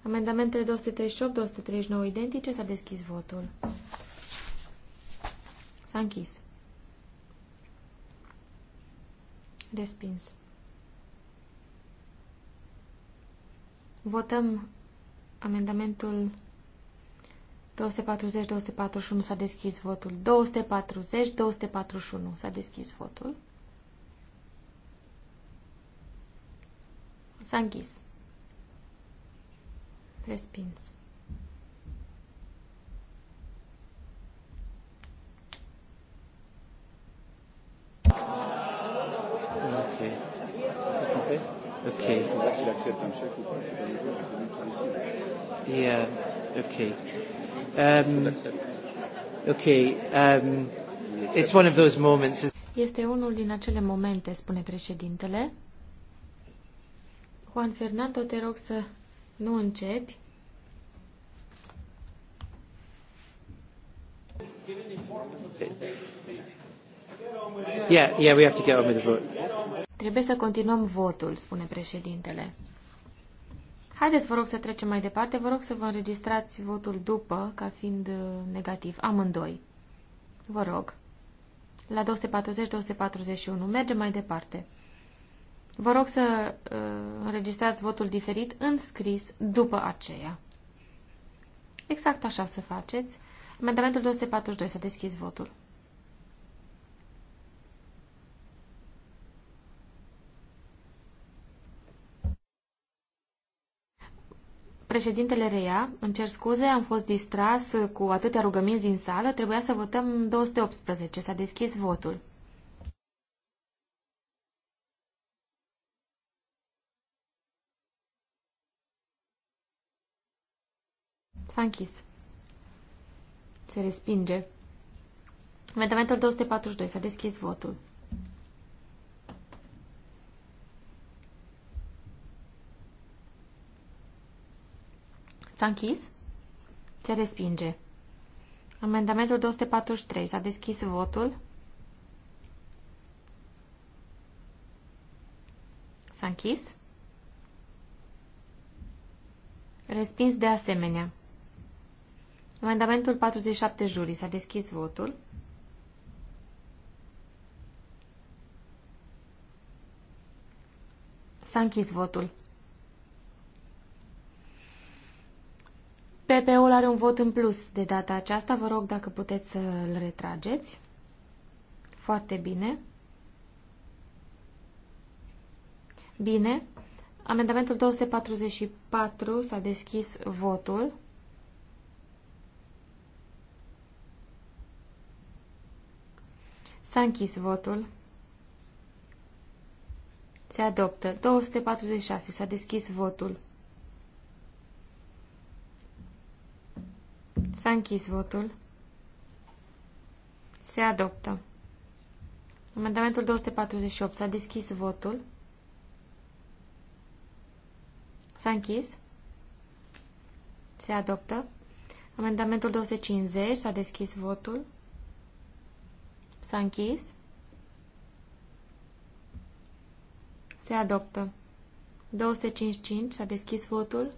Amendamentele 238, 239 identice. S-a deschis votul. S-a închis. Respins. Votăm amendamentul 240-241 s-a deschis votul. 240-241 s-a deschis votul. S-a închis. Respins. accepte un chèque ou pas, c'est pas le cas, c'est du tout Yeah, okay. Um, okay, um, it's one of those moments. Este unul din acele momente, spune președintele. Juan Fernando, te rog să nu începi. Yeah, yeah, we have to get on with the vote. Trebuie să continuăm votul, spune președintele. Haideți, vă rog, să trecem mai departe. Vă rog să vă înregistrați votul după, ca fiind uh, negativ, amândoi. Vă rog. La 240-241. Mergem mai departe. Vă rog să uh, înregistrați votul diferit în scris după aceea. Exact așa să faceți. Amendamentul 242. Să deschizi votul. Președintele reia, îmi cer scuze, am fost distras cu atâtea rugăminți din sală, trebuia să votăm 218, s-a deschis votul. S-a închis. Se respinge. Amendamentul 242. S-a deschis votul. S-a închis? Se respinge. Amendamentul 243. S-a deschis votul. S-a închis? Respins de asemenea. Amendamentul 47 jurii. S-a deschis votul. S-a închis votul. PP-ul are un vot în plus de data aceasta. Vă rog dacă puteți să-l retrageți. Foarte bine. Bine. Amendamentul 244 s-a deschis votul. S-a închis votul. Se adoptă. 246 s-a deschis votul. S-a închis votul. Se adoptă. Amendamentul 248. S-a deschis votul. S-a închis. Se adoptă. Amendamentul 250. S-a deschis votul. S-a închis. Se adoptă. 255. S-a deschis votul.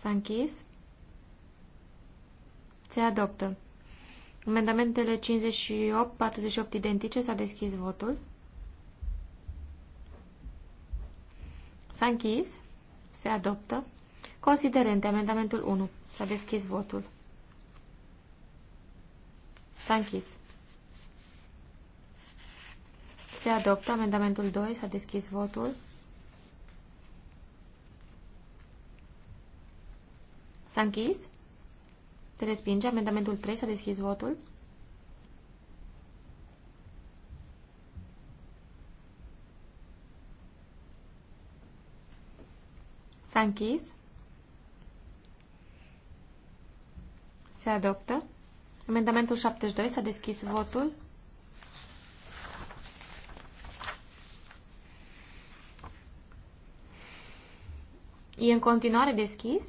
S-a închis. Se adoptă. Amendamentele 58-48 identice. S-a deschis votul. S-a închis. Se adoptă. Considerente. Amendamentul 1. S-a deschis votul. S-a închis. Se adoptă. Amendamentul 2. S-a deschis votul. S-a închis. Se respinge. Amendamentul 3. S-a deschis votul. S-a închis. Se adoptă. Amendamentul 72. S-a deschis votul. E în continuare deschis?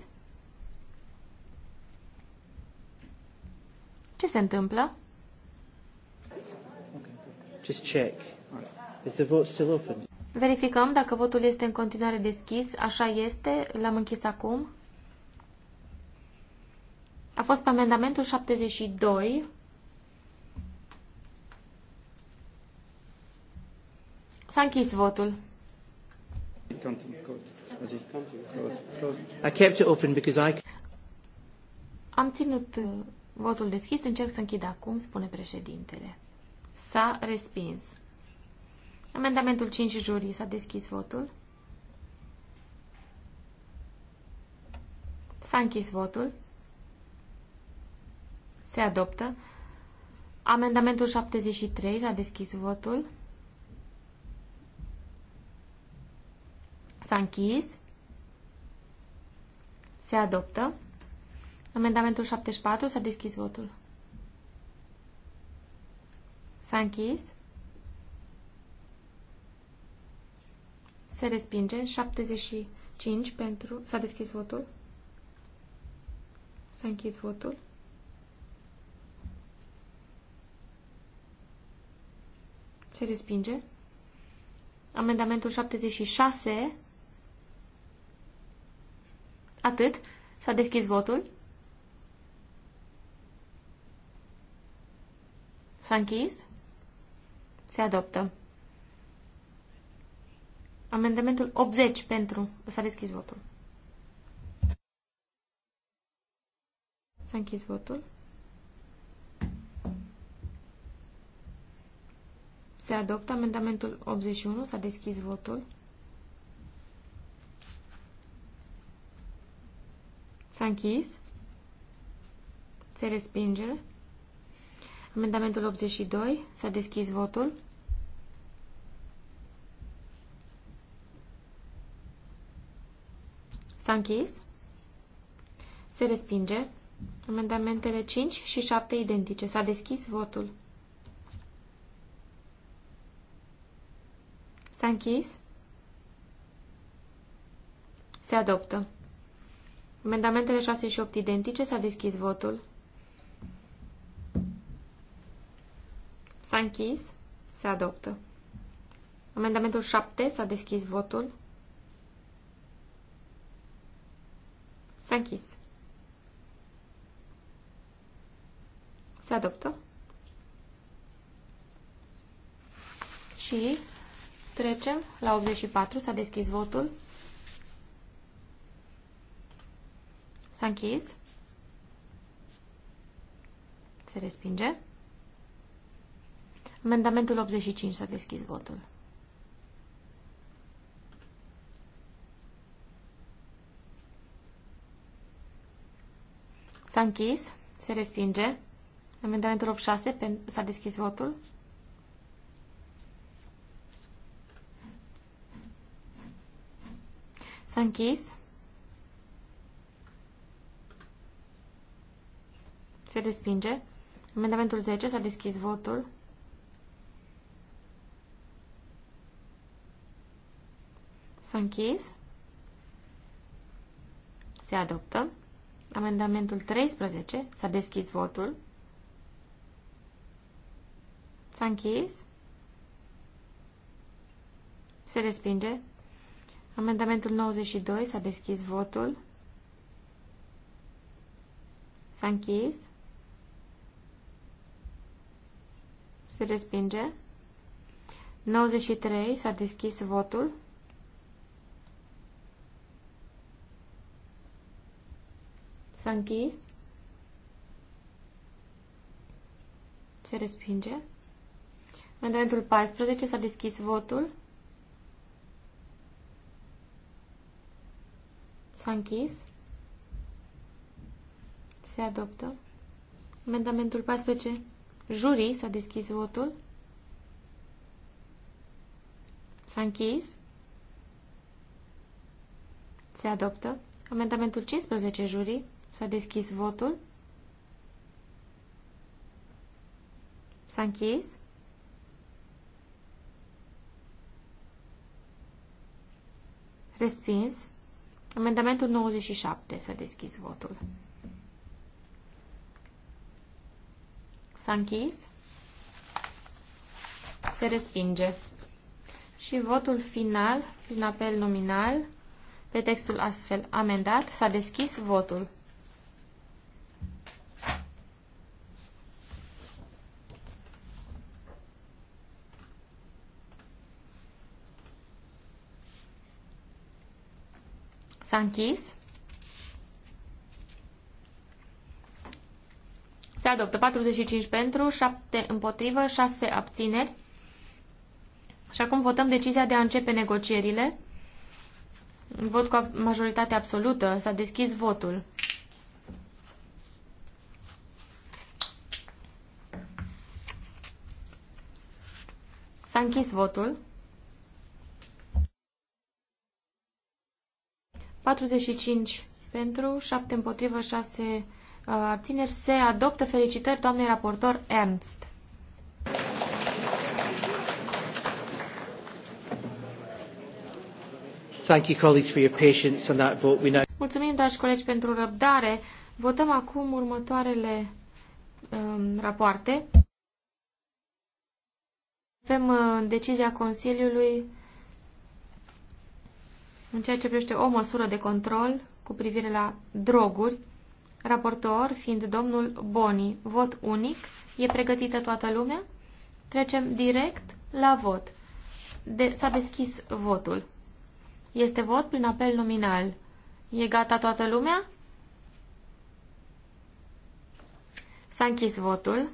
Ce se întâmplă? Just check. Is the vote still open? Verificăm dacă votul este în continuare deschis. Așa este. L-am închis acum. A fost pe amendamentul 72. S-a închis votul. I kept it open because I... Am ținut Votul deschis, încerc să închid acum, spune președintele. S-a respins. Amendamentul 5 jurii, s-a deschis votul. S-a închis votul. Se adoptă. Amendamentul 73, s-a deschis votul. S-a închis. Se adoptă. Amendamentul 74 s-a deschis votul. S-a închis. Se respinge. 75 pentru... S-a deschis votul. S-a închis votul. Se respinge. Amendamentul 76. Atât. S-a deschis votul. S-a închis? Se adoptă. Amendamentul 80 pentru. S-a deschis votul. S-a închis votul. Se adoptă amendamentul 81. S-a deschis votul. S-a închis. Se respinge. Amendamentul 82. S-a deschis votul. S-a închis. Se respinge. Amendamentele 5 și 7 identice. S-a deschis votul. S-a închis. Se adoptă. Amendamentele 6 și 8 identice. S-a deschis votul. S-a închis. Se adoptă. Amendamentul 7. S-a deschis votul. S-a închis. Se adoptă. Și trecem la 84. S-a deschis votul. S-a închis. Se respinge. Amendamentul 85 s-a deschis votul. S-a închis. Se respinge. Amendamentul 86 s-a deschis votul. S-a închis. Se respinge. Amendamentul 10 s-a deschis votul. S-a închis. Se adoptă. Amendamentul 13. S-a deschis votul. S-a închis. Se respinge. Amendamentul 92. S-a deschis votul. S-a închis. Se respinge. 93. S-a deschis votul. S-a închis. Se respinge. Amendamentul 14 s-a deschis votul. S-a închis. Se adoptă. Amendamentul 14. Jurii s-a deschis votul. S-a închis. Se adoptă. Amendamentul 15. Jurii S-a deschis votul. S-a închis. Respins. Amendamentul 97. S-a deschis votul. S-a închis. Se respinge. Și votul final, prin apel nominal, pe textul astfel amendat, s-a deschis votul. S-a închis. Se adoptă 45 pentru, 7 împotrivă, 6 abțineri. Și acum votăm decizia de a începe negocierile. Vot cu majoritate absolută. S-a deschis votul. S-a închis votul. 45 pentru, 7 împotrivă, 6 uh, abțineri. Se adoptă felicitări doamnei raportor Ernst. Thank you, colleagues, for your patience on that vote. We now... Mulțumim, dragi colegi, pentru răbdare. Votăm acum următoarele um, rapoarte. Avem uh, decizia Consiliului în ceea ce privește o măsură de control cu privire la droguri, raportor fiind domnul Boni. Vot unic. E pregătită toată lumea? Trecem direct la vot. De, s-a deschis votul. Este vot prin apel nominal. E gata toată lumea? S-a închis votul.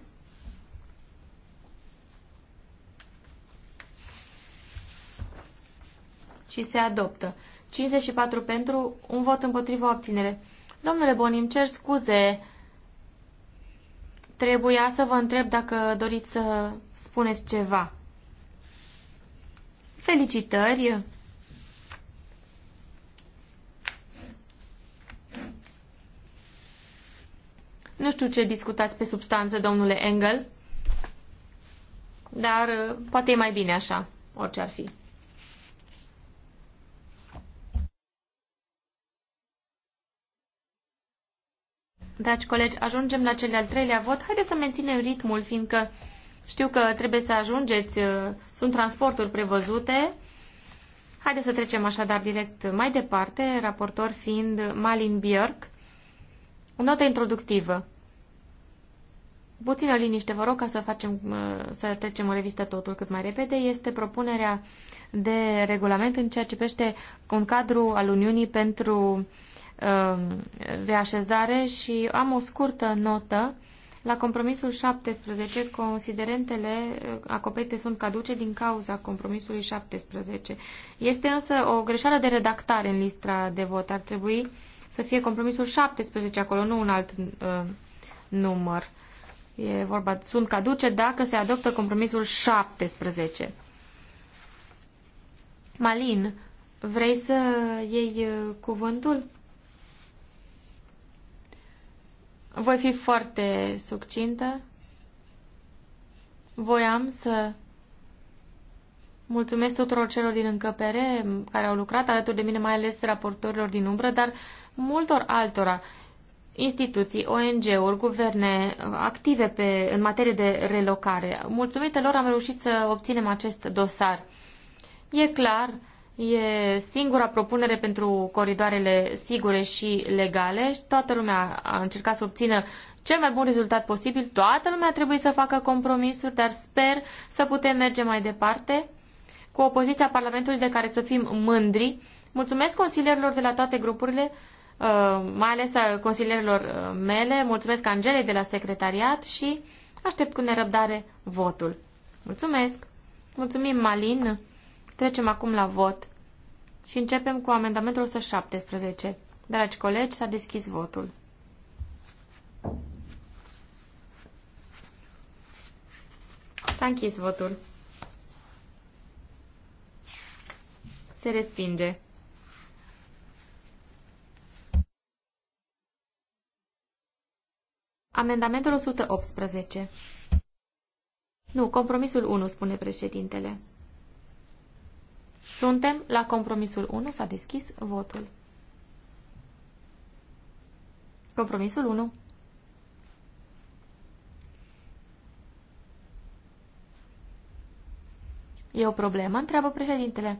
și se adoptă. 54 pentru, un vot împotriva obținere. Domnule Bonim, îmi cer scuze. Trebuia să vă întreb dacă doriți să spuneți ceva. Felicitări! Nu știu ce discutați pe substanță, domnule Engel, dar uh, poate e mai bine așa, orice ar fi. Dragi colegi, ajungem la cel de-al treilea vot. Haideți să menținem ritmul, fiindcă știu că trebuie să ajungeți, uh, sunt transporturi prevăzute. Haideți să trecem așadar direct mai departe, raportor fiind Malin Björk. O notă introductivă. Puțină liniște, vă rog, ca să, facem, uh, să trecem în revistă totul cât mai repede. Este propunerea de regulament în ceea ce pește un cadru al Uniunii pentru uh, Um, reașezare și am o scurtă notă. La compromisul 17, considerentele uh, acoperite sunt caduce din cauza compromisului 17. Este însă o greșeală de redactare în lista de vot. Ar trebui să fie compromisul 17 acolo, nu un alt uh, număr. E vorba, sunt caduce dacă se adoptă compromisul 17. Malin, vrei să iei uh, cuvântul? Voi fi foarte succintă. Voiam să mulțumesc tuturor celor din încăpere care au lucrat alături de mine, mai ales raportorilor din umbră, dar multor altora instituții, ONG-uri, guverne active pe, în materie de relocare. Mulțumită lor am reușit să obținem acest dosar. E clar E singura propunere pentru coridoarele sigure și legale. Toată lumea a încercat să obțină cel mai bun rezultat posibil. Toată lumea trebuie să facă compromisuri, dar sper să putem merge mai departe cu opoziția Parlamentului de care să fim mândri. Mulțumesc consilierilor de la toate grupurile, uh, mai ales consilierilor uh, mele, mulțumesc Angelei de la secretariat și aștept cu nerăbdare votul. Mulțumesc! Mulțumim, Malin! Trecem acum la vot și începem cu amendamentul 117. Dragi colegi, s-a deschis votul. S-a închis votul. Se respinge. Amendamentul 118. Nu, compromisul 1, spune președintele. Suntem la compromisul 1, s-a deschis votul. Compromisul 1. E o problemă? Întreabă președintele.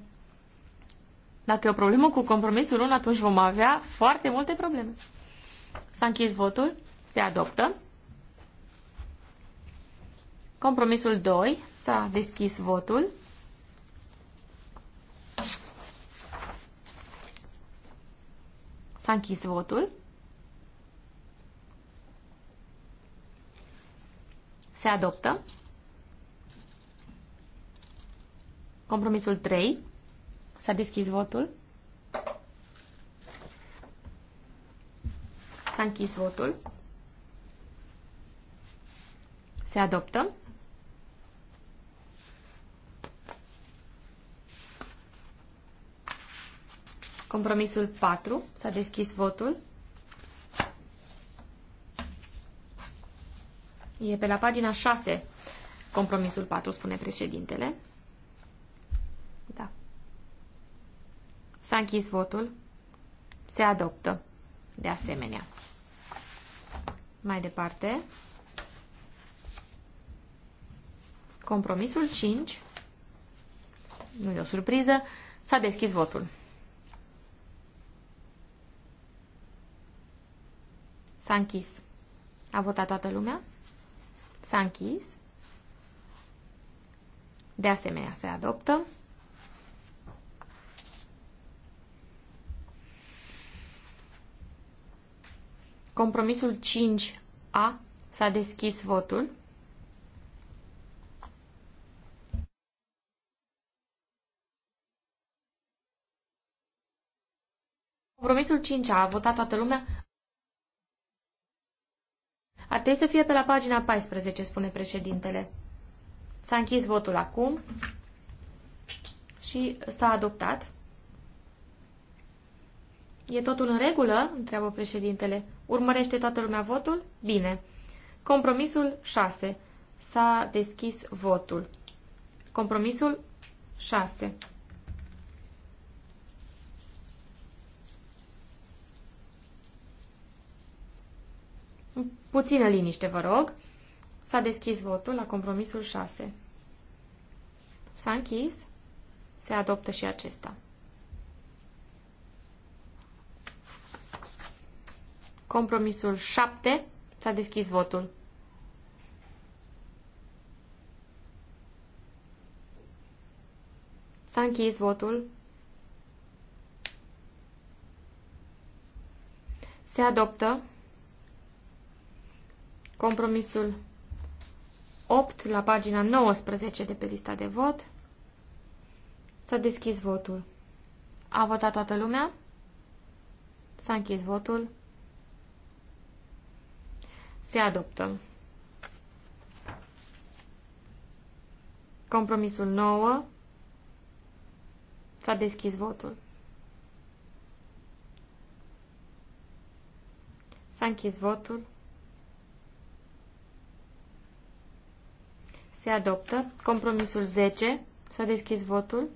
Dacă e o problemă cu compromisul 1, atunci vom avea foarte multe probleme. S-a închis votul, se adoptă. Compromisul 2, s-a deschis votul. S-a închis votul. Se adoptă. Compromisul 3. S-a deschis votul. S-a închis votul. Se adoptă. Compromisul 4. S-a deschis votul. E pe la pagina 6, compromisul 4, spune președintele. Da. S-a închis votul. Se adoptă. De asemenea. Mai departe. Compromisul 5. Nu e o surpriză. S-a deschis votul. S-a închis. A votat toată lumea? S-a închis. De asemenea, se adoptă. Compromisul 5A s-a deschis votul. Compromisul 5A a votat toată lumea. Ar trebui să fie pe la pagina 14, spune președintele. S-a închis votul acum și s-a adoptat. E totul în regulă? întreabă președintele. Urmărește toată lumea votul? Bine. Compromisul 6. S-a deschis votul. Compromisul 6. Puțină liniște, vă rog. S-a deschis votul la compromisul 6. S-a închis. Se adoptă și acesta. Compromisul 7. S-a deschis votul. S-a închis votul. Se adoptă Compromisul 8 la pagina 19 de pe lista de vot. S-a deschis votul. A votat toată lumea? S-a închis votul. Se adoptă. Compromisul 9. S-a deschis votul. S-a închis votul. Se adoptă. Compromisul 10. S-a deschis votul.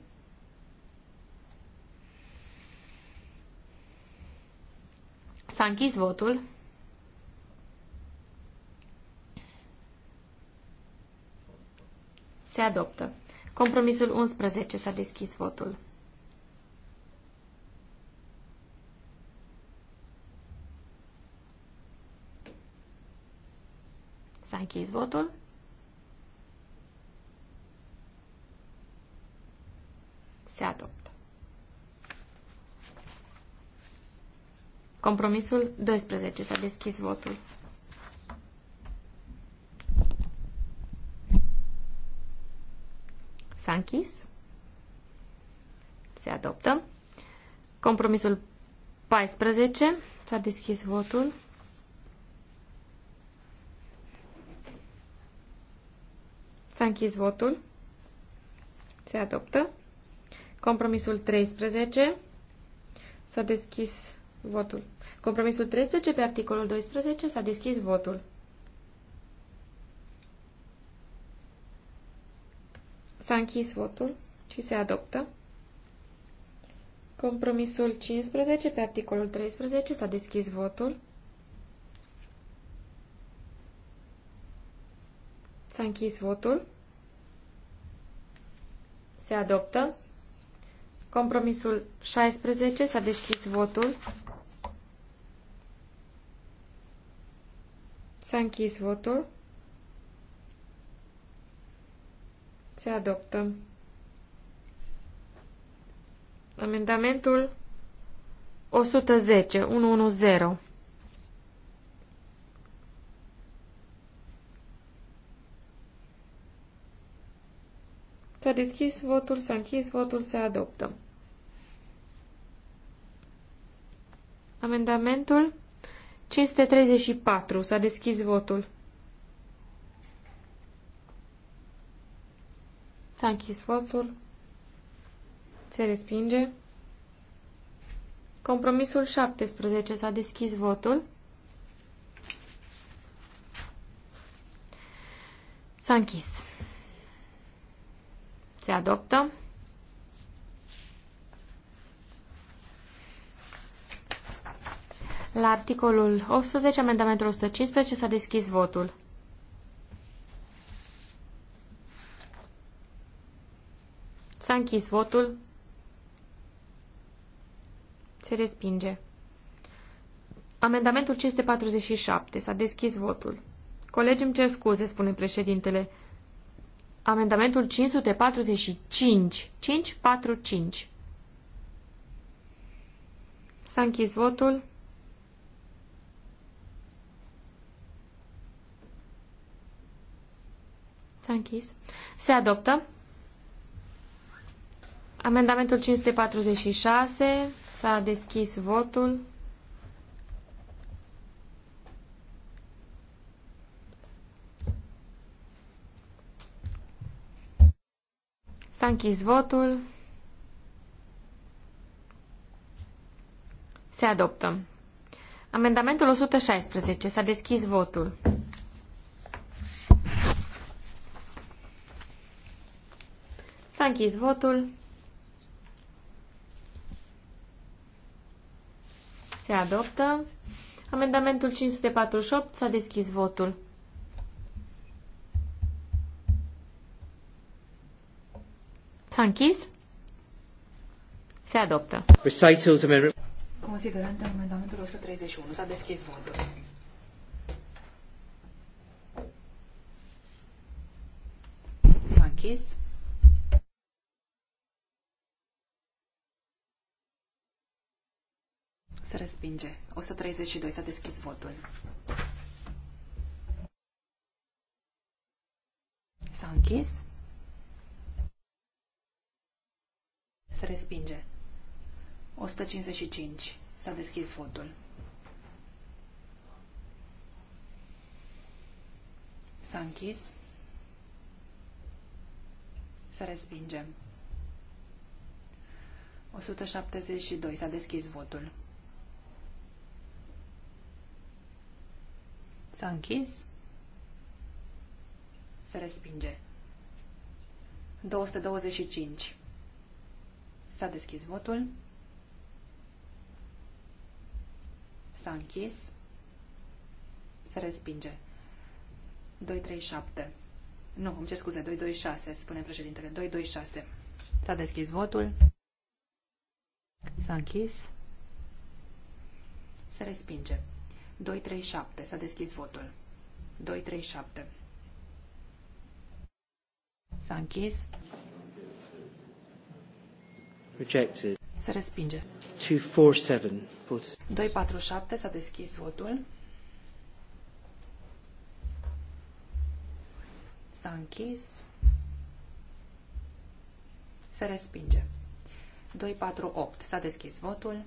S-a închis votul. Se adoptă. Compromisul 11 s-a deschis votul. S-a închis votul. se adoptă. Compromisul 12. S-a deschis votul. S-a închis. Se adoptă. Compromisul 14. S-a deschis votul. S-a închis votul. Se adoptă. Compromisul 13. S-a deschis votul. Compromisul 13 pe articolul 12 s-a deschis votul. S-a închis votul și se adoptă. Compromisul 15 pe articolul 13 s-a deschis votul. S-a închis votul. Se adoptă. Compromisul 16. S-a deschis votul. S-a închis votul. Se adoptă. Amendamentul 110, 110. S-a deschis votul, s-a închis votul, se adoptă. Amendamentul 534. S-a deschis votul. S-a închis votul. Se respinge. Compromisul 17. S-a deschis votul. S-a închis. Se adoptă. La articolul 18, amendamentul 115, s-a deschis votul. S-a închis votul. Se respinge. Amendamentul 547. S-a deschis votul. Colegi, îmi cer scuze, spune președintele. Amendamentul 545. 545. S-a închis votul. S-a închis. Se adoptă. Amendamentul 546. S-a deschis votul. S-a închis votul. Se adoptă. Amendamentul 116. S-a deschis votul. S-a închis votul. Se adoptă. Amendamentul 548 s-a deschis votul. S-a închis. Se adoptă. Recitals amendment. Considerând amendamentul 131 s-a deschis votul. S-a închis. respinge. 132. S-a deschis votul. S-a închis. Se respinge. 155. S-a deschis votul. S-a închis. Se respinge. 172. S-a deschis votul. S-a închis. Se respinge. 225. S-a deschis votul. S-a închis. Se respinge. 237. Nu, îmi cer scuze, 226, spune președintele. 226. S-a deschis votul. S-a închis. Se respinge. 237. S-a deschis votul. 237. S-a închis. Rejected. Se respinge. 247. S-a deschis votul. S-a închis. Se respinge. 248. S-a deschis votul.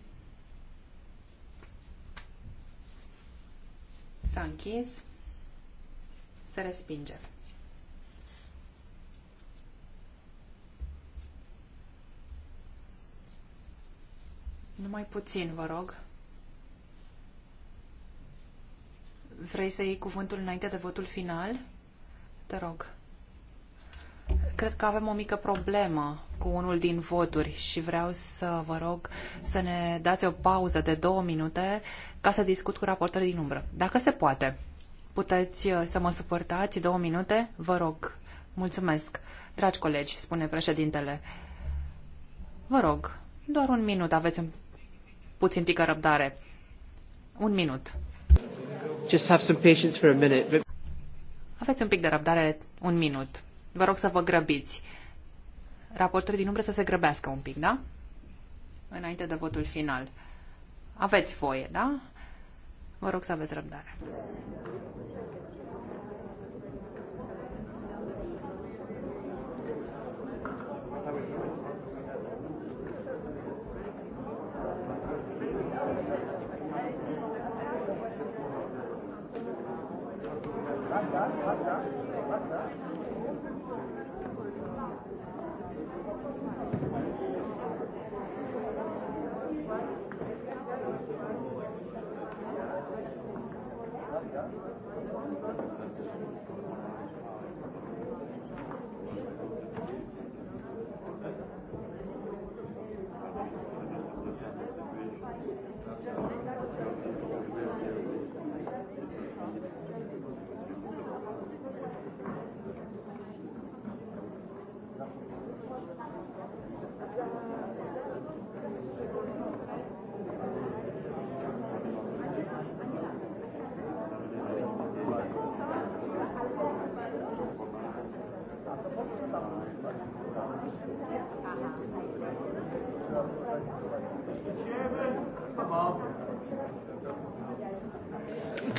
S-a închis. Se respinge. Numai puțin, vă rog. Vrei să iei cuvântul înainte de votul final? Te rog. Cred că avem o mică problemă cu unul din voturi și vreau să vă rog să ne dați o pauză de două minute ca să discut cu raportorii din umbră. Dacă se poate, puteți uh, să mă suportați două minute? Vă rog. Mulțumesc. Dragi colegi, spune președintele, vă rog, doar un minut, aveți un puțin pică răbdare. Un minut. Just have some patience for a minute. Aveți un pic de răbdare, un minut. Vă rog să vă grăbiți. Raportorii din umbră să se grăbească un pic, da? Înainte de votul final. Aveți voie, da? Vă rog să aveți răbdare.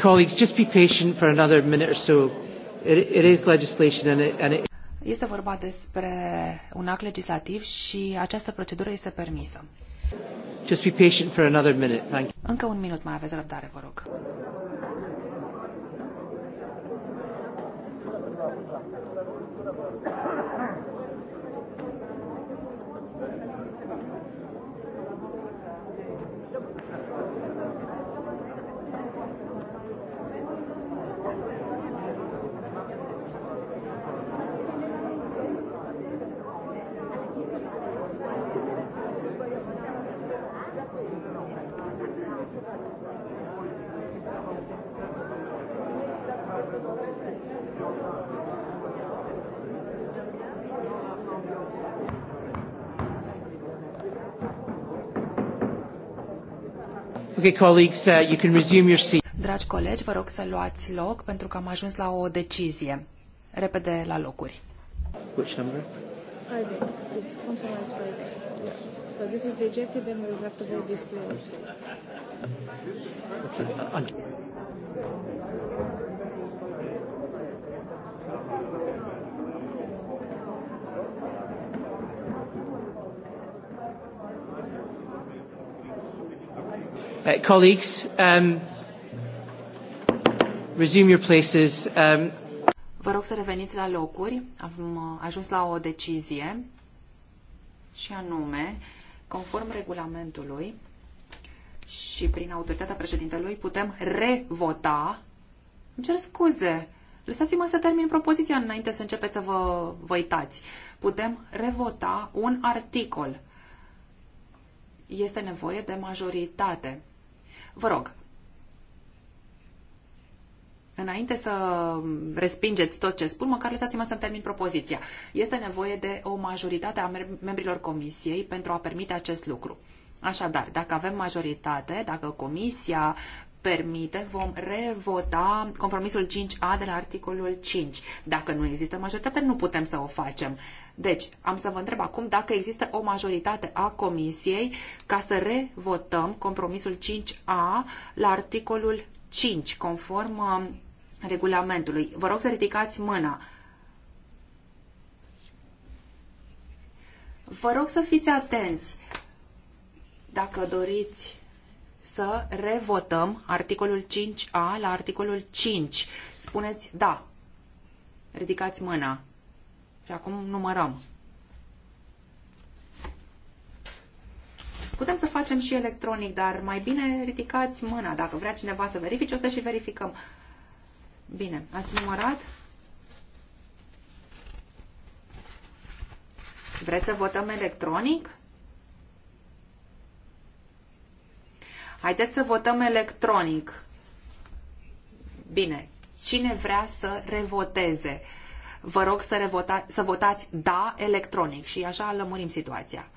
Colleagues, just be patient for another minute or so. It, it is legislation and it, and it... Este vorba despre un act legislativ și această procedură este permisă. Just be patient for another minute. Thank you. Încă un minut mai aveți răbdare, vă rog. Okay, colleagues, uh, you can resume your seat. Dragi colegi, vă rog să luați loc pentru că am ajuns la o decizie. Repede la locuri. Which number? I it's Yeah. So this is rejected and we'll have to vote this Okay. Uh, uh Uh, colleagues, um, resume your places. Um. Vă rog să reveniți la locuri. Am uh, ajuns la o decizie și anume, conform regulamentului și prin autoritatea președintelui, putem revota. Îmi cer scuze. Lăsați-mă să termin propoziția înainte să începeți să vă, vă uitați. Putem revota un articol este nevoie de majoritate. Vă rog, înainte să respingeți tot ce spun, măcar lăsați-mă să-mi termin propoziția. Este nevoie de o majoritate a membrilor comisiei pentru a permite acest lucru. Așadar, dacă avem majoritate, dacă comisia permite, vom revota compromisul 5A de la articolul 5. Dacă nu există majoritate, nu putem să o facem. Deci, am să vă întreb acum dacă există o majoritate a Comisiei ca să revotăm compromisul 5A la articolul 5, conform uh, regulamentului. Vă rog să ridicați mâna. Vă rog să fiți atenți. Dacă doriți să revotăm articolul 5A la articolul 5. Spuneți da. Ridicați mâna. Și acum numărăm. Putem să facem și electronic, dar mai bine ridicați mâna. Dacă vrea cineva să verifice, o să și verificăm. Bine, ați numărat? Vreți să votăm electronic? Haideți să votăm electronic. Bine, cine vrea să revoteze? Vă rog să, revota, să votați da electronic și așa lămurim situația.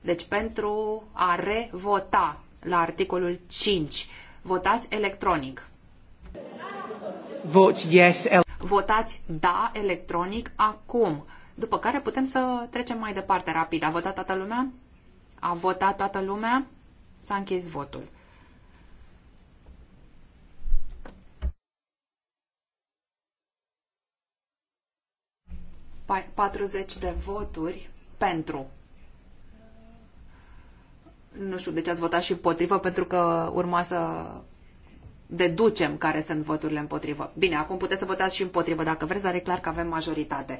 Deci pentru a revota la articolul 5, votați electronic. Vot yes. El- votați da electronic acum. După care putem să trecem mai departe rapid. A votat toată lumea? A votat toată lumea? S-a închis votul. 40 păi, de voturi pentru. Nu știu de ce ați votat și împotrivă, pentru că urma să deducem care sunt voturile împotrivă. Bine, acum puteți să votați și împotrivă dacă vreți, dar e clar că avem majoritate.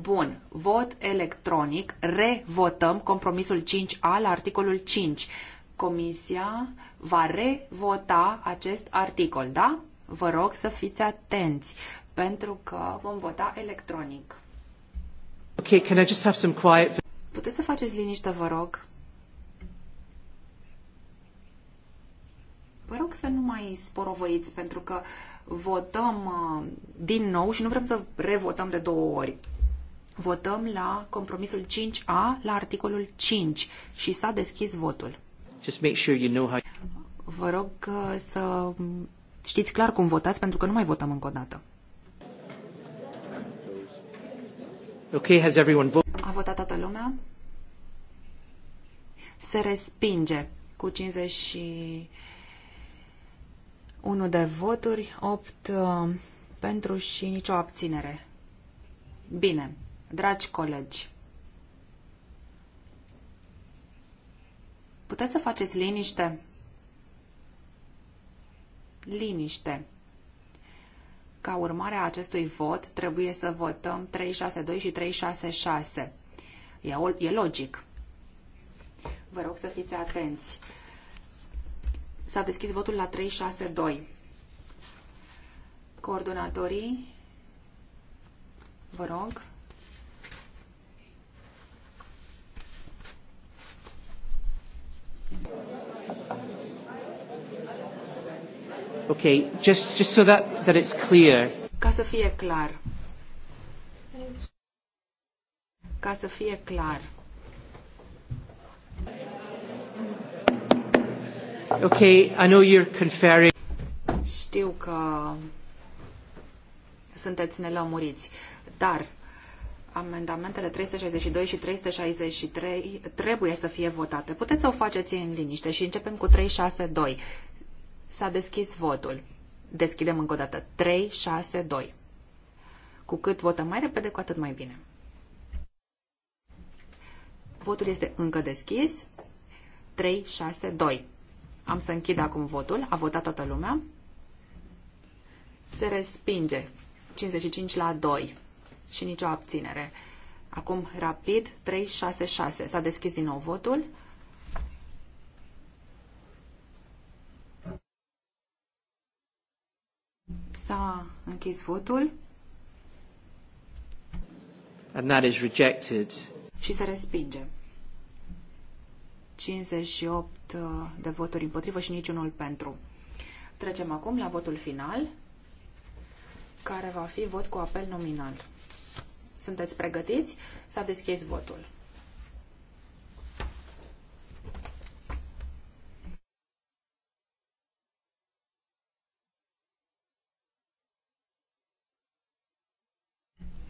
Bun, vot electronic, revotăm compromisul 5A la articolul 5. Comisia va revota acest articol, da? Vă rog să fiți atenți, pentru că vom vota electronic. Okay, can I just have some quiet? Puteți să faceți liniște, vă rog. Vă rog să nu mai sporovăiți, pentru că votăm uh, din nou și nu vrem să revotăm de două ori. Votăm la compromisul 5A, la articolul 5 și s-a deschis votul. Just make sure you know how... Vă rog uh, să știți clar cum votați, pentru că nu mai votăm încă o dată. Okay, has everyone voted? A votat toată lumea? Se respinge cu 51 de voturi, 8 uh, pentru și nicio abținere. Bine, dragi colegi, puteți să faceți liniște? Liniște ca urmare a acestui vot trebuie să votăm 362 și 366. E, e logic. Vă rog să fiți atenți. S-a deschis votul la 362. Coordonatorii, vă rog. Thank you. Okay, just, just so that, that it's clear. Ca să fie clar. Ca să fie clar. Okay, I know you're conferring. Știu că sunteți nelămuriți, dar amendamentele 362 și 363 trebuie să fie votate. Puteți să o faceți în liniște și începem cu 362. S-a deschis votul. Deschidem încă o dată. 3, 6, 2. Cu cât votăm mai repede, cu atât mai bine. Votul este încă deschis. 3, 6, 2. Am să închid acum votul. A votat toată lumea. Se respinge 55 la 2 și nicio abținere. Acum, rapid, 3, 6, 6. S-a deschis din nou votul. S-a închis votul. And that is rejected. Și se respinge. 58 uh, de voturi împotrivă și niciunul pentru. Trecem acum la votul final, care va fi vot cu apel nominal. Sunteți pregătiți? S-a deschis votul.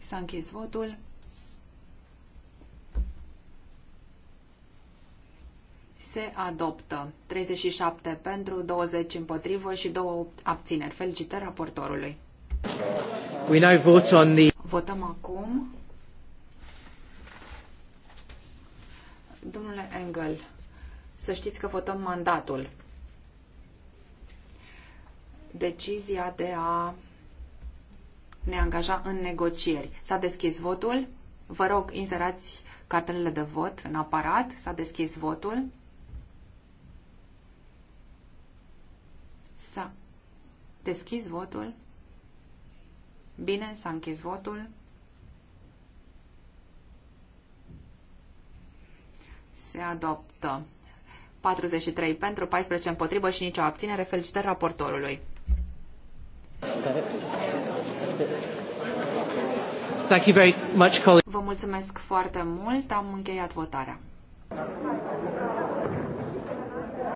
S-a închis votul. Se adoptă. 37 pentru, 20 împotrivă și 2 abțineri. Felicitări raportorului. We now vote on the... Votăm acum. Domnule Engel, să știți că votăm mandatul. Decizia de a ne angaja în negocieri. S-a deschis votul. Vă rog, inserați cartelele de vot în aparat. S-a deschis votul. S-a deschis votul. Bine, s-a închis votul. Se adoptă. 43 pentru, 14 împotrivă și nicio abținere. Felicitări raportorului. Care? Thank you very much, colleague. Vă mulțumesc foarte mult. Am încheiat votarea.